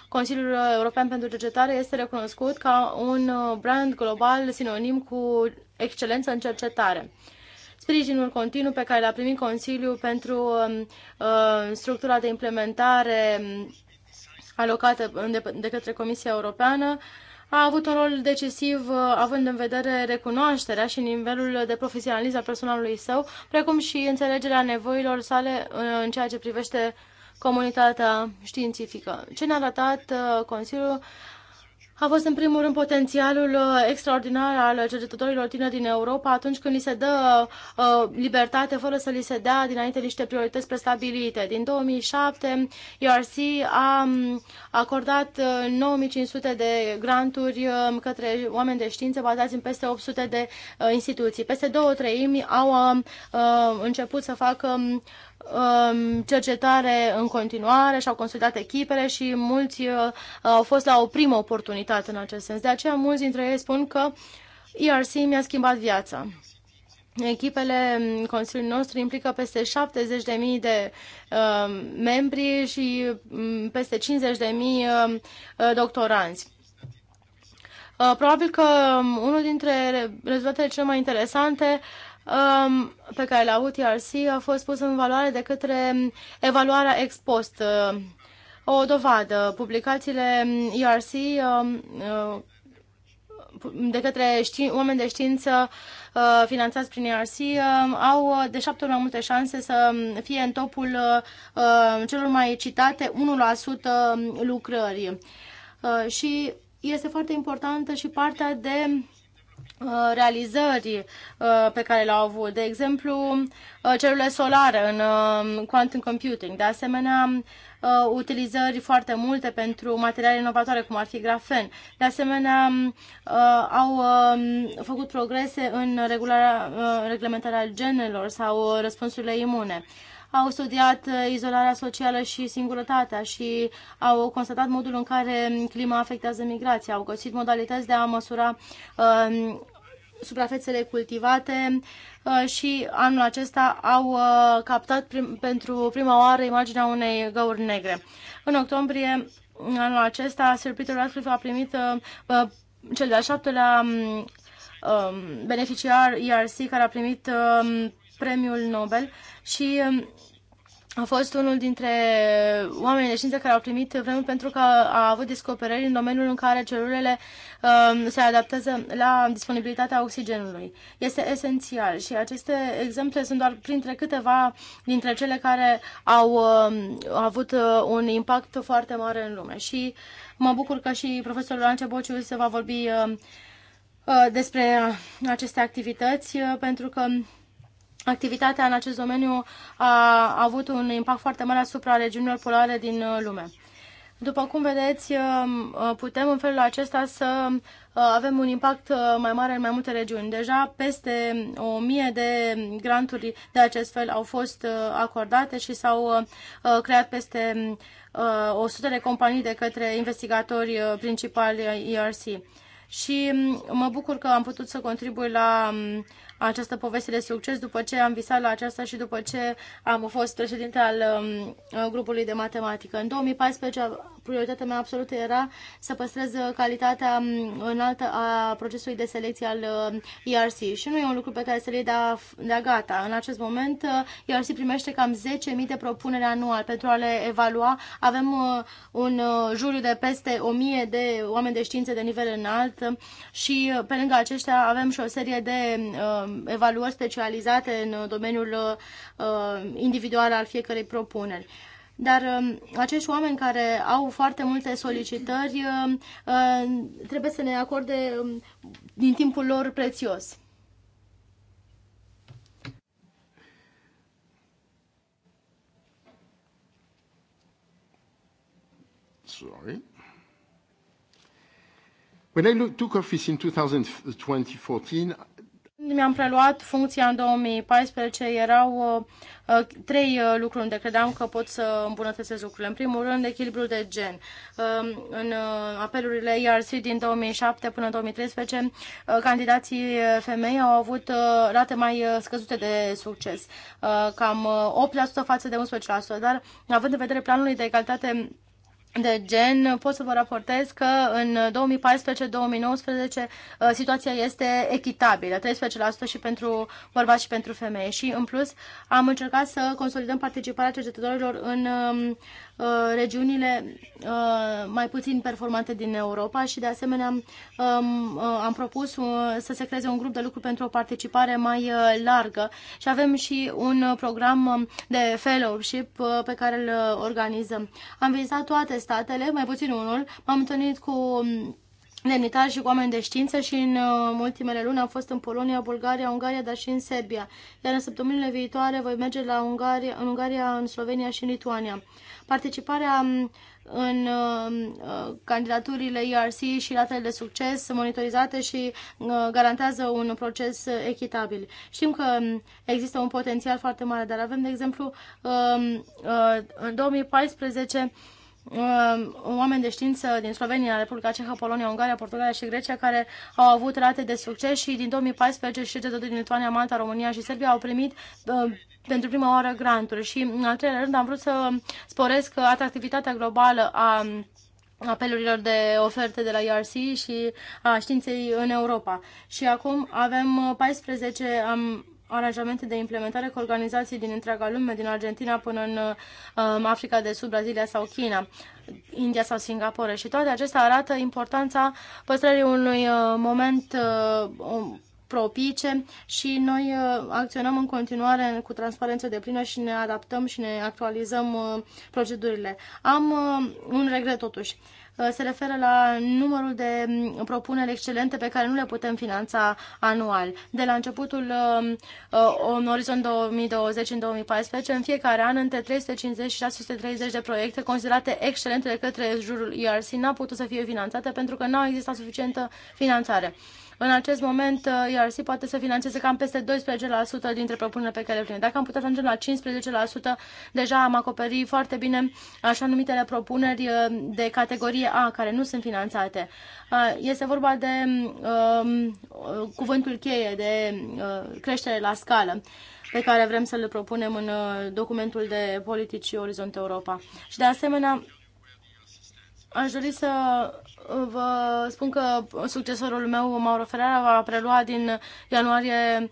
Consiliul European pentru Cercetare este recunoscut ca un uh, brand global sinonim cu excelență în cercetare. Sprijinul continuu pe care l-a primit Consiliul pentru um, uh, structura de implementare um, alocată de, de către Comisia Europeană a avut un rol decisiv uh, având în vedere recunoașterea și nivelul de profesionalism al personalului său, precum și înțelegerea nevoilor sale uh, în ceea ce privește uh, comunitatea științifică. Ce ne-a arătat uh, Consiliul a fost în primul rând potențialul uh, extraordinar al cercetătorilor tineri din Europa atunci când li se dă uh, libertate fără să li se dea dinainte niște priorități prestabilite. Din 2007, ERC a um, acordat 9500 uh, de granturi um, către oameni de știință bazați în peste 800 de instituții. Peste două treimi au um, uh, început să facă uh, Um, cercetare în continuare, și-au consolidat echipele și mulți uh, au fost la o primă oportunitate în acest sens. De aceea mulți dintre ei spun că ERC mi-a schimbat viața. Echipele um, Consiliului nostru implică peste 70.000 de uh, membri și um, peste 50.000 uh, doctoranți. Uh, probabil că unul dintre rezultatele cele mai interesante uh, Um, pe care avut ERC a fost pus în valoare de către evaluarea ex post. Uh, o dovadă, publicațiile ERC um, uh, de către oameni de știință uh, finanțați prin ERC um, au de șapte ori mai multe șanse să fie în topul celor mai citate 1% lucrări. Și este foarte importantă și partea de Uh, realizări uh, pe care le-au avut, de exemplu uh, celule solare în um, quantum computing, de asemenea utilizări foarte multe pentru materiale inovatoare, cum ar fi grafen. De asemenea, au um, făcut progrese în regularea, reglementarea genelor sau răspunsurile imune au studiat uh, izolarea socială și singurătatea și au constatat modul în care clima afectează migrația. Au găsit modalități de a măsura uh, suprafețele cultivate uh, și anul acesta au uh, captat prim, pentru prima oară imaginea unei găuri negre. În octombrie anul acesta, Sir Peter Radcliffe a primit uh, uh cel de-al șaptelea um, um beneficiar ERC care a primit um, premiul Nobel și um, a fost unul dintre oamenii de știință care au primit vremuri pentru că a avut descoperiri în domeniul în care celulele um, se adaptează la disponibilitatea oxigenului. Este esențial și aceste exemple sunt doar printre câteva dintre cele care au um, avut uh, un impact foarte mare în lume. Și mă bucur că și profesorul Ance Bociu se va vorbi um, uh, despre aceste activități, uh, pentru că activitatea în acest domeniu a avut un impact foarte mare asupra regiunilor polare din uh, lume. După cum vedeți, uh, uh, putem în felul acesta să avem un impact mai mare în mai multe regiuni. Deja peste o mie de granturi de acest fel au fost acordate și s-au creat peste 100 de companii de către investigatori principali ERC. Și mm, mă bucur că am putut să contribui la mm, această poveste de succes după ce am visat la aceasta și după ce am fost președinte al um, grupului de matematică. În 2014, prioritatea mea absolută era să păstrez calitatea um, înaltă a procesului de selecție al um, ERC și nu e un lucru pe care să-l iei de gata. În acest moment, uh, ERC primește cam 10.000 de propuneri anual pentru a le evalua. Avem uh, un uh, juriu de peste 1.000 de oameni de științe de nivel înalt și pe lângă aceștia avem și o serie de Uh, evaluări specializate în uh, domeniul uh, individual al fiecărei propuneri dar um, acești oameni care au foarte multe solicitări trebuie să ne acorde um, din timpul lor prețios. Sorry. When I look, took office in 2014, mi-am preluat funcția în 2014, erau uh, uh, trei uh, lucruri unde credeam că pot să îmbunătățesc lucrurile. În primul rând, echilibrul de gen. Um, uh, în apelurile ERC din 2007 până în 2013, uh, candidații femei au avut uh, rate mai scăzute de succes, cam 8% față de 11%, dar având în vedere planului de egalitate de gen, pot să vă raportez că în 2014-2019 uh, situația este echitabilă, 13% și pentru bărbați și pentru femei. Și în plus am încercat să consolidăm participarea cercetătorilor în um, Uh, regiunile uh, mai puțin performante din Europa și de asemenea am um, uh, propus să se creeze un grup de lucru pentru o participare mai largă și avem și un program um, de fellowship pe care îl organizăm. Am vizitat toate statele, mai puțin unul, m-am întâlnit cu um, demnitari și cu oameni de știință și în uh, ultimele luni am fost în Polonia, Bulgaria, Ungaria, dar și în Serbia. Iar în săptămânile viitoare voi merge la Ungaria, în Ungaria, în Slovenia și în Lituania. Participarea um, în uh, uh candidaturile ERC și ratele de succes sunt monitorizate și uh, garantează un proces echitabil. Știm că um, există un potențial foarte mare, dar avem, de exemplu, uh, uh, în 2014 Um, oameni de știință din Slovenia, Republica Cehă, Polonia, Ungaria, Portugalia și Grecia care au avut rate de succes și din 2014 și cetățenii din Lituania, Malta, România și Serbia au primit um, pentru prima oară granturi și în al treilea rând am vrut să sporesc atractivitatea globală a apelurilor de oferte de la IRC și a științei în Europa. Și acum avem 14, am aranjamente de implementare cu organizații din întreaga lume, din Argentina până în um, Africa de Sud, Brazilia sau China, India sau Singapore. Și toate acestea arată importanța păstrării unui uh, moment uh, um, propice și noi uh, acționăm în continuare cu transparență de plină și ne adaptăm și ne actualizăm uh, procedurile. Am uh, un regret totuși. Uh, se referă la numărul de mm, propuneri excelente pe care nu le putem finanța anual. De la începutul um, uh, în Orizont 2020 în 2014, în fiecare an, între 350 și 630 de proiecte considerate excelente de către jurul ERC n-au putut să fie finanțate pentru că nu au existat suficientă finanțare. În acest moment, uh, ERC poate să financeze cam peste 12% dintre propunerile pe care le primim. Dacă am putea ajunge la 15%, deja am acoperit foarte bine așa numitele propuneri uh, de categorie A, care nu sunt finanțate. Uh, este vorba de um, cuvântul cheie de uh, creștere la scală pe care vrem să le propunem în documentul de politici Orizont Europa. Și de asemenea, Aș dori să uh, vă spun că succesorul meu, Mauro Ferrara, va prelua din ianuarie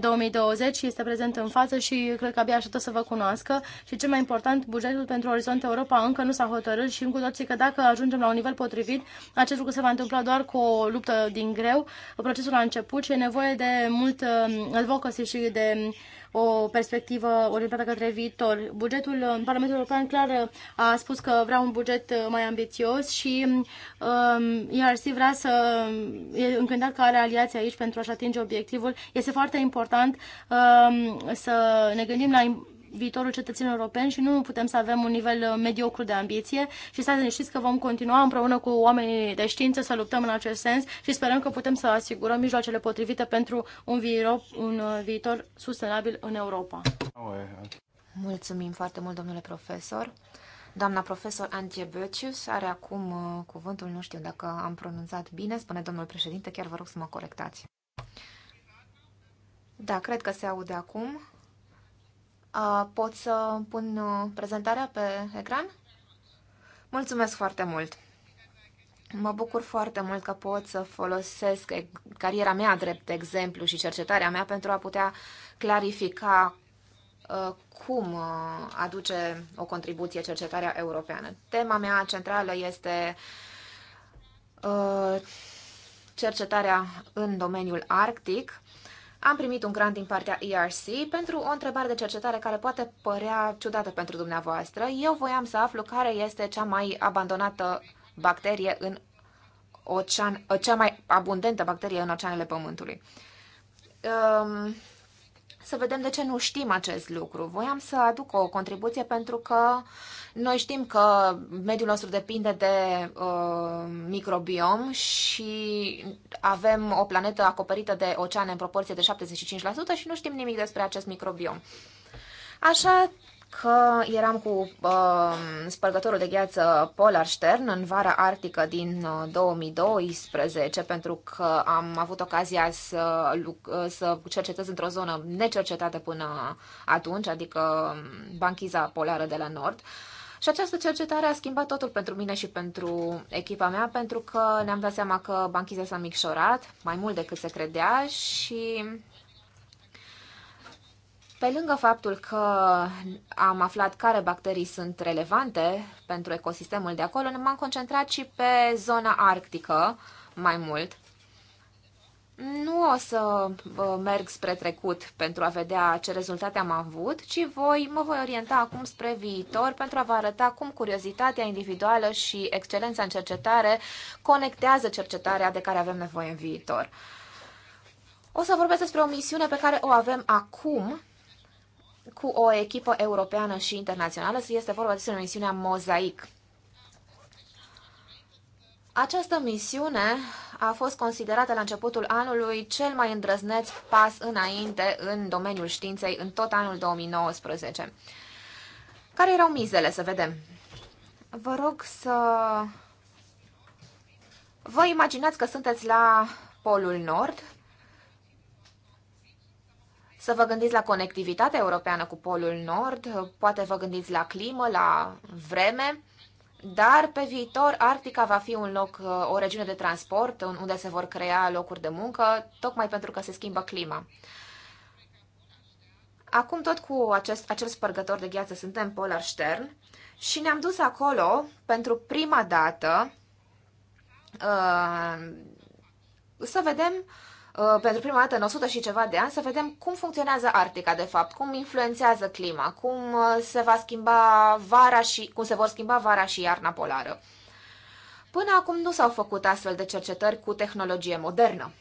2020 uh, și este prezent în față și cred că abia așteptă să vă cunoască. Și cel mai important, bugetul pentru Orizont Europa încă nu s-a hotărât și încă toții că dacă ajungem la un nivel potrivit, acest lucru se va întâmpla doar cu o luptă din greu. Procesul a început și e nevoie de mult uh, advocacy și de o perspectivă orientată către viitor. Bugetul în Parlamentul European clar a spus că vrea un buget uh, mai ambițios și um, și vrea să um, e încântat că are aliații aici pentru a-și atinge obiectivul. Este foarte important um, să ne gândim la viitorul cetățenilor europeni și nu putem să avem un nivel uh, mediocru de ambiție și ne știți că vom continua împreună cu oamenii de știință să luptăm în acest sens și sperăm că putem să asigurăm mijloacele potrivite pentru un, vi- un uh, viitor sustenabil în Europa. Mulțumim foarte mult, domnule profesor. Doamna profesor Antje Böcius are acum uh, cuvântul, nu știu dacă am pronunțat bine, spune domnul președinte, chiar vă rog să mă corectați. Da, cred că se aude acum. Pot să pun uh, prezentarea pe ecran? Mulțumesc foarte mult! Mă bucur foarte mult că pot să folosesc cariera mea drept exemplu și cercetarea mea pentru a putea clarifica uh, cum uh, aduce o contribuție cercetarea europeană. Tema mea centrală este cercetarea în domeniul arctic am primit un grant din partea ERC pentru o întrebare de cercetare care poate părea ciudată pentru dumneavoastră. Eu voiam să aflu care este cea mai abandonată bacterie în ocean, cea mai abundentă bacterie în oceanele Pământului. Um, să vedem de ce nu știm acest lucru. Voiam să aduc o contribuție pentru că noi știm că mediul nostru depinde de uh, microbiom și avem o planetă acoperită de oceane în proporție de 75% și nu știm nimic despre acest microbiom. Așa că eram cu uh, spărgătorul de gheață Polar Stern în vara arctică din 2012 uh, pentru că am avut ocazia să, uh, să cercetez într-o zonă necercetată până atunci, adică um, banchiza polară de la nord. Și această cercetare a schimbat totul pentru mine și pentru echipa mea, pentru că ne-am dat seama că banchiza s-a micșorat mai mult decât se credea și pe lângă faptul că am aflat care bacterii sunt relevante pentru ecosistemul de acolo, m-am concentrat și pe zona arctică mai mult. Nu o să merg spre trecut pentru a vedea ce rezultate am avut, ci voi, mă voi orienta acum spre viitor pentru a vă arăta cum curiozitatea individuală și excelența în cercetare conectează cercetarea de care avem nevoie în viitor. O să vorbesc despre o misiune pe care o avem acum cu o echipă europeană și internațională. Este vorba despre misiunea Mozaic. Această misiune a fost considerată la începutul anului cel mai îndrăzneț pas înainte în domeniul științei în tot anul 2019. Care erau mizele, să vedem? Vă rog să vă imaginați că sunteți la Polul Nord să vă gândiți la conectivitatea europeană cu Polul Nord, poate vă gândiți la climă, la vreme, dar pe viitor Arctica va fi un loc, uh, o regiune de transport unde se vor crea locuri de muncă, tocmai pentru că se schimbă clima. Acum tot cu acest, acel spărgător de gheață suntem Polar Stern și ne-am dus acolo pentru prima dată uh, să vedem uh, Uh, pentru prima dată în 100 și ceva de ani să vedem cum funcționează Arctica de fapt, cum influențează clima, cum uh, se va schimba vara și cum se vor schimba vara și iarna polară. Până acum nu s-au făcut astfel de cercetări cu tehnologie modernă.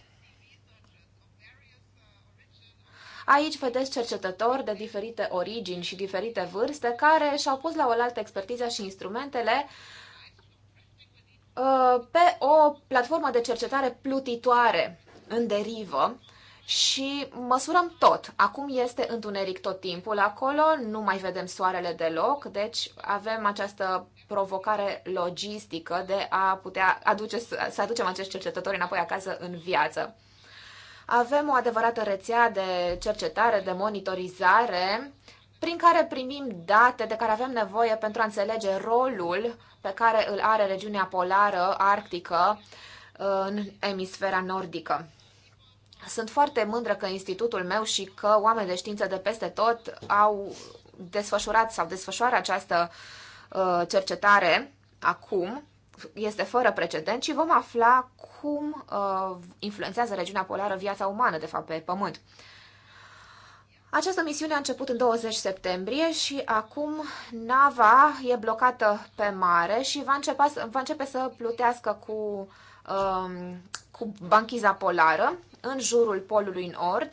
Aici vedeți cercetători de diferite origini și diferite vârste care și-au pus la oaltă expertiza și instrumentele uh, pe o platformă de cercetare plutitoare în derivă și măsurăm tot. Acum este întuneric tot timpul acolo, nu mai vedem soarele deloc, deci avem această provocare logistică de a putea aduce, să aducem acești cercetători înapoi acasă în viață. Avem o adevărată rețea de cercetare, de monitorizare, prin care primim date de care avem nevoie pentru a înțelege rolul pe care îl are regiunea polară, arctică, uh, în emisfera nordică. Sunt foarte mândră că institutul meu și că oameni de știință de peste tot au desfășurat sau desfășoară această uh, cercetare acum. Este fără precedent și vom afla cum uh, influențează regiunea polară viața umană, de fapt, pe Pământ. Această misiune a început în 20 septembrie și acum nava e blocată pe mare și va începe, va începe să plutească cu Um, cu banchiza polară în jurul polului nord,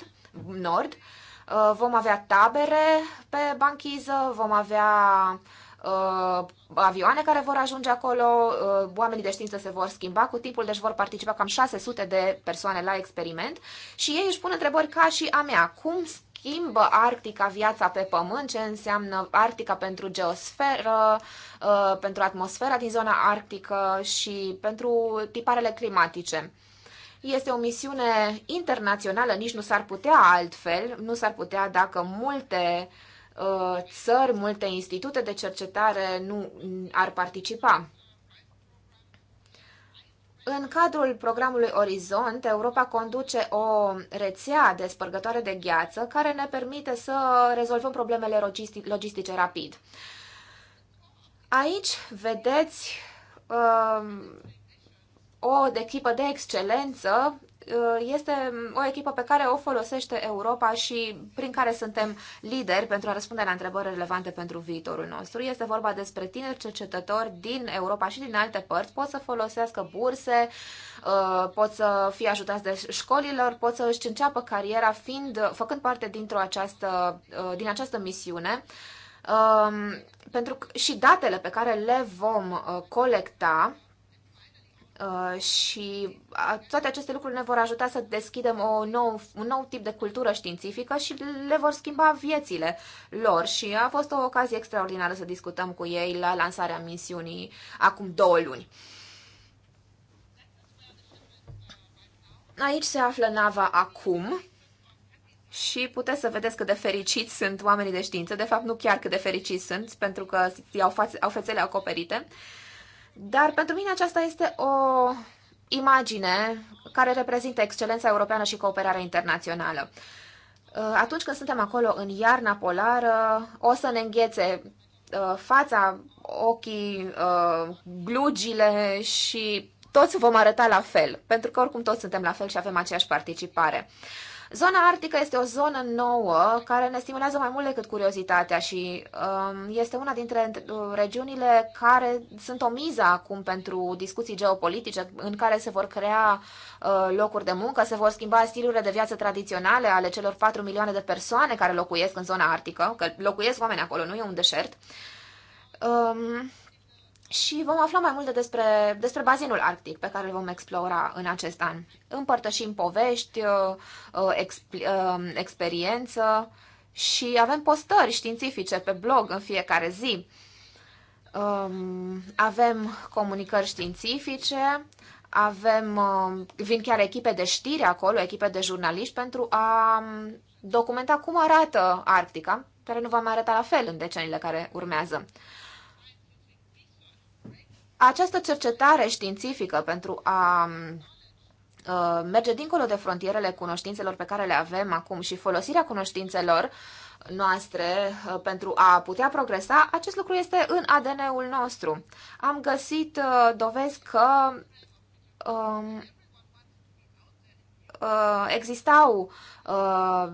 nord. Uh, vom avea tabere pe banchiză, vom avea uh, avioane care vor ajunge acolo, uh, oamenii de știință se vor schimba cu timpul, deci vor participa cam 600 de persoane la experiment și ei își pun întrebări ca și a mea. Cum schimbă Arctica viața pe Pământ, ce înseamnă Arctica pentru geosferă, uh, pentru atmosfera din zona arctică și pentru tiparele climatice. Este o misiune internațională, nici nu s-ar putea altfel, nu s-ar putea dacă multe uh, Uh, țări, multe institute de cercetare nu ar participa. În cadrul programului Orizont, Europa conduce o rețea de spărgătoare de gheață care ne permite să rezolvăm problemele logistice rapid. Aici vedeți um, o echipă de excelență Uh, este o echipă pe care o folosește Europa și prin care suntem lideri pentru a răspunde la întrebări relevante pentru viitorul nostru. Este vorba despre tineri cercetători din Europa și din alte părți. Pot să folosească burse, uh, pot să fie ajutați de școlilor, pot să își înceapă cariera fiind, făcând parte dintr-o această, uh, din această misiune. Um, pentru că și datele pe care le vom colecta Uh, și uh, toate aceste lucruri ne vor ajuta să deschidem o nou, un nou tip de cultură științifică și le vor schimba viețile lor. Și a fost o ocazie extraordinară să discutăm cu ei la lansarea misiunii acum două luni. Aici se află nava acum și puteți să vedeți cât de fericiți sunt oamenii de știință. De fapt, nu chiar cât de fericiți sunt, pentru că au, au fețele acoperite. Uh, dar pentru mine aceasta este o imagine care reprezintă excelența europeană și cooperarea internațională. Uh, atunci când suntem acolo în iarna polară, o să ne înghețe uh, fața, ochii, uh, glugile și toți vom arăta la fel, pentru că oricum toți suntem la fel și avem aceeași participare. Zona arctică este o zonă nouă care ne stimulează mai mult decât curiozitatea și um, este una dintre uh, regiunile care sunt o miză acum pentru discuții geopolitice în care se vor crea uh, locuri de muncă, se vor schimba stilurile de viață tradiționale ale celor 4 milioane de persoane care locuiesc în zona arctică, că locuiesc oameni acolo, nu e un deșert. Um, și vom afla mai multe despre, despre bazinul arctic pe care îl vom explora în acest an. Împărtășim povești, uh, uh, exp, uh, experiență și avem postări științifice pe blog în fiecare zi. Um, avem comunicări științifice, avem, um, vin chiar echipe de știri acolo, echipe de jurnaliști pentru a um, documenta cum arată Arctica, care nu va mai arăta la fel în deceniile care urmează. Această cercetare științifică pentru a uh, merge dincolo de frontierele cunoștințelor pe care le avem acum și folosirea cunoștințelor noastre uh, pentru a putea progresa, acest lucru este în ADN-ul nostru. Am găsit uh, dovezi că um, uh, existau uh,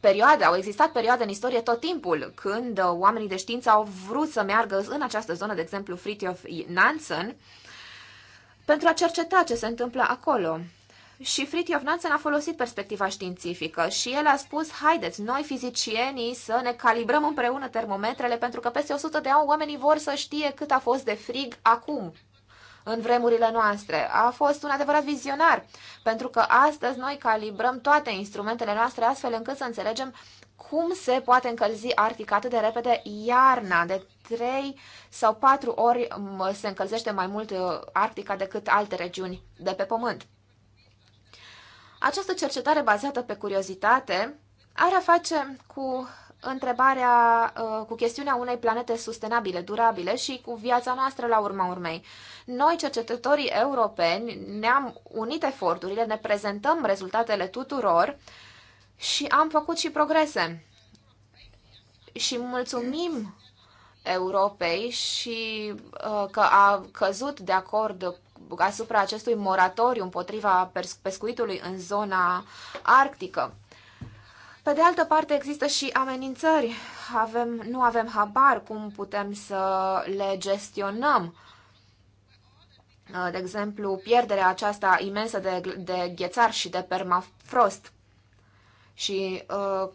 perioade, au existat perioade în istorie tot timpul când uh, oamenii de știință au vrut să meargă în această zonă, de exemplu Fritjof Nansen, pentru a cerceta ce se întâmplă acolo. Și Fritjof Nansen a folosit perspectiva științifică și el a spus, haideți, noi fizicienii să ne calibrăm împreună termometrele pentru că peste 100 de ani oamenii vor să știe cât a fost de frig acum, în vremurile noastre. A fost un adevărat vizionar, pentru că astăzi noi calibrăm toate instrumentele noastre astfel încât să înțelegem cum se poate încălzi Arctica atât de repede iarna, de trei sau patru ori se încălzește mai mult uh, Arctica decât alte regiuni de pe Pământ. Această cercetare bazată pe curiozitate are a face cu întrebarea uh, cu chestiunea unei planete sustenabile, durabile și cu viața noastră la urma urmei. Noi, cercetătorii europeni, ne-am unit eforturile, ne prezentăm rezultatele tuturor și am făcut și progrese. Și mulțumim Europei și uh, că a căzut de acord asupra acestui moratoriu împotriva pescuitului în zona arctică. Pe de altă parte, există și amenințări. Avem, nu avem habar cum putem să le gestionăm. De exemplu, pierderea aceasta imensă de, de ghețar și de permafrost. Și, uh,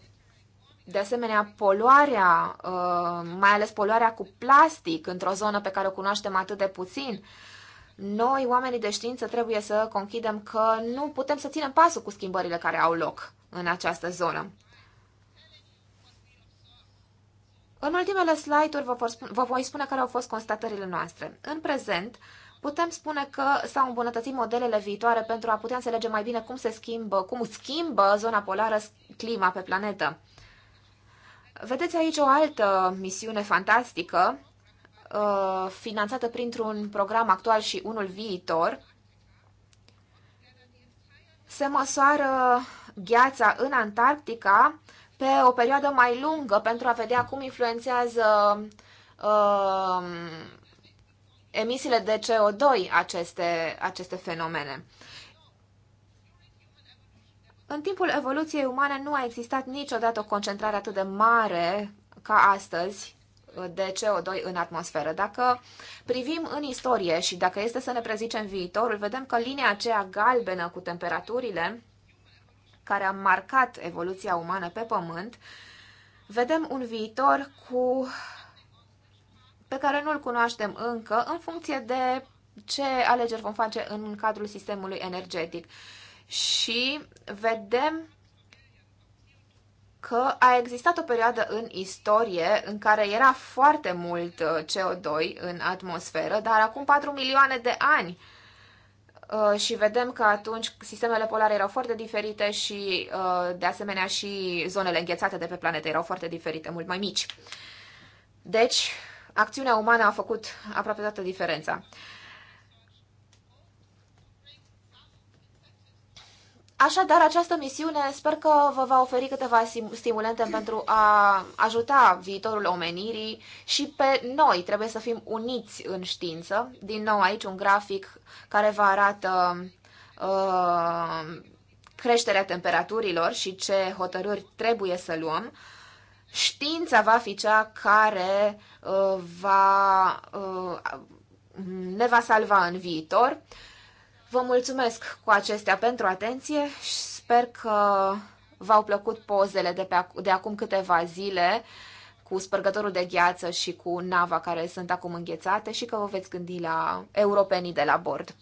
de asemenea, poluarea, uh, mai ales poluarea cu plastic într-o zonă pe care o cunoaștem atât de puțin, noi, oamenii de știință, trebuie să conchidem că nu putem să ținem pasul cu schimbările care au loc în această zonă. În ultimele slide-uri vă, vă voi spune care au fost constatările noastre. În prezent, putem spune că s-au îmbunătățit modelele viitoare pentru a putea înțelege mai bine cum se schimbă, cum schimbă zona polară clima pe planetă. Vedeți aici o altă misiune fantastică, uh, finanțată printr-un program actual și unul viitor. Se măsoară gheața în Antarctica pe o perioadă mai lungă pentru a vedea cum influențează uh, emisiile de CO2 aceste, aceste fenomene. În timpul evoluției umane nu a existat niciodată o concentrare atât de mare ca astăzi de CO2 în atmosferă. Dacă privim în istorie și dacă este să ne prezicem viitorul, vedem că linia aceea galbenă cu temperaturile care a marcat evoluția umană pe Pământ, vedem un viitor cu pe care nu-l cunoaștem încă în funcție de ce alegeri vom face în cadrul sistemului energetic. Și vedem că a existat o perioadă în istorie în care era foarte mult uh, CO2 în atmosferă, dar acum 4 milioane de ani Uh, și vedem că atunci sistemele polare erau foarte diferite și, uh, de asemenea, și zonele înghețate de pe planetă erau foarte diferite, mult mai mici. Deci, acțiunea umană a făcut aproape toată diferența. Așadar, această misiune sper că vă va oferi câteva stimulente pentru a ajuta viitorul omenirii și pe noi trebuie să fim uniți în știință. Din nou aici un grafic care vă arată uh, creșterea temperaturilor și ce hotărâri trebuie să luăm. Știința va fi cea care uh, va, uh, ne va salva în viitor. Uh, Vă mulțumesc cu acestea pentru atenție și sper că v-au plăcut pozele de, pe, de acum câteva zile cu spărgătorul de gheață și cu nava care sunt acum înghețate și că vă veți gândi la europenii de la bord.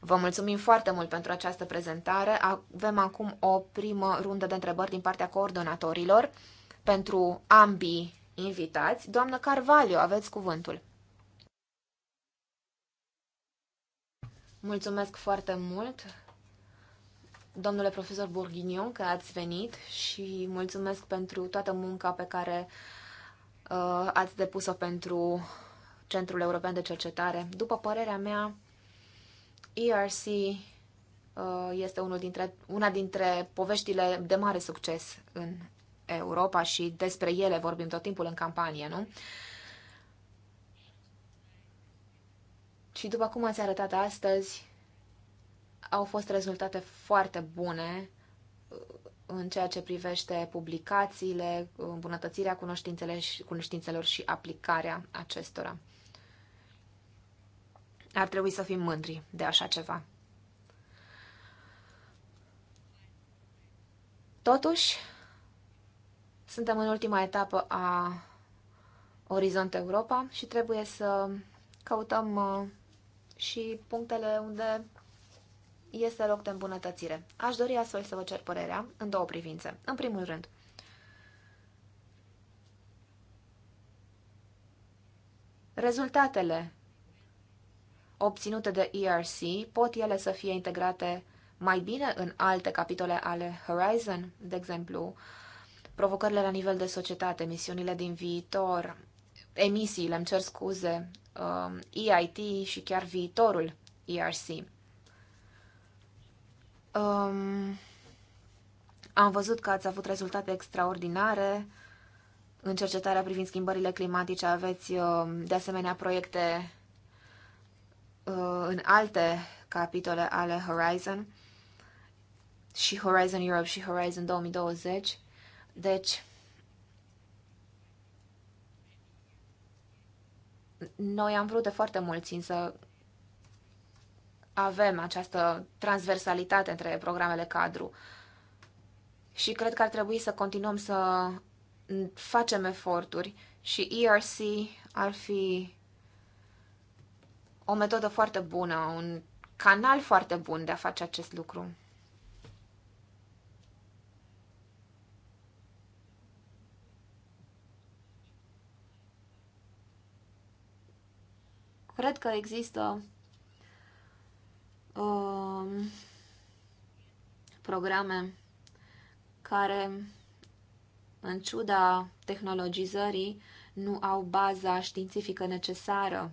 Vă mulțumim foarte mult pentru această prezentare. Avem acum o primă rundă de întrebări din partea coordonatorilor pentru ambii invitați. Doamnă Carvalho, aveți cuvântul. Mulțumesc foarte mult, domnule profesor Bourguignon, că ați venit și mulțumesc pentru toată munca pe care uh, ați depus-o pentru Centrul European de Cercetare. După părerea mea, ERC uh, este unul dintre, una dintre poveștile de mare succes în Europa și despre ele vorbim tot timpul în campanie, nu? Uh, Și după cum ați arătat astăzi, au fost rezultate foarte bune uh, în ceea ce privește publicațiile, îmbunătățirea cunoștințelor și aplicarea acestora. Ar trebui să fim mândri de așa ceva. Totuși, suntem în ultima etapă a Orizont Europa și trebuie să căutăm uh, și punctele unde este loc de îmbunătățire. Aș dori astfel să vă cer părerea în două privințe. În primul rând, rezultatele obținute de ERC, pot ele să fie integrate mai bine în alte capitole ale Horizon, de exemplu, provocările la nivel de societate, misiunile din viitor, emisiile, îmi cer scuze, um, EIT și chiar viitorul ERC. Um, am văzut că ați avut rezultate extraordinare în cercetarea privind schimbările climatice. Aveți um, de asemenea proiecte uh, în alte capitole ale Horizon și Horizon Europe și Horizon 2020. Deci, Noi am vrut de foarte mulți să avem această transversalitate între programele cadru și cred că ar trebui să continuăm să facem eforturi și ERC ar fi o metodă foarte bună, un canal foarte bun de a face acest lucru. Cred că există um, programe care, în ciuda tehnologizării, nu au baza științifică necesară.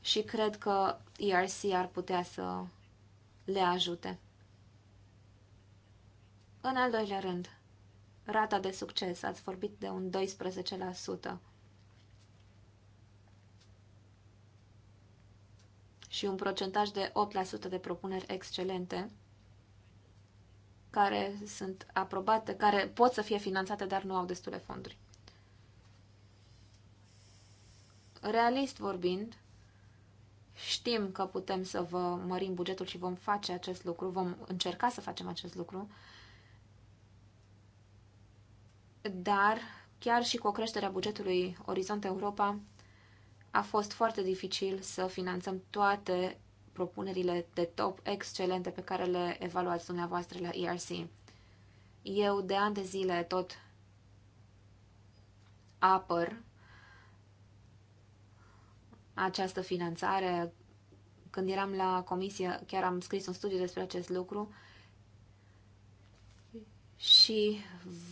Și cred că ERC ar putea să le ajute. În al doilea rând, rata de succes. Ați vorbit de un 12%. și un procentaj de 8% de propuneri excelente care sunt aprobate, care pot să fie finanțate, dar nu au destule fonduri. Realist vorbind, știm că putem să vă mărim bugetul și vom face acest lucru, vom încerca să facem acest lucru, dar chiar și cu o creștere a bugetului Orizont Europa, a fost foarte dificil să finanțăm toate propunerile de top excelente pe care le evaluați dumneavoastră la ERC. Eu de ani de zile tot apăr această finanțare. Când eram la comisie, chiar am scris un studiu despre acest lucru și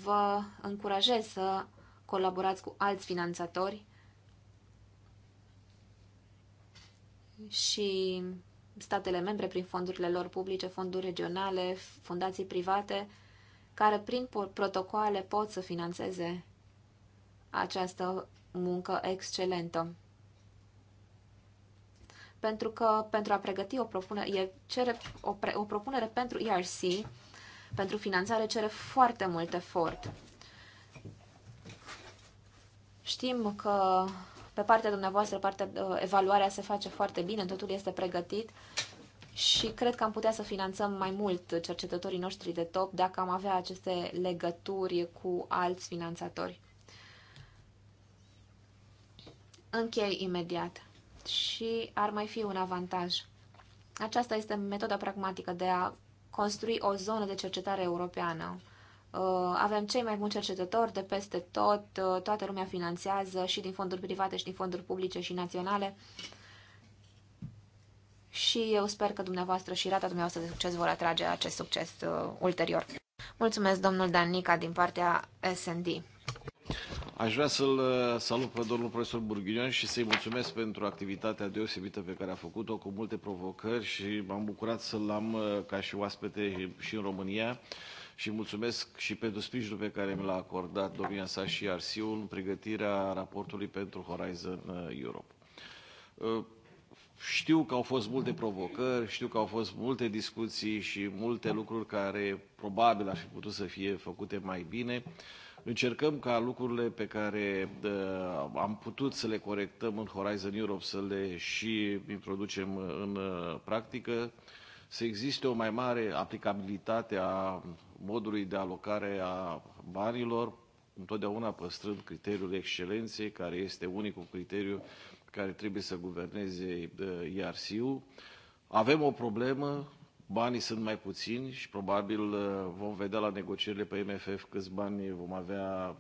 vă încurajez să colaborați cu alți finanțatori și statele membre prin fondurile lor publice, fonduri regionale, fundații private, care prin protocoale pot să financeze această muncă excelentă. Pentru că pentru a pregăti o propunere, cere o, pre, o propunere pentru ERC, pentru finanțare, cere foarte mult efort. Știm că pe partea dumneavoastră, partea, uh, evaluarea se face foarte bine, totul este pregătit și cred că am putea să finanțăm mai mult cercetătorii noștri de top dacă am avea aceste legături cu alți finanțatori. Închei imediat și ar mai fi un avantaj. Aceasta este metoda pragmatică de a construi o zonă de cercetare europeană Uh, avem cei mai buni cercetători de peste tot, uh, toată lumea finanțează și din fonduri private și din fonduri publice și naționale. Și eu sper că dumneavoastră și rata dumneavoastră de succes vor atrage acest succes uh, ulterior. Mulțumesc, domnul Danica, din partea SND. Aș vrea să-l uh, salut pe domnul profesor Burghinion și să-i mulțumesc pentru activitatea deosebită pe care a făcut-o cu multe provocări și m-am bucurat să-l am ca și oaspete și în România și mulțumesc și pentru sprijinul pe care mi l-a acordat domnia sa și Arsiu în pregătirea raportului pentru Horizon uh, Europe. Uh, știu că au fost multe provocări, știu că au fost multe discuții și multe lucruri care probabil ar fi putut să fie făcute mai bine. Încercăm ca lucrurile pe care uh, am putut să le corectăm în Horizon Europe să le și introducem în practică să existe o mai mare aplicabilitate a modului de alocare a banilor, întotdeauna păstrând criteriul excelenței, care este unicul criteriu care trebuie să guverneze IRC-ul. Avem o problemă, banii sunt mai puțini și probabil vom vedea la negocierile pe MFF câți bani vom avea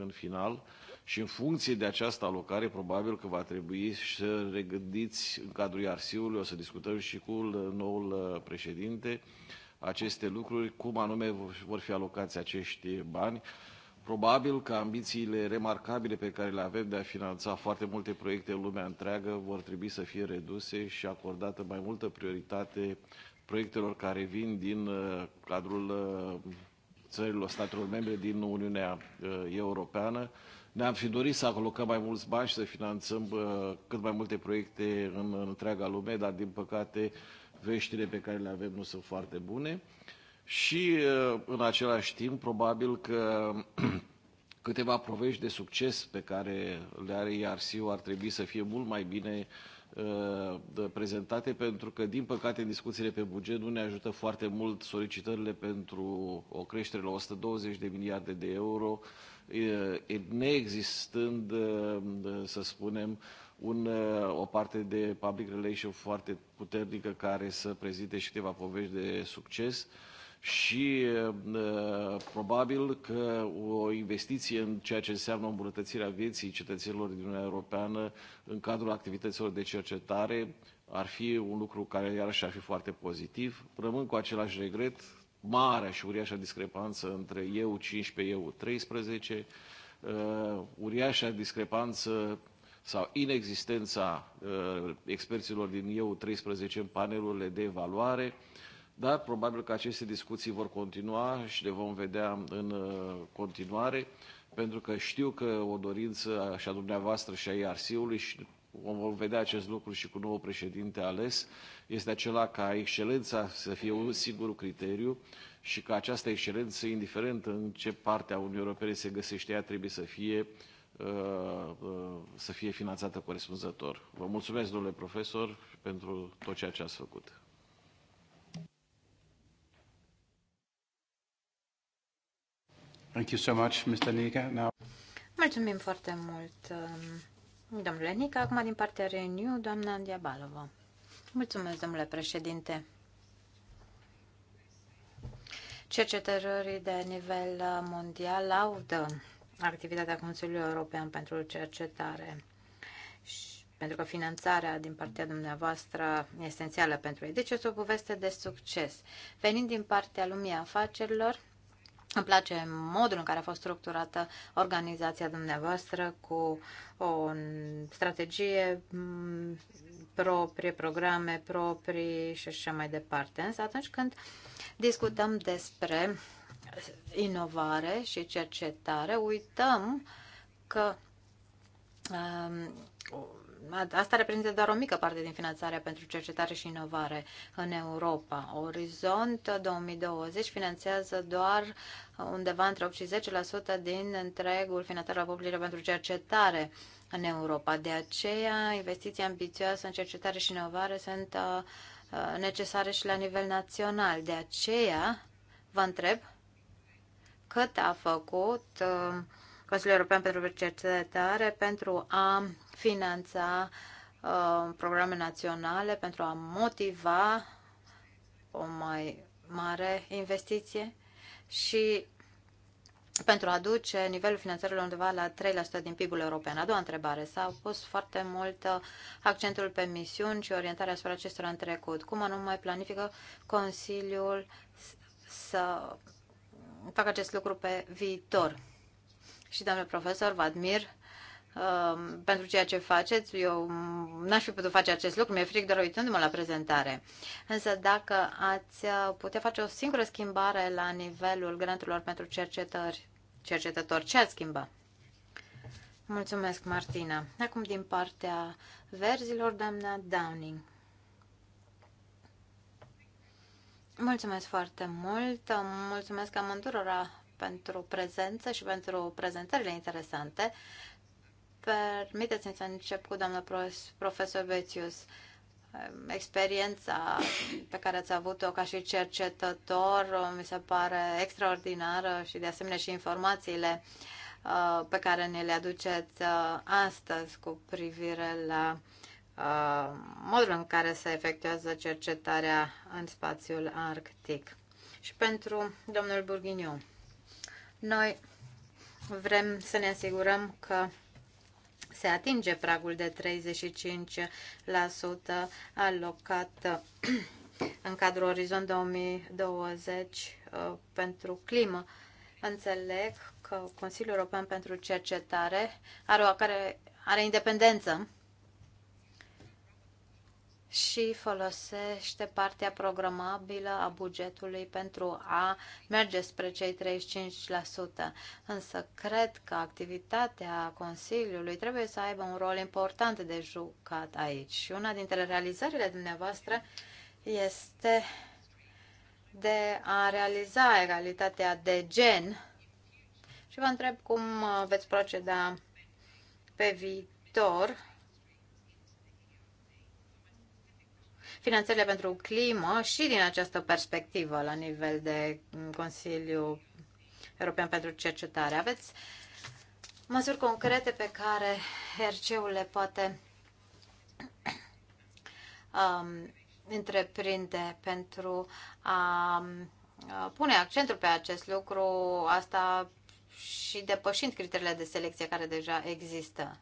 în final. Și în funcție de această alocare, probabil că va trebui să regândiți în cadrul iarsi ului o să discutăm și cu noul uh, președinte, aceste lucruri, cum anume vor fi alocați acești bani. Probabil că ambițiile remarcabile pe care le avem de a finanța foarte multe proiecte în lumea întreagă vor trebui să fie reduse și acordată mai multă prioritate proiectelor care vin din uh, cadrul uh, țărilor, statelor membre din Uniunea Europeană, ne-am fi dorit să alocăm mai mulți bani și să finanțăm cât mai multe proiecte în, în întreaga lume, dar din păcate veștile pe care le avem nu sunt foarte bune. Și uh, în același timp, probabil că câteva provești de succes pe care le are IRC-ul ar trebui să fie mult mai bine uh, prezentate, pentru că, din păcate, în discuțiile pe buget nu ne ajută foarte mult solicitările pentru o creștere la 120 de miliarde de euro neexistând, să spunem, un, o parte de public relation foarte puternică care să prezinte și câteva povești de succes și probabil că o investiție în ceea ce înseamnă îmbunătățirea vieții cetățenilor din Uniunea Europeană în cadrul activităților de cercetare ar fi un lucru care iarăși ar fi foarte pozitiv. Rămân cu același regret marea și uriașa discrepanță între eu 15, eu 13, uh, uriașa discrepanță sau inexistența uh, experților din eu 13 în panelurile de evaluare, dar probabil că aceste discuții vor continua și le vom vedea în uh, continuare, pentru că știu că o dorință și a dumneavoastră și a IRC-ului și vom vedea acest lucru și cu nouul președinte ales, este acela ca excelența să fie un singur criteriu și ca această excelență, indiferent în ce parte a Uniunii Europene se găsește ea, trebuie să fie, uh, uh, să fie finanțată corespunzător. Vă mulțumesc, domnule profesor, pentru tot ceea ce ați făcut. Thank you so much, Mr. Nica. Now... Mulțumim foarte mult, um, Domnule Nica, acum din partea Renew, doamna Diabalova. Mulțumesc, domnule președinte. Cercetătorii de nivel mondial laudă activitatea Consiliului European pentru cercetare și pentru că finanțarea din partea dumneavoastră este esențială pentru ei. Deci este o poveste de succes. Venind din partea lumii afacerilor, îmi place modul în care a fost structurată organizația dumneavoastră cu o strategie mm, proprie, programe proprii și așa mai departe. Însă atunci când discutăm despre inovare și cercetare, uităm că um, Asta reprezintă doar o mică parte din finanțarea pentru cercetare și inovare în Europa. Orizont 2020 finanțează doar undeva între 8 și 10% din întregul finanțare la publică pentru cercetare în Europa. De aceea, investiții ambițioase în cercetare și inovare sunt uh, uh, necesare și la nivel național. De aceea, vă întreb cât a făcut uh, Consiliul European pentru Cercetare pentru a finanța uh, programe naționale, pentru a motiva o mai mare investiție și pentru a duce nivelul finanțărilor undeva la 3% din PIB-ul european. A doua întrebare. S-a pus foarte mult uh, accentul pe misiuni și orientarea asupra acestora în trecut. Cum anume planifică Consiliul să facă acest lucru pe viitor? și doamne profesor, vă admir uh, pentru ceea ce faceți. Eu n-aș fi putut face acest lucru, mi-e fric doar uitându-mă la prezentare. Însă dacă ați uh, putea face o singură schimbare la nivelul granturilor pentru cercetări, cercetători, ce ați schimba? Mulțumesc, Martina. Acum din partea verzilor, doamna Downing. Mulțumesc foarte mult, mulțumesc amândurora pentru prezență și pentru prezentările interesante. Permiteți-mi să încep cu doamna profesor Bețius. Ehm, experiența pe care ați avut-o ca și cercetător uh, mi se pare extraordinară și de asemenea și informațiile uh, pe care ne le aduceți uh, astăzi cu privire la modul în care se efectuează cercetarea în spațiul arctic. Și pentru domnul Burghiniu. Noi vrem să ne asigurăm că se atinge pragul de 35% alocat în cadrul Orizont 2020 uh, pentru climă. Înțeleg că Consiliul European pentru Cercetare are, o, care, are independență și folosește partea programabilă a bugetului pentru a merge spre cei 35%. Însă cred că activitatea Consiliului trebuie să aibă un rol important de jucat aici. Și una dintre realizările dumneavoastră este de a realiza egalitatea de gen și vă întreb cum veți proceda pe viitor finanțările pentru climă și din această perspectivă la nivel de Consiliu European pentru Cercetare. Aveți măsuri concrete pe care RC-ul le poate um, întreprinde pentru a um, pune accentul pe acest lucru, asta și depășind criteriile de selecție care deja există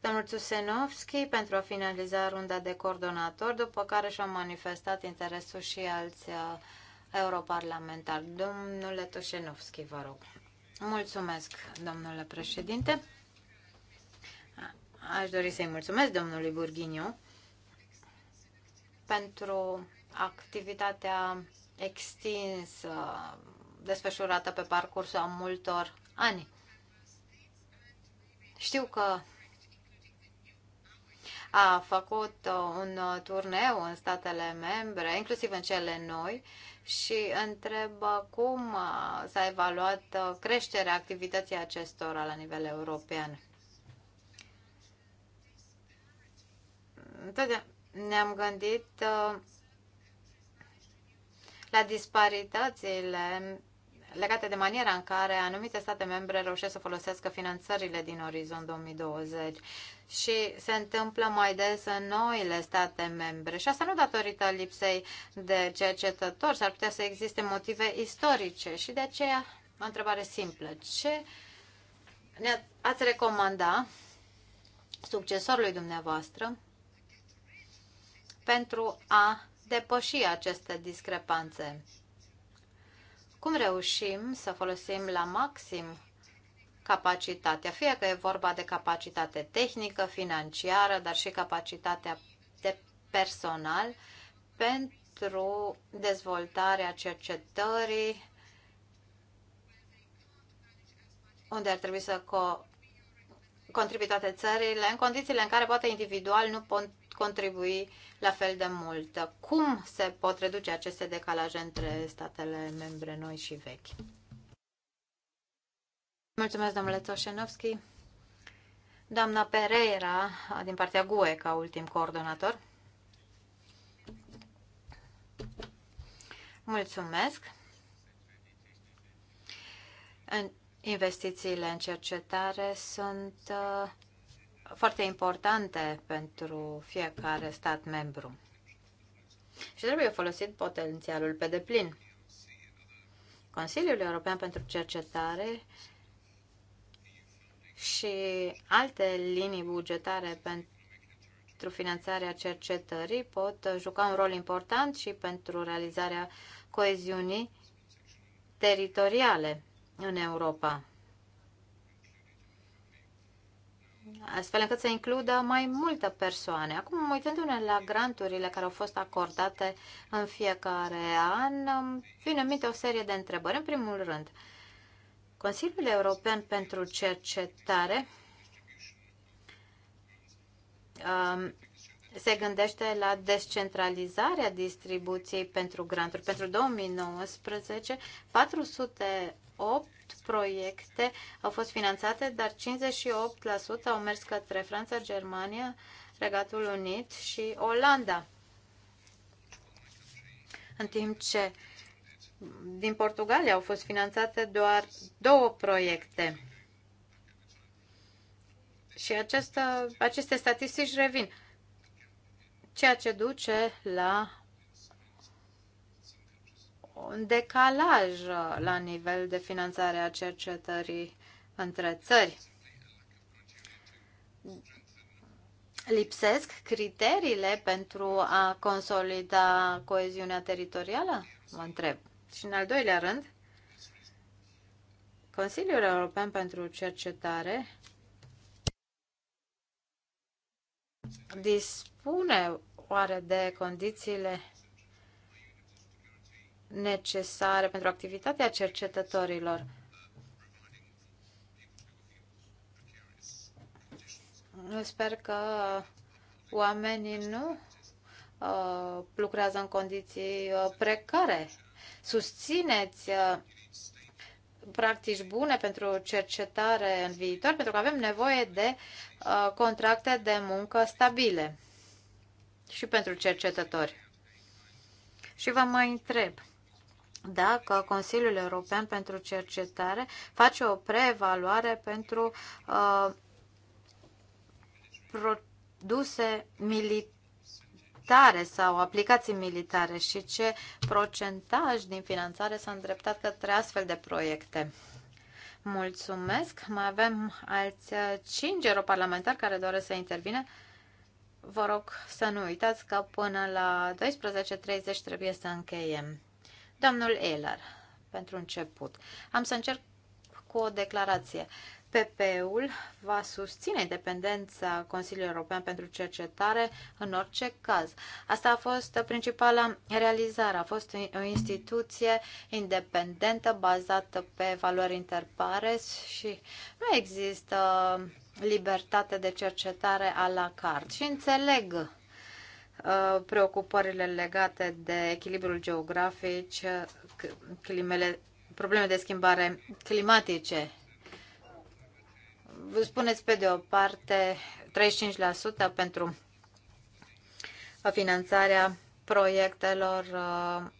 domnul Tusenovski pentru a finaliza runda de coordonator, după care și-au manifestat interesul și alți uh, europarlamentari. Domnule Tusenovski, vă rog. Mulțumesc, domnule președinte. Aș dori să-i mulțumesc domnului Burghiniu pentru activitatea extinsă desfășurată pe parcursul a multor ani. Știu că a făcut uh, un uh, turneu în statele membre, inclusiv în cele noi, și întrebă cum uh, s-a evaluat creșterea activității acestora la nivel european. Ne-am gândit la disparitățile legate de maniera în care anumite state membre reușesc să folosească finanțările din Orizont 2020 și se întâmplă mai des în noile state membre. Și asta nu datorită lipsei de cercetători, s-ar putea să existe motive istorice și de aceea o întrebare simplă. Ce ne-ați recomanda succesorului dumneavoastră pentru a depăși aceste discrepanțe? cum reușim să folosim la maxim capacitatea, fie că e vorba de capacitate tehnică, financiară, dar și capacitatea de personal pentru dezvoltarea cercetării unde ar trebui să co- contribui toate țările, în condițiile în care poate individual nu pot contribui la fel de mult. Cum se pot reduce aceste decalaje între statele membre noi și vechi? Mulțumesc, domnule Toșenovski. Doamna Pereira, din partea GUE, ca ultim coordonator. Mulțumesc. investițiile în cercetare sunt uh, foarte importante pentru fiecare stat membru. Și trebuie folosit potențialul pe deplin. Consiliul European pentru Cercetare și alte linii bugetare pentru finanțarea cercetării pot juca un rol important și pentru realizarea coeziunii teritoriale în Europa. astfel încât să includă mai multe persoane. Acum, uitându-ne la granturile care au fost acordate în fiecare an, vine în minte o serie de întrebări. În primul rând, Consiliul European pentru Cercetare um, se gândește la descentralizarea distribuției pentru granturi. Pentru 2019, 400 8 proiecte au fost finanțate, dar 58% au mers către Franța, Germania, Regatul Unit și Olanda. În timp ce din Portugalia au fost finanțate doar două proiecte. Și această, aceste statistici revin, ceea ce duce la un decalaj la nivel de finanțare a cercetării între țări. Lipsesc criteriile pentru a consolida coeziunea teritorială? Mă întreb. Și în al doilea rând, Consiliul European pentru Cercetare dispune oare de condițiile necesare pentru activitatea cercetătorilor. Eu sper că oamenii nu uh, lucrează în condiții uh, precare. Susțineți uh, practici bune pentru cercetare în viitor, pentru că avem nevoie de uh, contracte de muncă stabile și pentru cercetători. Și vă mai întreb, dacă Consiliul European pentru Cercetare face o preevaluare pentru uh, produse militare sau aplicații militare și ce procentaj din finanțare s-a îndreptat către astfel de proiecte. Mulțumesc. Mai avem alți uh, cinci europarlamentari care doresc să intervine. Vă rog să nu uitați că până la 12.30 trebuie să încheiem. Domnul Eller, pentru început, am să încerc cu o declarație. PP-ul va susține independența Consiliului European pentru cercetare în orice caz. Asta a fost principala realizare. A fost o instituție independentă bazată pe valori interpares și nu există libertate de cercetare a la carte. Și înțeleg Uh, preocupările legate de echilibrul geografic, climele, probleme de schimbare climatice. Spuneți pe de o parte 35% pentru finanțarea proiectelor uh,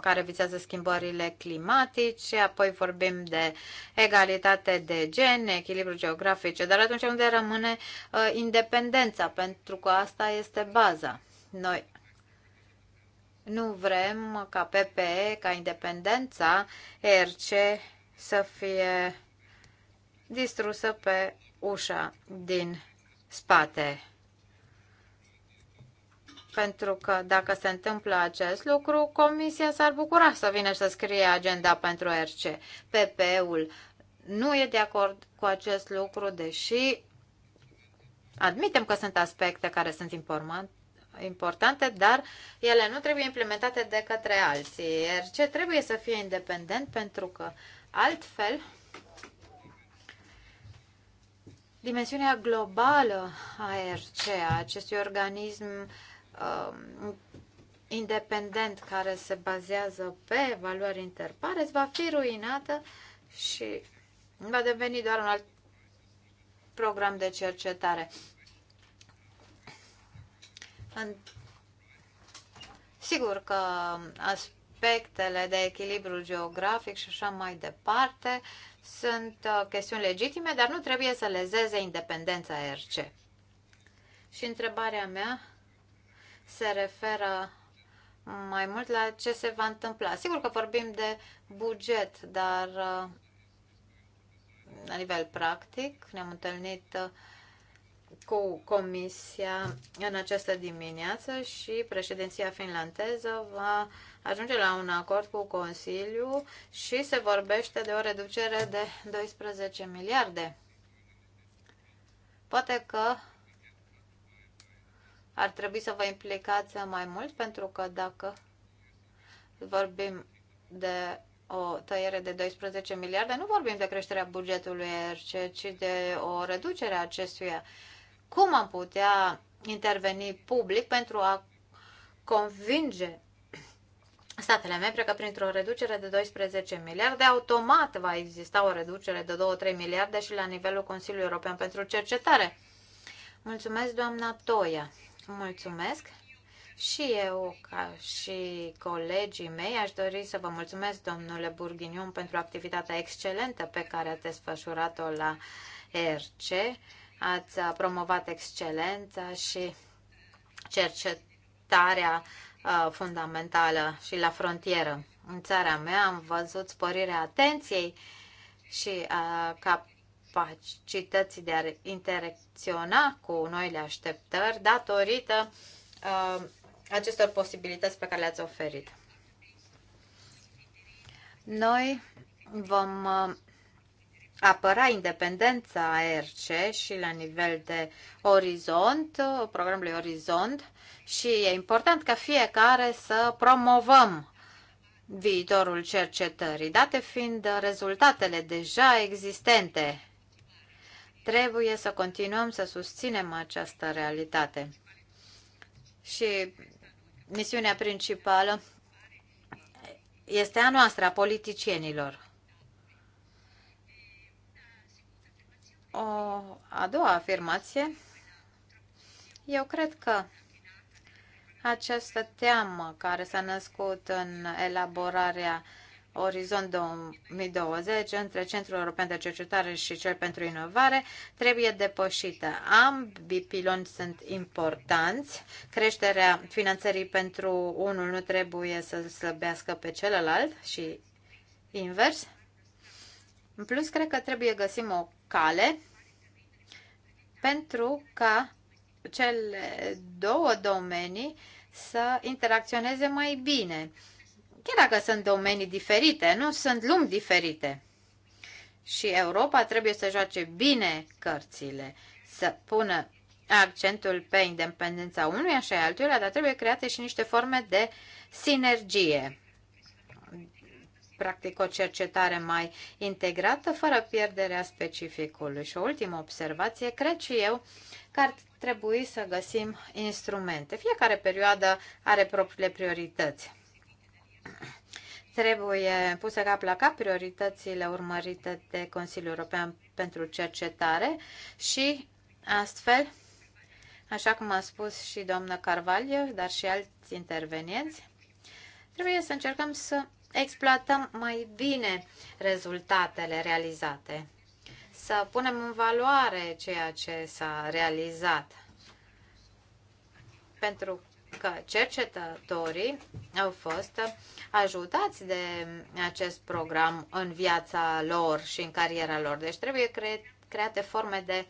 care vizează schimbările climatice, apoi vorbim de egalitate de gen, echilibru geografice, dar atunci unde rămâne uh, independența? Pentru că asta este baza. Noi nu vrem ca PPE, ca independența RC să fie distrusă pe ușa din spate. Pentru că dacă se întâmplă acest lucru, Comisia s-ar bucura să vină să scrie agenda pentru RC. PP-ul nu e de acord cu acest lucru, deși admitem că sunt aspecte care sunt importante importante, dar ele nu trebuie implementate de către alții. RC trebuie să fie independent pentru că altfel dimensiunea globală a RC, a acestui organism Um, independent care se bazează pe valori interpares va fi ruinată și va deveni doar un alt program de cercetare. În... Sigur că aspectele de echilibru geografic și așa mai departe sunt uh, chestiuni legitime, dar nu trebuie să lezeze independența RC. Și întrebarea mea se referă mai mult la ce se va întâmpla. Sigur că vorbim de buget, dar uh, la nivel practic ne-am întâlnit uh, cu comisia în această dimineață și președinția finlandeză va ajunge la un acord cu Consiliu și se vorbește de o reducere de 12 miliarde. Poate că ar trebui să vă implicați mai mult pentru că dacă vorbim de o tăiere de 12 miliarde, nu vorbim de creșterea bugetului RC, ci de o reducere a acestuia. Cum am putea interveni public pentru a convinge statele membre că printr-o reducere de 12 miliarde, automat va exista o reducere de 2-3 miliarde și la nivelul Consiliului European pentru Cercetare. Mulțumesc, doamna Toia. Mulțumesc. Și eu, ca și colegii mei, aș dori să vă mulțumesc, domnule Burghinion, pentru activitatea excelentă pe care ați desfășurat-o la RC. Ați promovat excelența și cercetarea uh, fundamentală și la frontieră. În țara mea am văzut sporirea atenției și a uh, cap capacității de a interacționa cu noile așteptări datorită uh, acestor posibilități pe care le-ați oferit. Noi vom uh, apăra independența ARC și la nivel de orizont, programului Orizont și e important ca fiecare să promovăm viitorul cercetării, date fiind rezultatele deja existente Trebuie să continuăm să susținem această realitate. Și misiunea principală este a noastră, a politicienilor. O a doua afirmație, eu cred că această teamă care s-a născut în elaborarea uh, Orizont 2020 între Centrul European de Cercetare și cel pentru inovare trebuie depășită. Ambii piloni sunt importanți. Creșterea finanțării pentru unul nu trebuie să slăbească pe celălalt și invers. În plus, cred că trebuie găsim o cale pentru ca cele două domenii să interacționeze mai bine Chiar dacă sunt domenii diferite, nu sunt lumi diferite. Și Europa trebuie să joace bine cărțile, să pună accentul pe independența unuia și altuia, dar trebuie create și niște forme de sinergie. Practic o cercetare mai integrată, fără pierderea specificului. Și o ultimă observație, cred și eu că ar trebui să găsim instrumente. Fiecare perioadă are propriile priorități. Trebuie puse cap la cap prioritățile urmărite de Consiliul European pentru cercetare și astfel, așa cum a spus și doamna Carvalho, dar și alți intervenienți, trebuie să încercăm să exploatăm mai bine rezultatele realizate, să punem în valoare ceea ce s-a realizat, pentru că cercetătorii au fost ajutați de acest program în viața lor și în cariera lor. Deci trebuie create forme de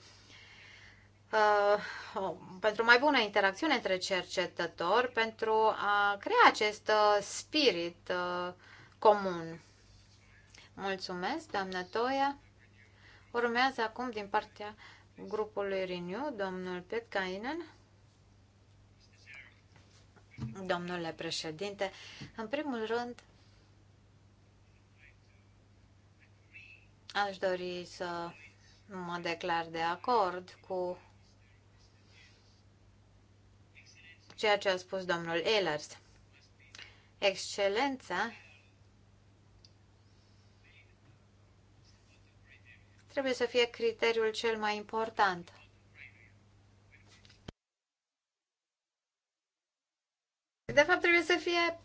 uh, pentru mai bună interacțiune între cercetători, pentru a crea acest uh, spirit uh, comun. Mulțumesc, doamnă Toia. Urmează acum din partea grupului Renew, domnul Petkainen domnule președinte. În primul rând, aș dori să mă declar de acord cu ceea ce a spus domnul Ehlers. Excelența trebuie să fie criteriul cel mai important De fapt, trebuie să fie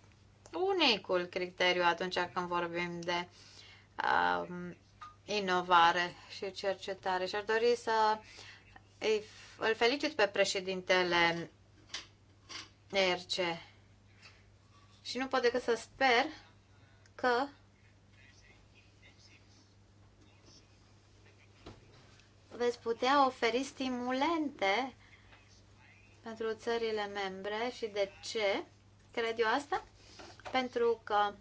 unicul criteriu atunci când vorbim de um, inovare și cercetare. Și aș dori să îi, îl felicit pe președintele ERC. Și nu pot decât să sper că veți putea oferi stimulente pentru țările membre și de ce cred eu asta? Pentru că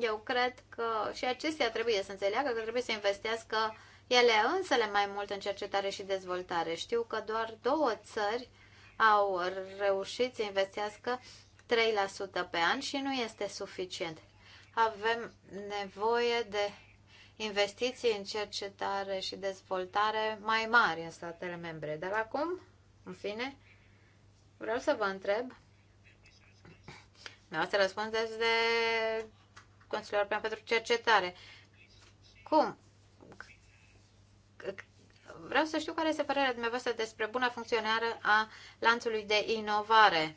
eu cred că și acestea trebuie să înțeleagă că trebuie să investească ele însele mai mult în cercetare și dezvoltare. Știu că doar două țări au reușit să investească 3% pe an și nu este suficient. Avem nevoie de investiții în cercetare și dezvoltare mai mari în statele membre. Dar acum, în fine, Vreau să vă întreb. Vreau să răspundeți de Consiliul European pentru Cercetare. Cum? Vreau să știu care este părerea dumneavoastră despre buna funcționare a lanțului de inovare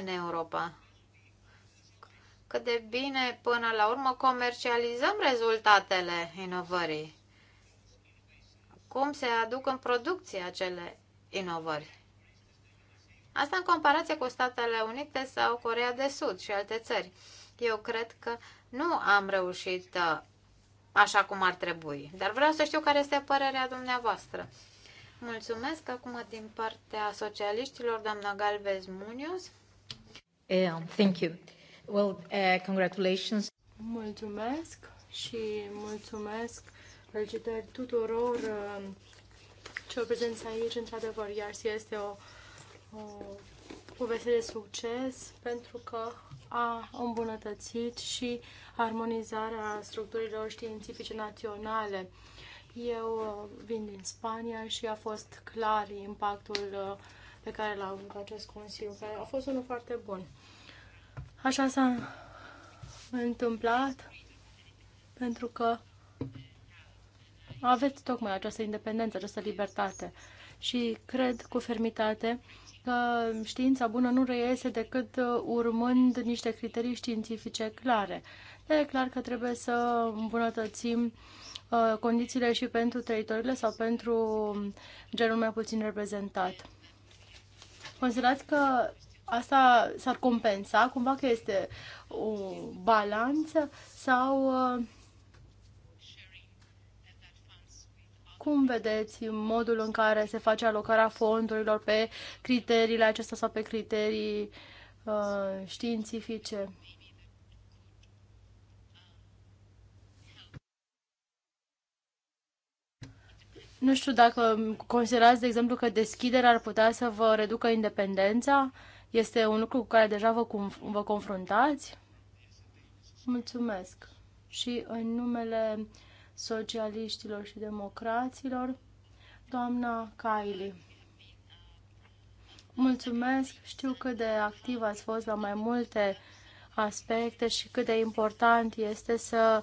în Europa. Cât de bine, până la urmă, comercializăm rezultatele inovării. Cum se aduc în producție acele inovări? Asta în comparație cu Statele Unite sau Corea de Sud și alte țări. Eu cred că nu am reușit uh, așa cum ar trebui, dar vreau să știu care este părerea dumneavoastră. Mulțumesc acum din partea socialiștilor, doamna Galvez Munios. thank you. Well, uh, congratulations. Mulțumesc și mulțumesc felicitări tuturor uh, celor prezență aici. Într-adevăr, iar este o o poveste de succes pentru că a îmbunătățit și armonizarea structurilor științifice naționale. Eu uh, vin din Spania și a fost clar impactul uh, pe care l-a avut acest consiliu, care a fost unul foarte bun. Așa s-a întâmplat pentru că aveți tocmai această independență, această libertate și cred cu fermitate că știința bună nu reiese decât urmând niște criterii științifice clare. e clar că trebuie să îmbunătățim uh, condițiile și pentru teritoriile sau pentru genul mai puțin reprezentat. Considerați că asta s-ar compensa cumva că este o balanță sau uh, Cum vedeți modul în care se face alocarea fondurilor pe criteriile acestea sau pe criterii uh, științifice? Nu știu dacă considerați, de exemplu, că deschiderea ar putea să vă reducă independența. Este un lucru cu care deja vă, vă confruntați. Mulțumesc. Și în numele socialiștilor și democraților, doamna Kylie. Mulțumesc, știu cât de activ ați fost la mai multe aspecte și cât de important este să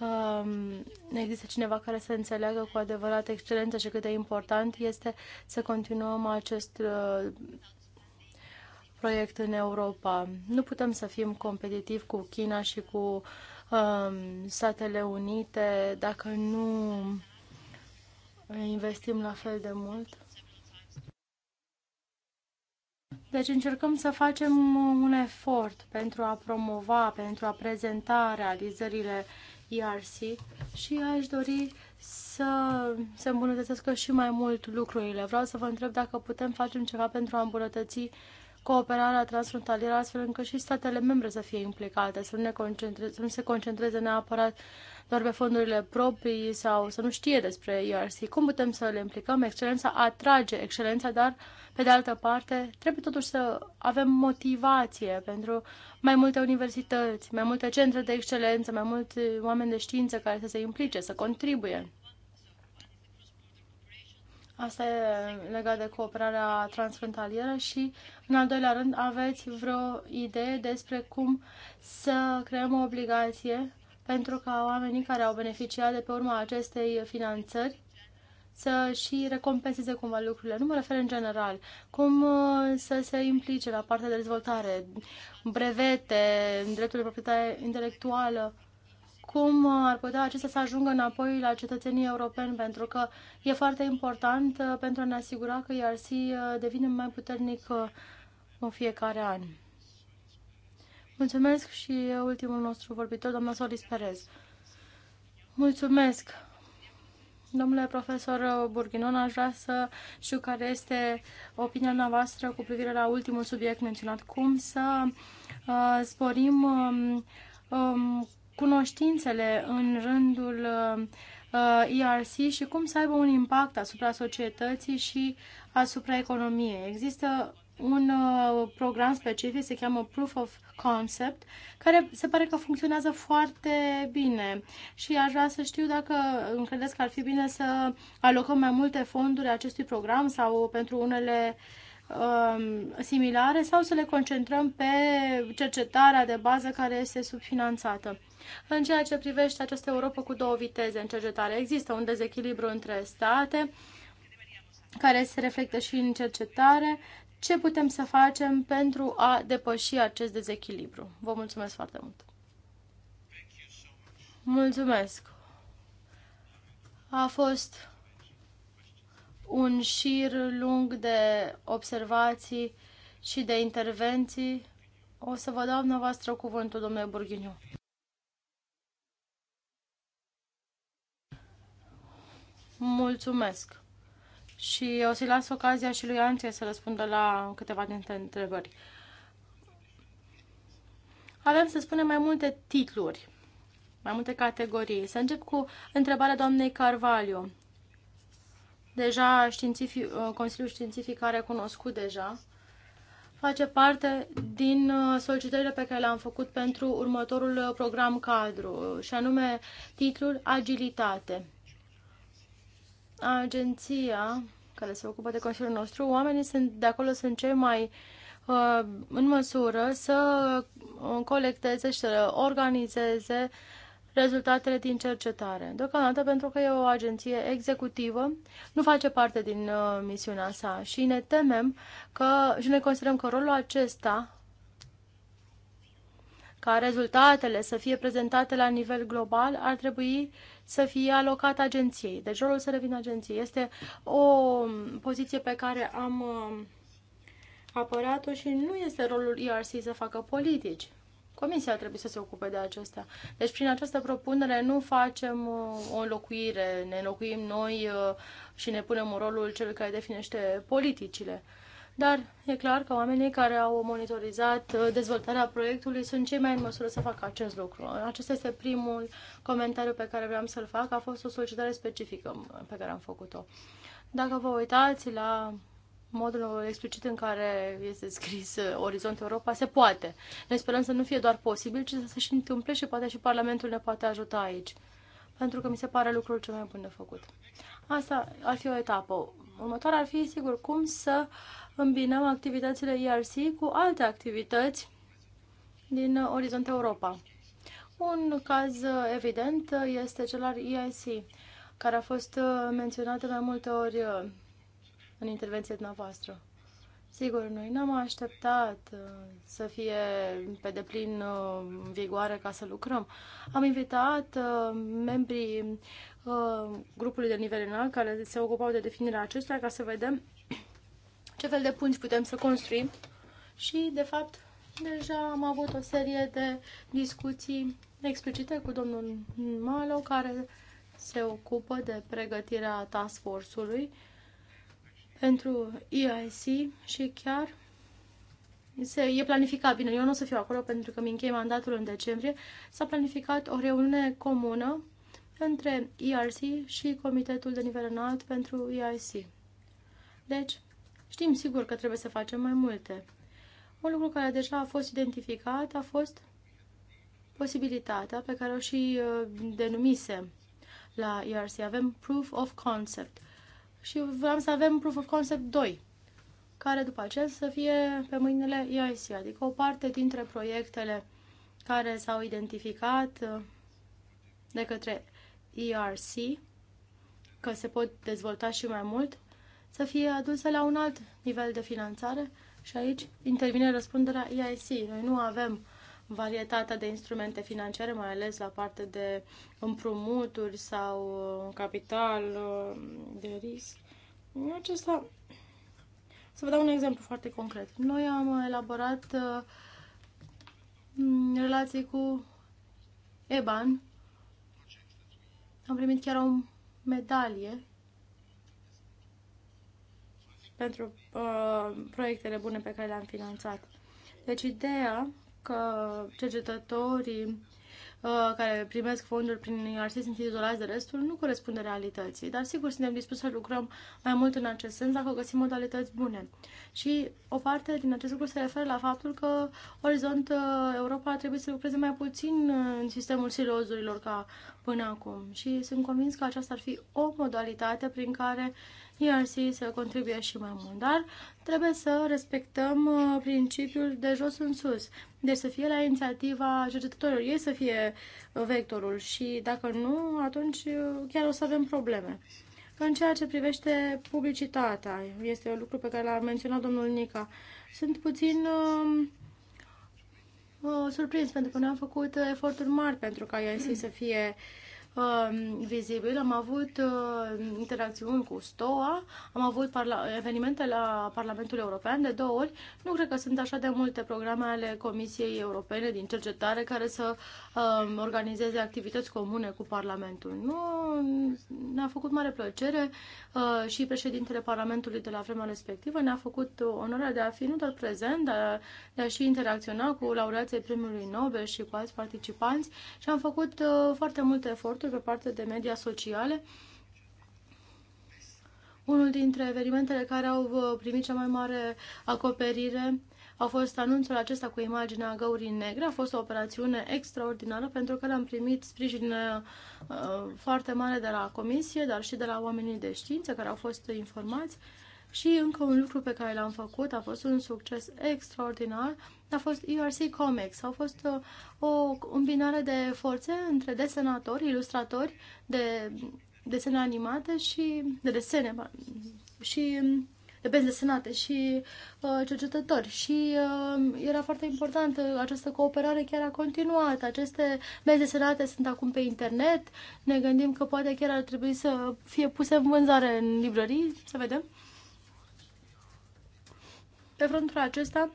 um, există cineva care să înțeleagă cu adevărat excelența și cât de important este să continuăm acest uh, proiect în Europa. Nu putem să fim competitivi cu China și cu uh, Um, Statele Unite, dacă nu investim la fel de mult. Deci încercăm să facem un efort pentru a promova, pentru a prezenta realizările ERC și aș dori să se îmbunătățească și mai mult lucrurile. Vreau să vă întreb dacă putem face ceva pentru a îmbunătăți cooperarea transfrontalieră astfel încât și statele membre să fie implicate, să nu, ne concentre, să nu se concentreze neapărat doar pe fondurile proprii sau să nu știe despre ERC. Cum putem să le implicăm? Excelența atrage excelența, dar pe de altă parte trebuie totuși să avem motivație pentru mai multe universități, mai multe centre de excelență, mai mulți oameni de știință care să se implice, să contribuie. Asta e legat de cooperarea transfrontalieră și, în al doilea rând, aveți vreo idee despre cum să creăm o obligație pentru ca oamenii care au beneficiat de pe urma acestei finanțări să și recompenseze cumva lucrurile. Nu mă refer în general. Cum uh, să se implice la partea de dezvoltare, brevete, dreptul de proprietate intelectuală, cum uh, ar putea acestea să ajungă înapoi la cetățenii europeni, pentru că e foarte important uh, pentru a ne asigura că ERC uh, devine mai puternic în fiecare an. Mulțumesc și ultimul nostru vorbitor, doamna Solis Perez. Mulțumesc! Domnule profesor Burghinon, aș vrea să știu care este opinia noastră cu privire la ultimul subiect menționat. Cum să uh, sporim um, um, cunoștințele în rândul uh, ERC și cum să aibă un impact asupra societății și asupra economiei. Există un uh, program specific, se cheamă Proof of Concept, care se pare că funcționează foarte bine și aș vrea să știu dacă îmi credeți că ar fi bine să alocăm mai multe fonduri acestui program sau pentru unele uh, Um, similare sau să le concentrăm pe cercetarea de bază care este subfinanțată. În ceea ce privește această Europa cu două viteze în cercetare, există un dezechilibru între state care se reflectă și în cercetare. Ce putem să facem pentru a depăși acest dezechilibru? Vă mulțumesc foarte mult! Mulțumesc! A fost un șir lung de observații și de intervenții. O să vă dau dumneavoastră cuvântul, domnule Burghiniu. Mulțumesc. Și o să-i las ocazia și lui Anție să răspundă la câteva dintre întrebări. Avem, să spunem, mai multe titluri, mai multe categorii. Să încep cu întrebarea doamnei Carvalho deja științific, uh, Consiliul Științific a recunoscut deja, face parte din uh, solicitările pe care le-am făcut pentru următorul uh, program cadru, și anume titlul Agilitate. Agenția care se ocupă de Consiliul nostru, oamenii sunt, de acolo sunt cei mai în măsură să colecteze și să organizeze rezultatele din cercetare. Deocamdată pentru că e o agenție executivă, nu face parte din uh, misiunea sa și ne temem că și ne considerăm că rolul acesta ca rezultatele să fie prezentate la nivel global, ar trebui să fie alocat agenției. Deci rolul să revină agenției. Este o poziție pe care am uh, apărat-o și nu este rolul ERC să facă politici. Comisia trebuie să se ocupe de acestea. Deci prin această propunere nu facem uh, o înlocuire, ne înlocuim noi uh, și ne punem în rolul celui care definește politicile. Dar e clar că oamenii care au monitorizat uh, dezvoltarea proiectului sunt cei mai în măsură să facă acest lucru. Acesta este primul comentariu pe care vreau să-l fac. A fost o solicitare specifică pe care am făcut-o. Dacă vă uitați la modul explicit în care este scris uh, Orizont Europa se poate. Noi sperăm să nu fie doar posibil, ci să se și întâmple și poate și Parlamentul ne poate ajuta aici. Pentru că mi se pare lucrul cel mai bun de făcut. Asta ar fi o etapă. Următoarea ar fi, sigur, cum să îmbinăm activitățile ERC cu alte activități din uh, Orizont Europa. Un caz uh, evident este cel al EIC, care a fost menționat de mai multe ori în intervenția dumneavoastră. Sigur, noi n-am așteptat uh, să fie pe deplin uh, în vigoare ca să lucrăm. Am invitat uh, membrii grupului de nivel înalt care se ocupau de definirea acestuia ca să vedem ce fel de punți putem să construim și, de fapt, deja am avut o serie de discuții explicite cu domnul Malo, care se ocupă de pregătirea task force-ului pentru EIC și chiar se, e planificat, bine, eu nu o să fiu acolo pentru că mi-închei mandatul în decembrie, s-a planificat o reuniune comună între ERC și Comitetul de Nivel Înalt pentru EIC. Deci, știm sigur că trebuie să facem mai multe. Un lucru care deja a fost identificat a fost posibilitatea pe care o și uh, denumisem la ERC. Avem proof of concept – și vreau să avem Proof of Concept 2, care după aceea să fie pe mâinile EIC, adică o parte dintre proiectele care s-au identificat uh, de către ERC, că se pot dezvolta și mai mult, să fie aduse la un alt nivel de finanțare și aici intervine răspunderea EIC. Noi nu avem varietatea de instrumente financiare, mai ales la parte de împrumuturi sau uh, capital uh, de risc. Acesta... Să vă dau un exemplu foarte concret. Noi am elaborat uh, relații cu EBAN. Am primit chiar o medalie pentru uh, proiectele bune pe care le-am finanțat. Deci ideea că cercetătorii uh, care primesc fonduri prin IRC sunt izolați de restul, nu corespunde realității. Dar sigur suntem dispuși să lucrăm mai mult în acest sens dacă găsim modalități bune. Și o parte din acest lucru se referă la faptul că Orizont uh, Europa ar trebui să lucreze mai puțin uh, în sistemul silozurilor ca până acum. Și sunt convins că aceasta ar fi o modalitate prin care uh, ERC să contribuie și mai mult, dar trebuie să respectăm uh, principiul de jos în sus. Deci să fie la inițiativa judecătorilor, ei să fie uh, vectorul și dacă nu, atunci uh, chiar o să avem probleme. În ceea ce privește publicitatea, este un lucru pe care l-a menționat domnul Nica, sunt puțin uh, uh, surprins pentru că noi am făcut eforturi mari pentru ca INC să fie uh, Um, vizibil. Am avut uh, interacțiuni cu STOA, am avut evenimente la Parlamentul European de două ori. Nu cred că sunt așa de multe programe ale Comisiei Europene din cercetare care să uh, organizeze activități comune cu Parlamentul. Nu, ne-a făcut mare plăcere uh, și președintele Parlamentului de la vremea respectivă ne-a făcut onoarea de a fi nu doar prezent, dar de a și interacționa cu laureații primului Nobel și cu alți participanți și am făcut uh, foarte multe eforturi pe partea de media sociale unul dintre evenimentele care au uh, primit cea mai mare acoperire a fost anunțul acesta cu imaginea găurii negre. A fost o operațiune extraordinară pentru că am primit sprijin uh, foarte mare de la comisie, dar și de la oamenii de știință care au fost informați. Și încă un lucru pe care l-am făcut a fost un succes extraordinar, a fost ERC Comics. A fost uh, o combinare de forțe între desenatori, ilustratori de desene animate și de desene și um, benzi de senate și uh, cercetători. Și uh, era foarte important, această cooperare chiar a continuat. Aceste benzi senate sunt acum pe internet, ne gândim că poate chiar ar trebui să fie puse în vânzare în librării, să vedem. Pe frontul acesta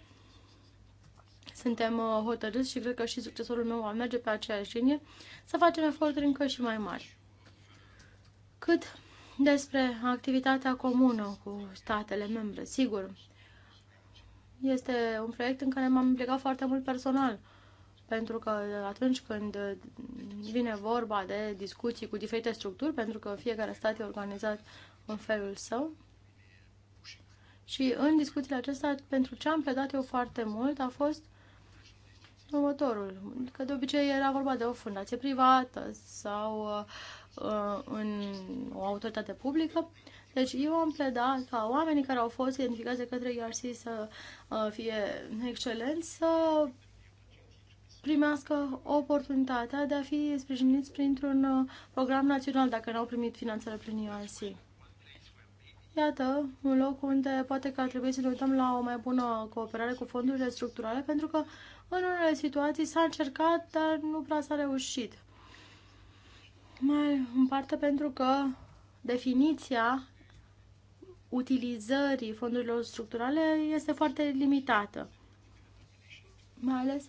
suntem uh, hotărâți și cred că și succesorul meu va merge pe aceeași linie, să facem eforturi încă și mai mari. Cât despre activitatea comună cu statele membre, sigur. Este un proiect în care m-am implicat foarte mult personal, pentru că atunci când vine vorba de discuții cu diferite structuri, pentru că fiecare stat e organizat în felul său, și în discuțiile acestea, pentru ce am pledat eu foarte mult, a fost uh, următorul, că de obicei era vorba de o fundație privată sau uh, în o autoritate publică. Deci eu am pledat ca oamenii care au fost identificați de către IRC să uh, fie excelenți, să primească oportunitatea de a fi sprijiniți printr-un uh, program național dacă n-au primit finanțele prin IRC. Iată, un loc unde poate că ar trebui să ne uităm la o mai bună cooperare cu fondurile structurale, pentru că în unele situații s-a încercat, dar nu prea s-a reușit. Mai în parte pentru că definiția utilizării fondurilor structurale este foarte limitată. Mai ales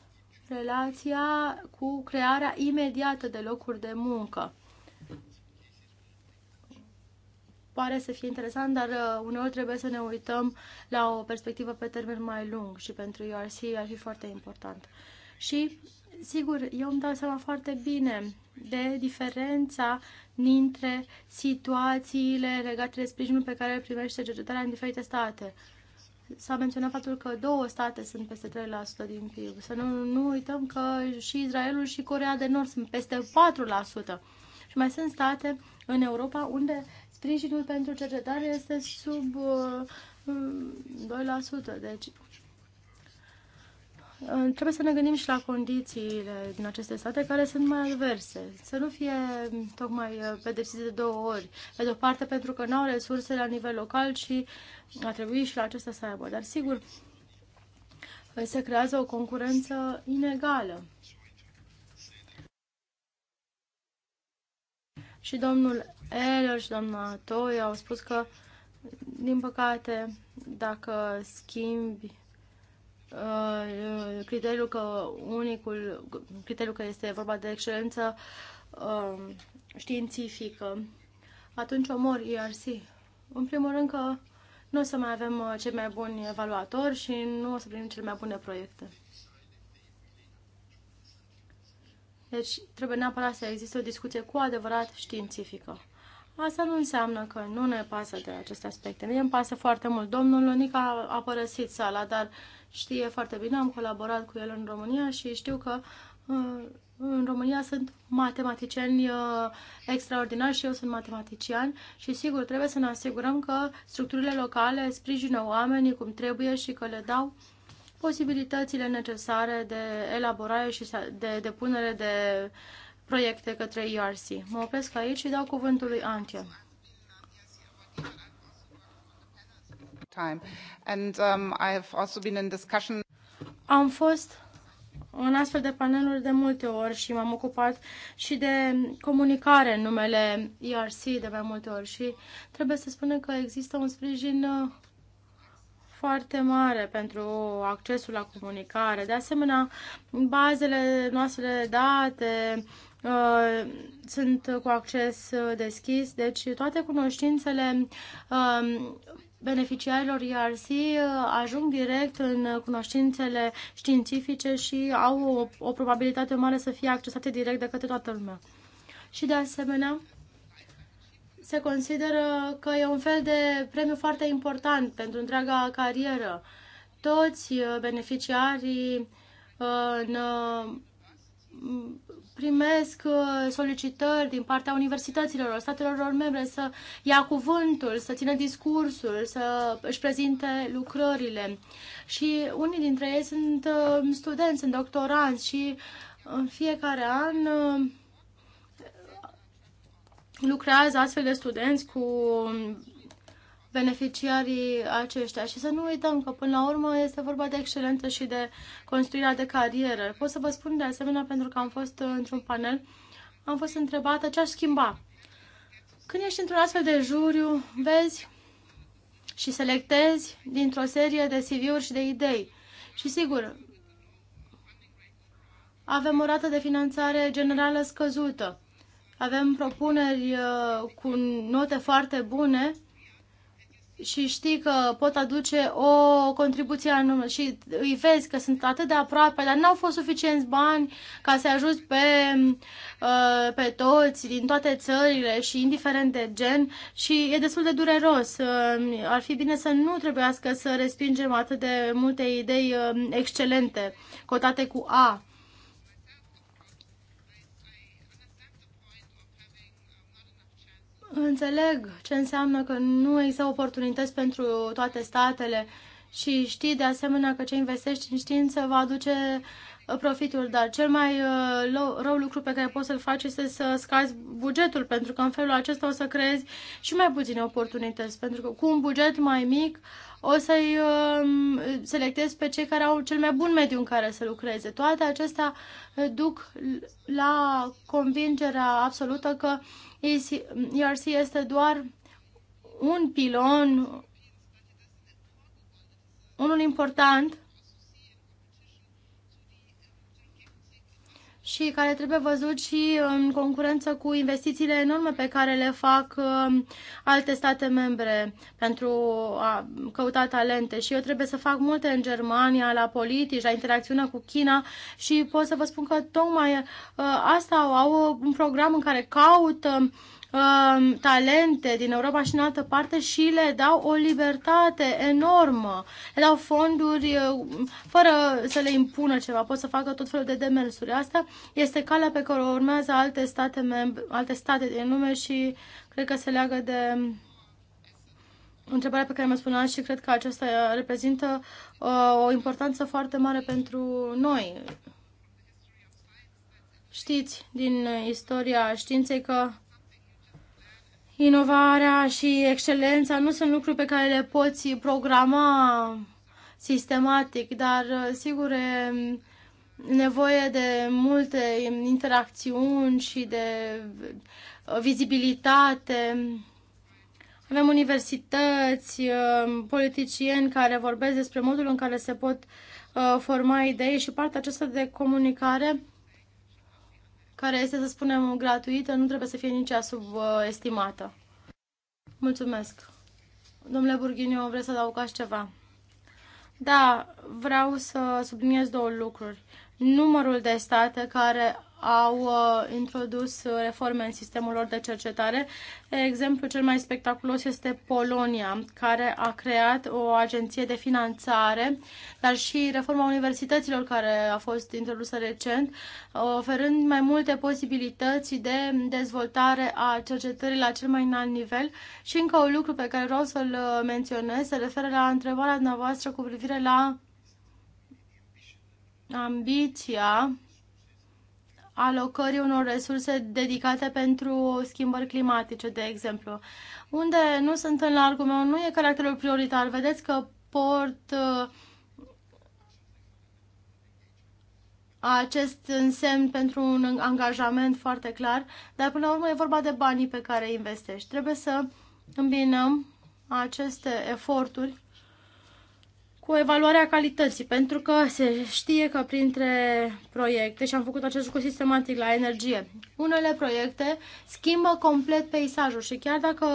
relația cu crearea imediată de locuri de muncă. pare să fie interesant, dar uh, uneori trebuie să ne uităm la o perspectivă pe termen mai lung și pentru URC ar fi foarte important. Și, sigur, eu îmi dau seama foarte bine de diferența dintre situațiile legate de sprijinul pe care îl primește cercetarea în diferite state. S-a menționat faptul că două state sunt peste 3% din PIB. Să nu, nu uităm că și Israelul și Corea de Nord sunt peste 4%. Și mai sunt state în Europa unde Sprijinul pentru cercetare este sub 2%, uh, um, deci uh, trebuie să ne gândim și la condițiile din aceste state care sunt mai adverse. Să nu fie uh, tocmai pedepsite de două ori. Pe de o parte pentru că nu au resurse la nivel local și a trebuit și la acestea să aibă. Dar sigur, se creează o concurență inegală. Și domnul Eller și doamna Toi au spus că, din păcate, dacă schimbi uh, criteriul că unicul, criteriul că este vorba de excelență uh, științifică, atunci omor IRC. În primul rând că nu o să mai avem uh, cei mai buni evaluatori și nu o să primim cele mai bune proiecte. Deci trebuie neapărat să existe o discuție cu adevărat științifică. Asta nu înseamnă că nu ne pasă de aceste aspecte. Mie îmi pasă foarte mult. Domnul Lunica a părăsit sala, dar știe foarte bine, am colaborat cu el în România și știu că uh, în România sunt matematicieni uh, extraordinari și eu sunt matematician și sigur trebuie să ne asigurăm că structurile locale sprijină oamenii cum trebuie și că le dau posibilitățile necesare de elaborare și de depunere de proiecte către ERC. Mă opresc aici și dau cuvântul lui Antia. Um, Am fost în astfel de paneluri de multe ori și m-am ocupat și de comunicare în numele ERC de mai multe ori și trebuie să spunem că există un sprijin uh, foarte mare pentru accesul la comunicare. De asemenea, bazele noastre de date, Uh, sunt cu acces uh, deschis, deci toate cunoștințele um, beneficiarilor IRC uh, ajung direct în cunoștințele științifice și au o, o probabilitate mare să fie accesate direct de către toată lumea. Și de asemenea, se consideră că e un fel de premiu foarte important pentru întreaga carieră. Toți beneficiarii în primesc uh, solicitări din partea universităților, statelor membre să ia cuvântul, să țină discursul, să își prezinte lucrările. Și unii dintre ei sunt uh, studenți, sunt doctoranți și în fiecare an uh, lucrează astfel de studenți cu beneficiarii aceștia și să nu uităm că până la urmă este vorba de excelență și de construirea de carieră. Pot să vă spun de asemenea, pentru că am fost într-un panel, am fost întrebată ce aș schimba. Când ești într-un astfel de juriu, vezi și selectezi dintr-o serie de CV-uri și de idei. Și sigur, avem o rată de finanțare generală scăzută. Avem propuneri uh, cu note foarte bune, și știi că pot aduce o contribuție anume și îi vezi că sunt atât de aproape, dar n-au fost suficienți bani ca să ajuți pe, uh, pe toți din toate țările și indiferent de gen și e destul de dureros. Uh, ar fi bine să nu trebuiască să respingem atât de multe idei uh, excelente cotate cu A înțeleg ce înseamnă că nu există oportunități pentru toate statele și știi de asemenea că ce investești în știință va aduce uh, profitul, dar cel mai uh, rău lucru pe care poți să-l faci este să scazi bugetul, pentru că în felul acesta o să creezi și mai puține oportunități, pentru că cu un buget mai mic o să-i um, selectez pe cei care au cel mai bun mediu în care să lucreze. Toate acestea uh, duc la convingerea absolută că ERC este doar un pilon, unul important, și care trebuie văzut și în concurență cu investițiile enorme pe care le fac um, alte state membre pentru a căuta talente. Și eu trebuie să fac multe în Germania, la politici, la interacțiunea cu China și pot să vă spun că tocmai uh, asta au un program în care caută Um, talente din Europa și în altă parte și le dau o libertate enormă. Le dau fonduri uh, fără să le impună ceva, pot să facă tot felul de demersuri. Asta este calea pe care o urmează alte state, mem- alte state din lume și cred că se leagă de um, întrebarea pe care mi-o spus și cred că aceasta reprezintă uh, o importanță foarte mare pentru noi. Știți din istoria științei că Inovarea și excelența nu sunt lucruri pe care le poți programa sistematic, dar sigur e nevoie de multe interacțiuni și de uh, vizibilitate. Avem universități, uh, politicieni care vorbesc despre modul în care se pot uh, forma idei și partea aceasta de comunicare care este, să spunem, gratuită, nu trebuie să fie nici ea subestimată. Mulțumesc. Domnule Burghiniu, vreți să adăugați ceva? Da, vreau să subliniez două lucruri. Numărul de state care au uh, introdus uh, reforme în sistemul lor de cercetare. Exemplu cel mai spectaculos este Polonia, care a creat o agenție de finanțare, dar și reforma universităților care a fost introdusă recent, oferând mai multe posibilități de dezvoltare a cercetării la cel mai înalt nivel. Și încă un lucru pe care vreau să-l uh, menționez se referă la întrebarea dumneavoastră cu privire la ambiția alocării unor resurse dedicate pentru schimbări climatice, de exemplu. Unde nu sunt în largul meu, nu e caracterul prioritar. Vedeți că port uh, acest însemn pentru un angajament foarte clar, dar până la urmă e vorba de banii pe care investești. Trebuie să îmbinăm aceste eforturi o evaluarea calității, pentru că se știe că printre proiecte, și am făcut acest lucru sistematic la energie, unele proiecte schimbă complet peisajul și chiar dacă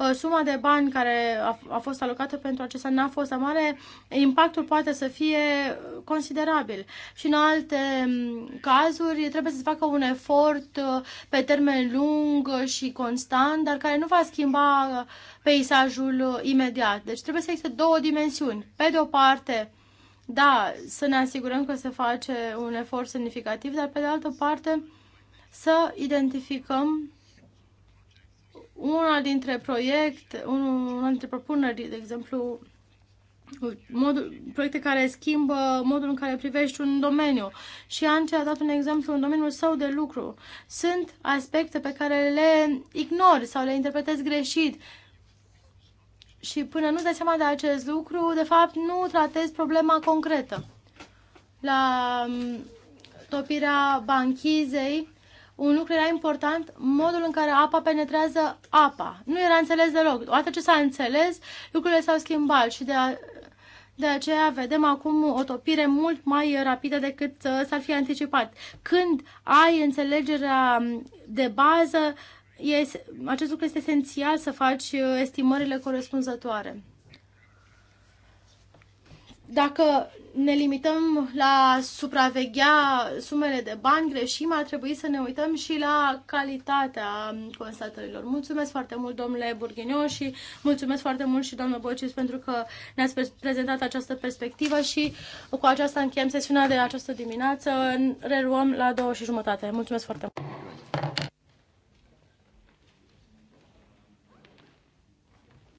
ă, suma de bani care a, a fost alocată pentru acesta n-a fost mare, impactul poate să fie considerabil. Și în alte cazuri trebuie să se facă un efort ă, pe termen lung și constant, dar care nu va schimba peisajul uh, imediat. Deci trebuie să existe două dimensiuni. Pe de o parte, da, să ne asigurăm că se face un efort semnificativ, dar pe de altă parte să identificăm una dintre proiect, una dintre propuneri, de exemplu, modul, proiecte care schimbă modul în care privești un domeniu. Și Ance a dat un exemplu în domeniul său de lucru. Sunt aspecte pe care le ignori sau le interpretezi greșit și până nu dai seama de acest lucru, de fapt, nu tratezi problema concretă. La mm, topirea banchizei, un lucru era important, modul în care apa penetrează apa. Nu era înțeles deloc. Odată ce s-a înțeles, lucrurile s-au schimbat și de, a, de aceea vedem acum o topire mult mai rapidă decât uh, s-ar fi anticipat. Când ai înțelegerea mm, de bază, uh, e, acest lucru este esențial să faci uh, estimările corespunzătoare. Dacă ne limităm la supraveghea sumele de bani, greșim, ar trebui să ne uităm și la calitatea constatărilor. Mulțumesc foarte mult, domnule Burghiniu, și mulțumesc foarte mult și domnul Bocis pentru că ne-ați prezentat această perspectivă și cu aceasta încheiem sesiunea de această dimineață. Reluăm la două și jumătate. Mulțumesc foarte mult!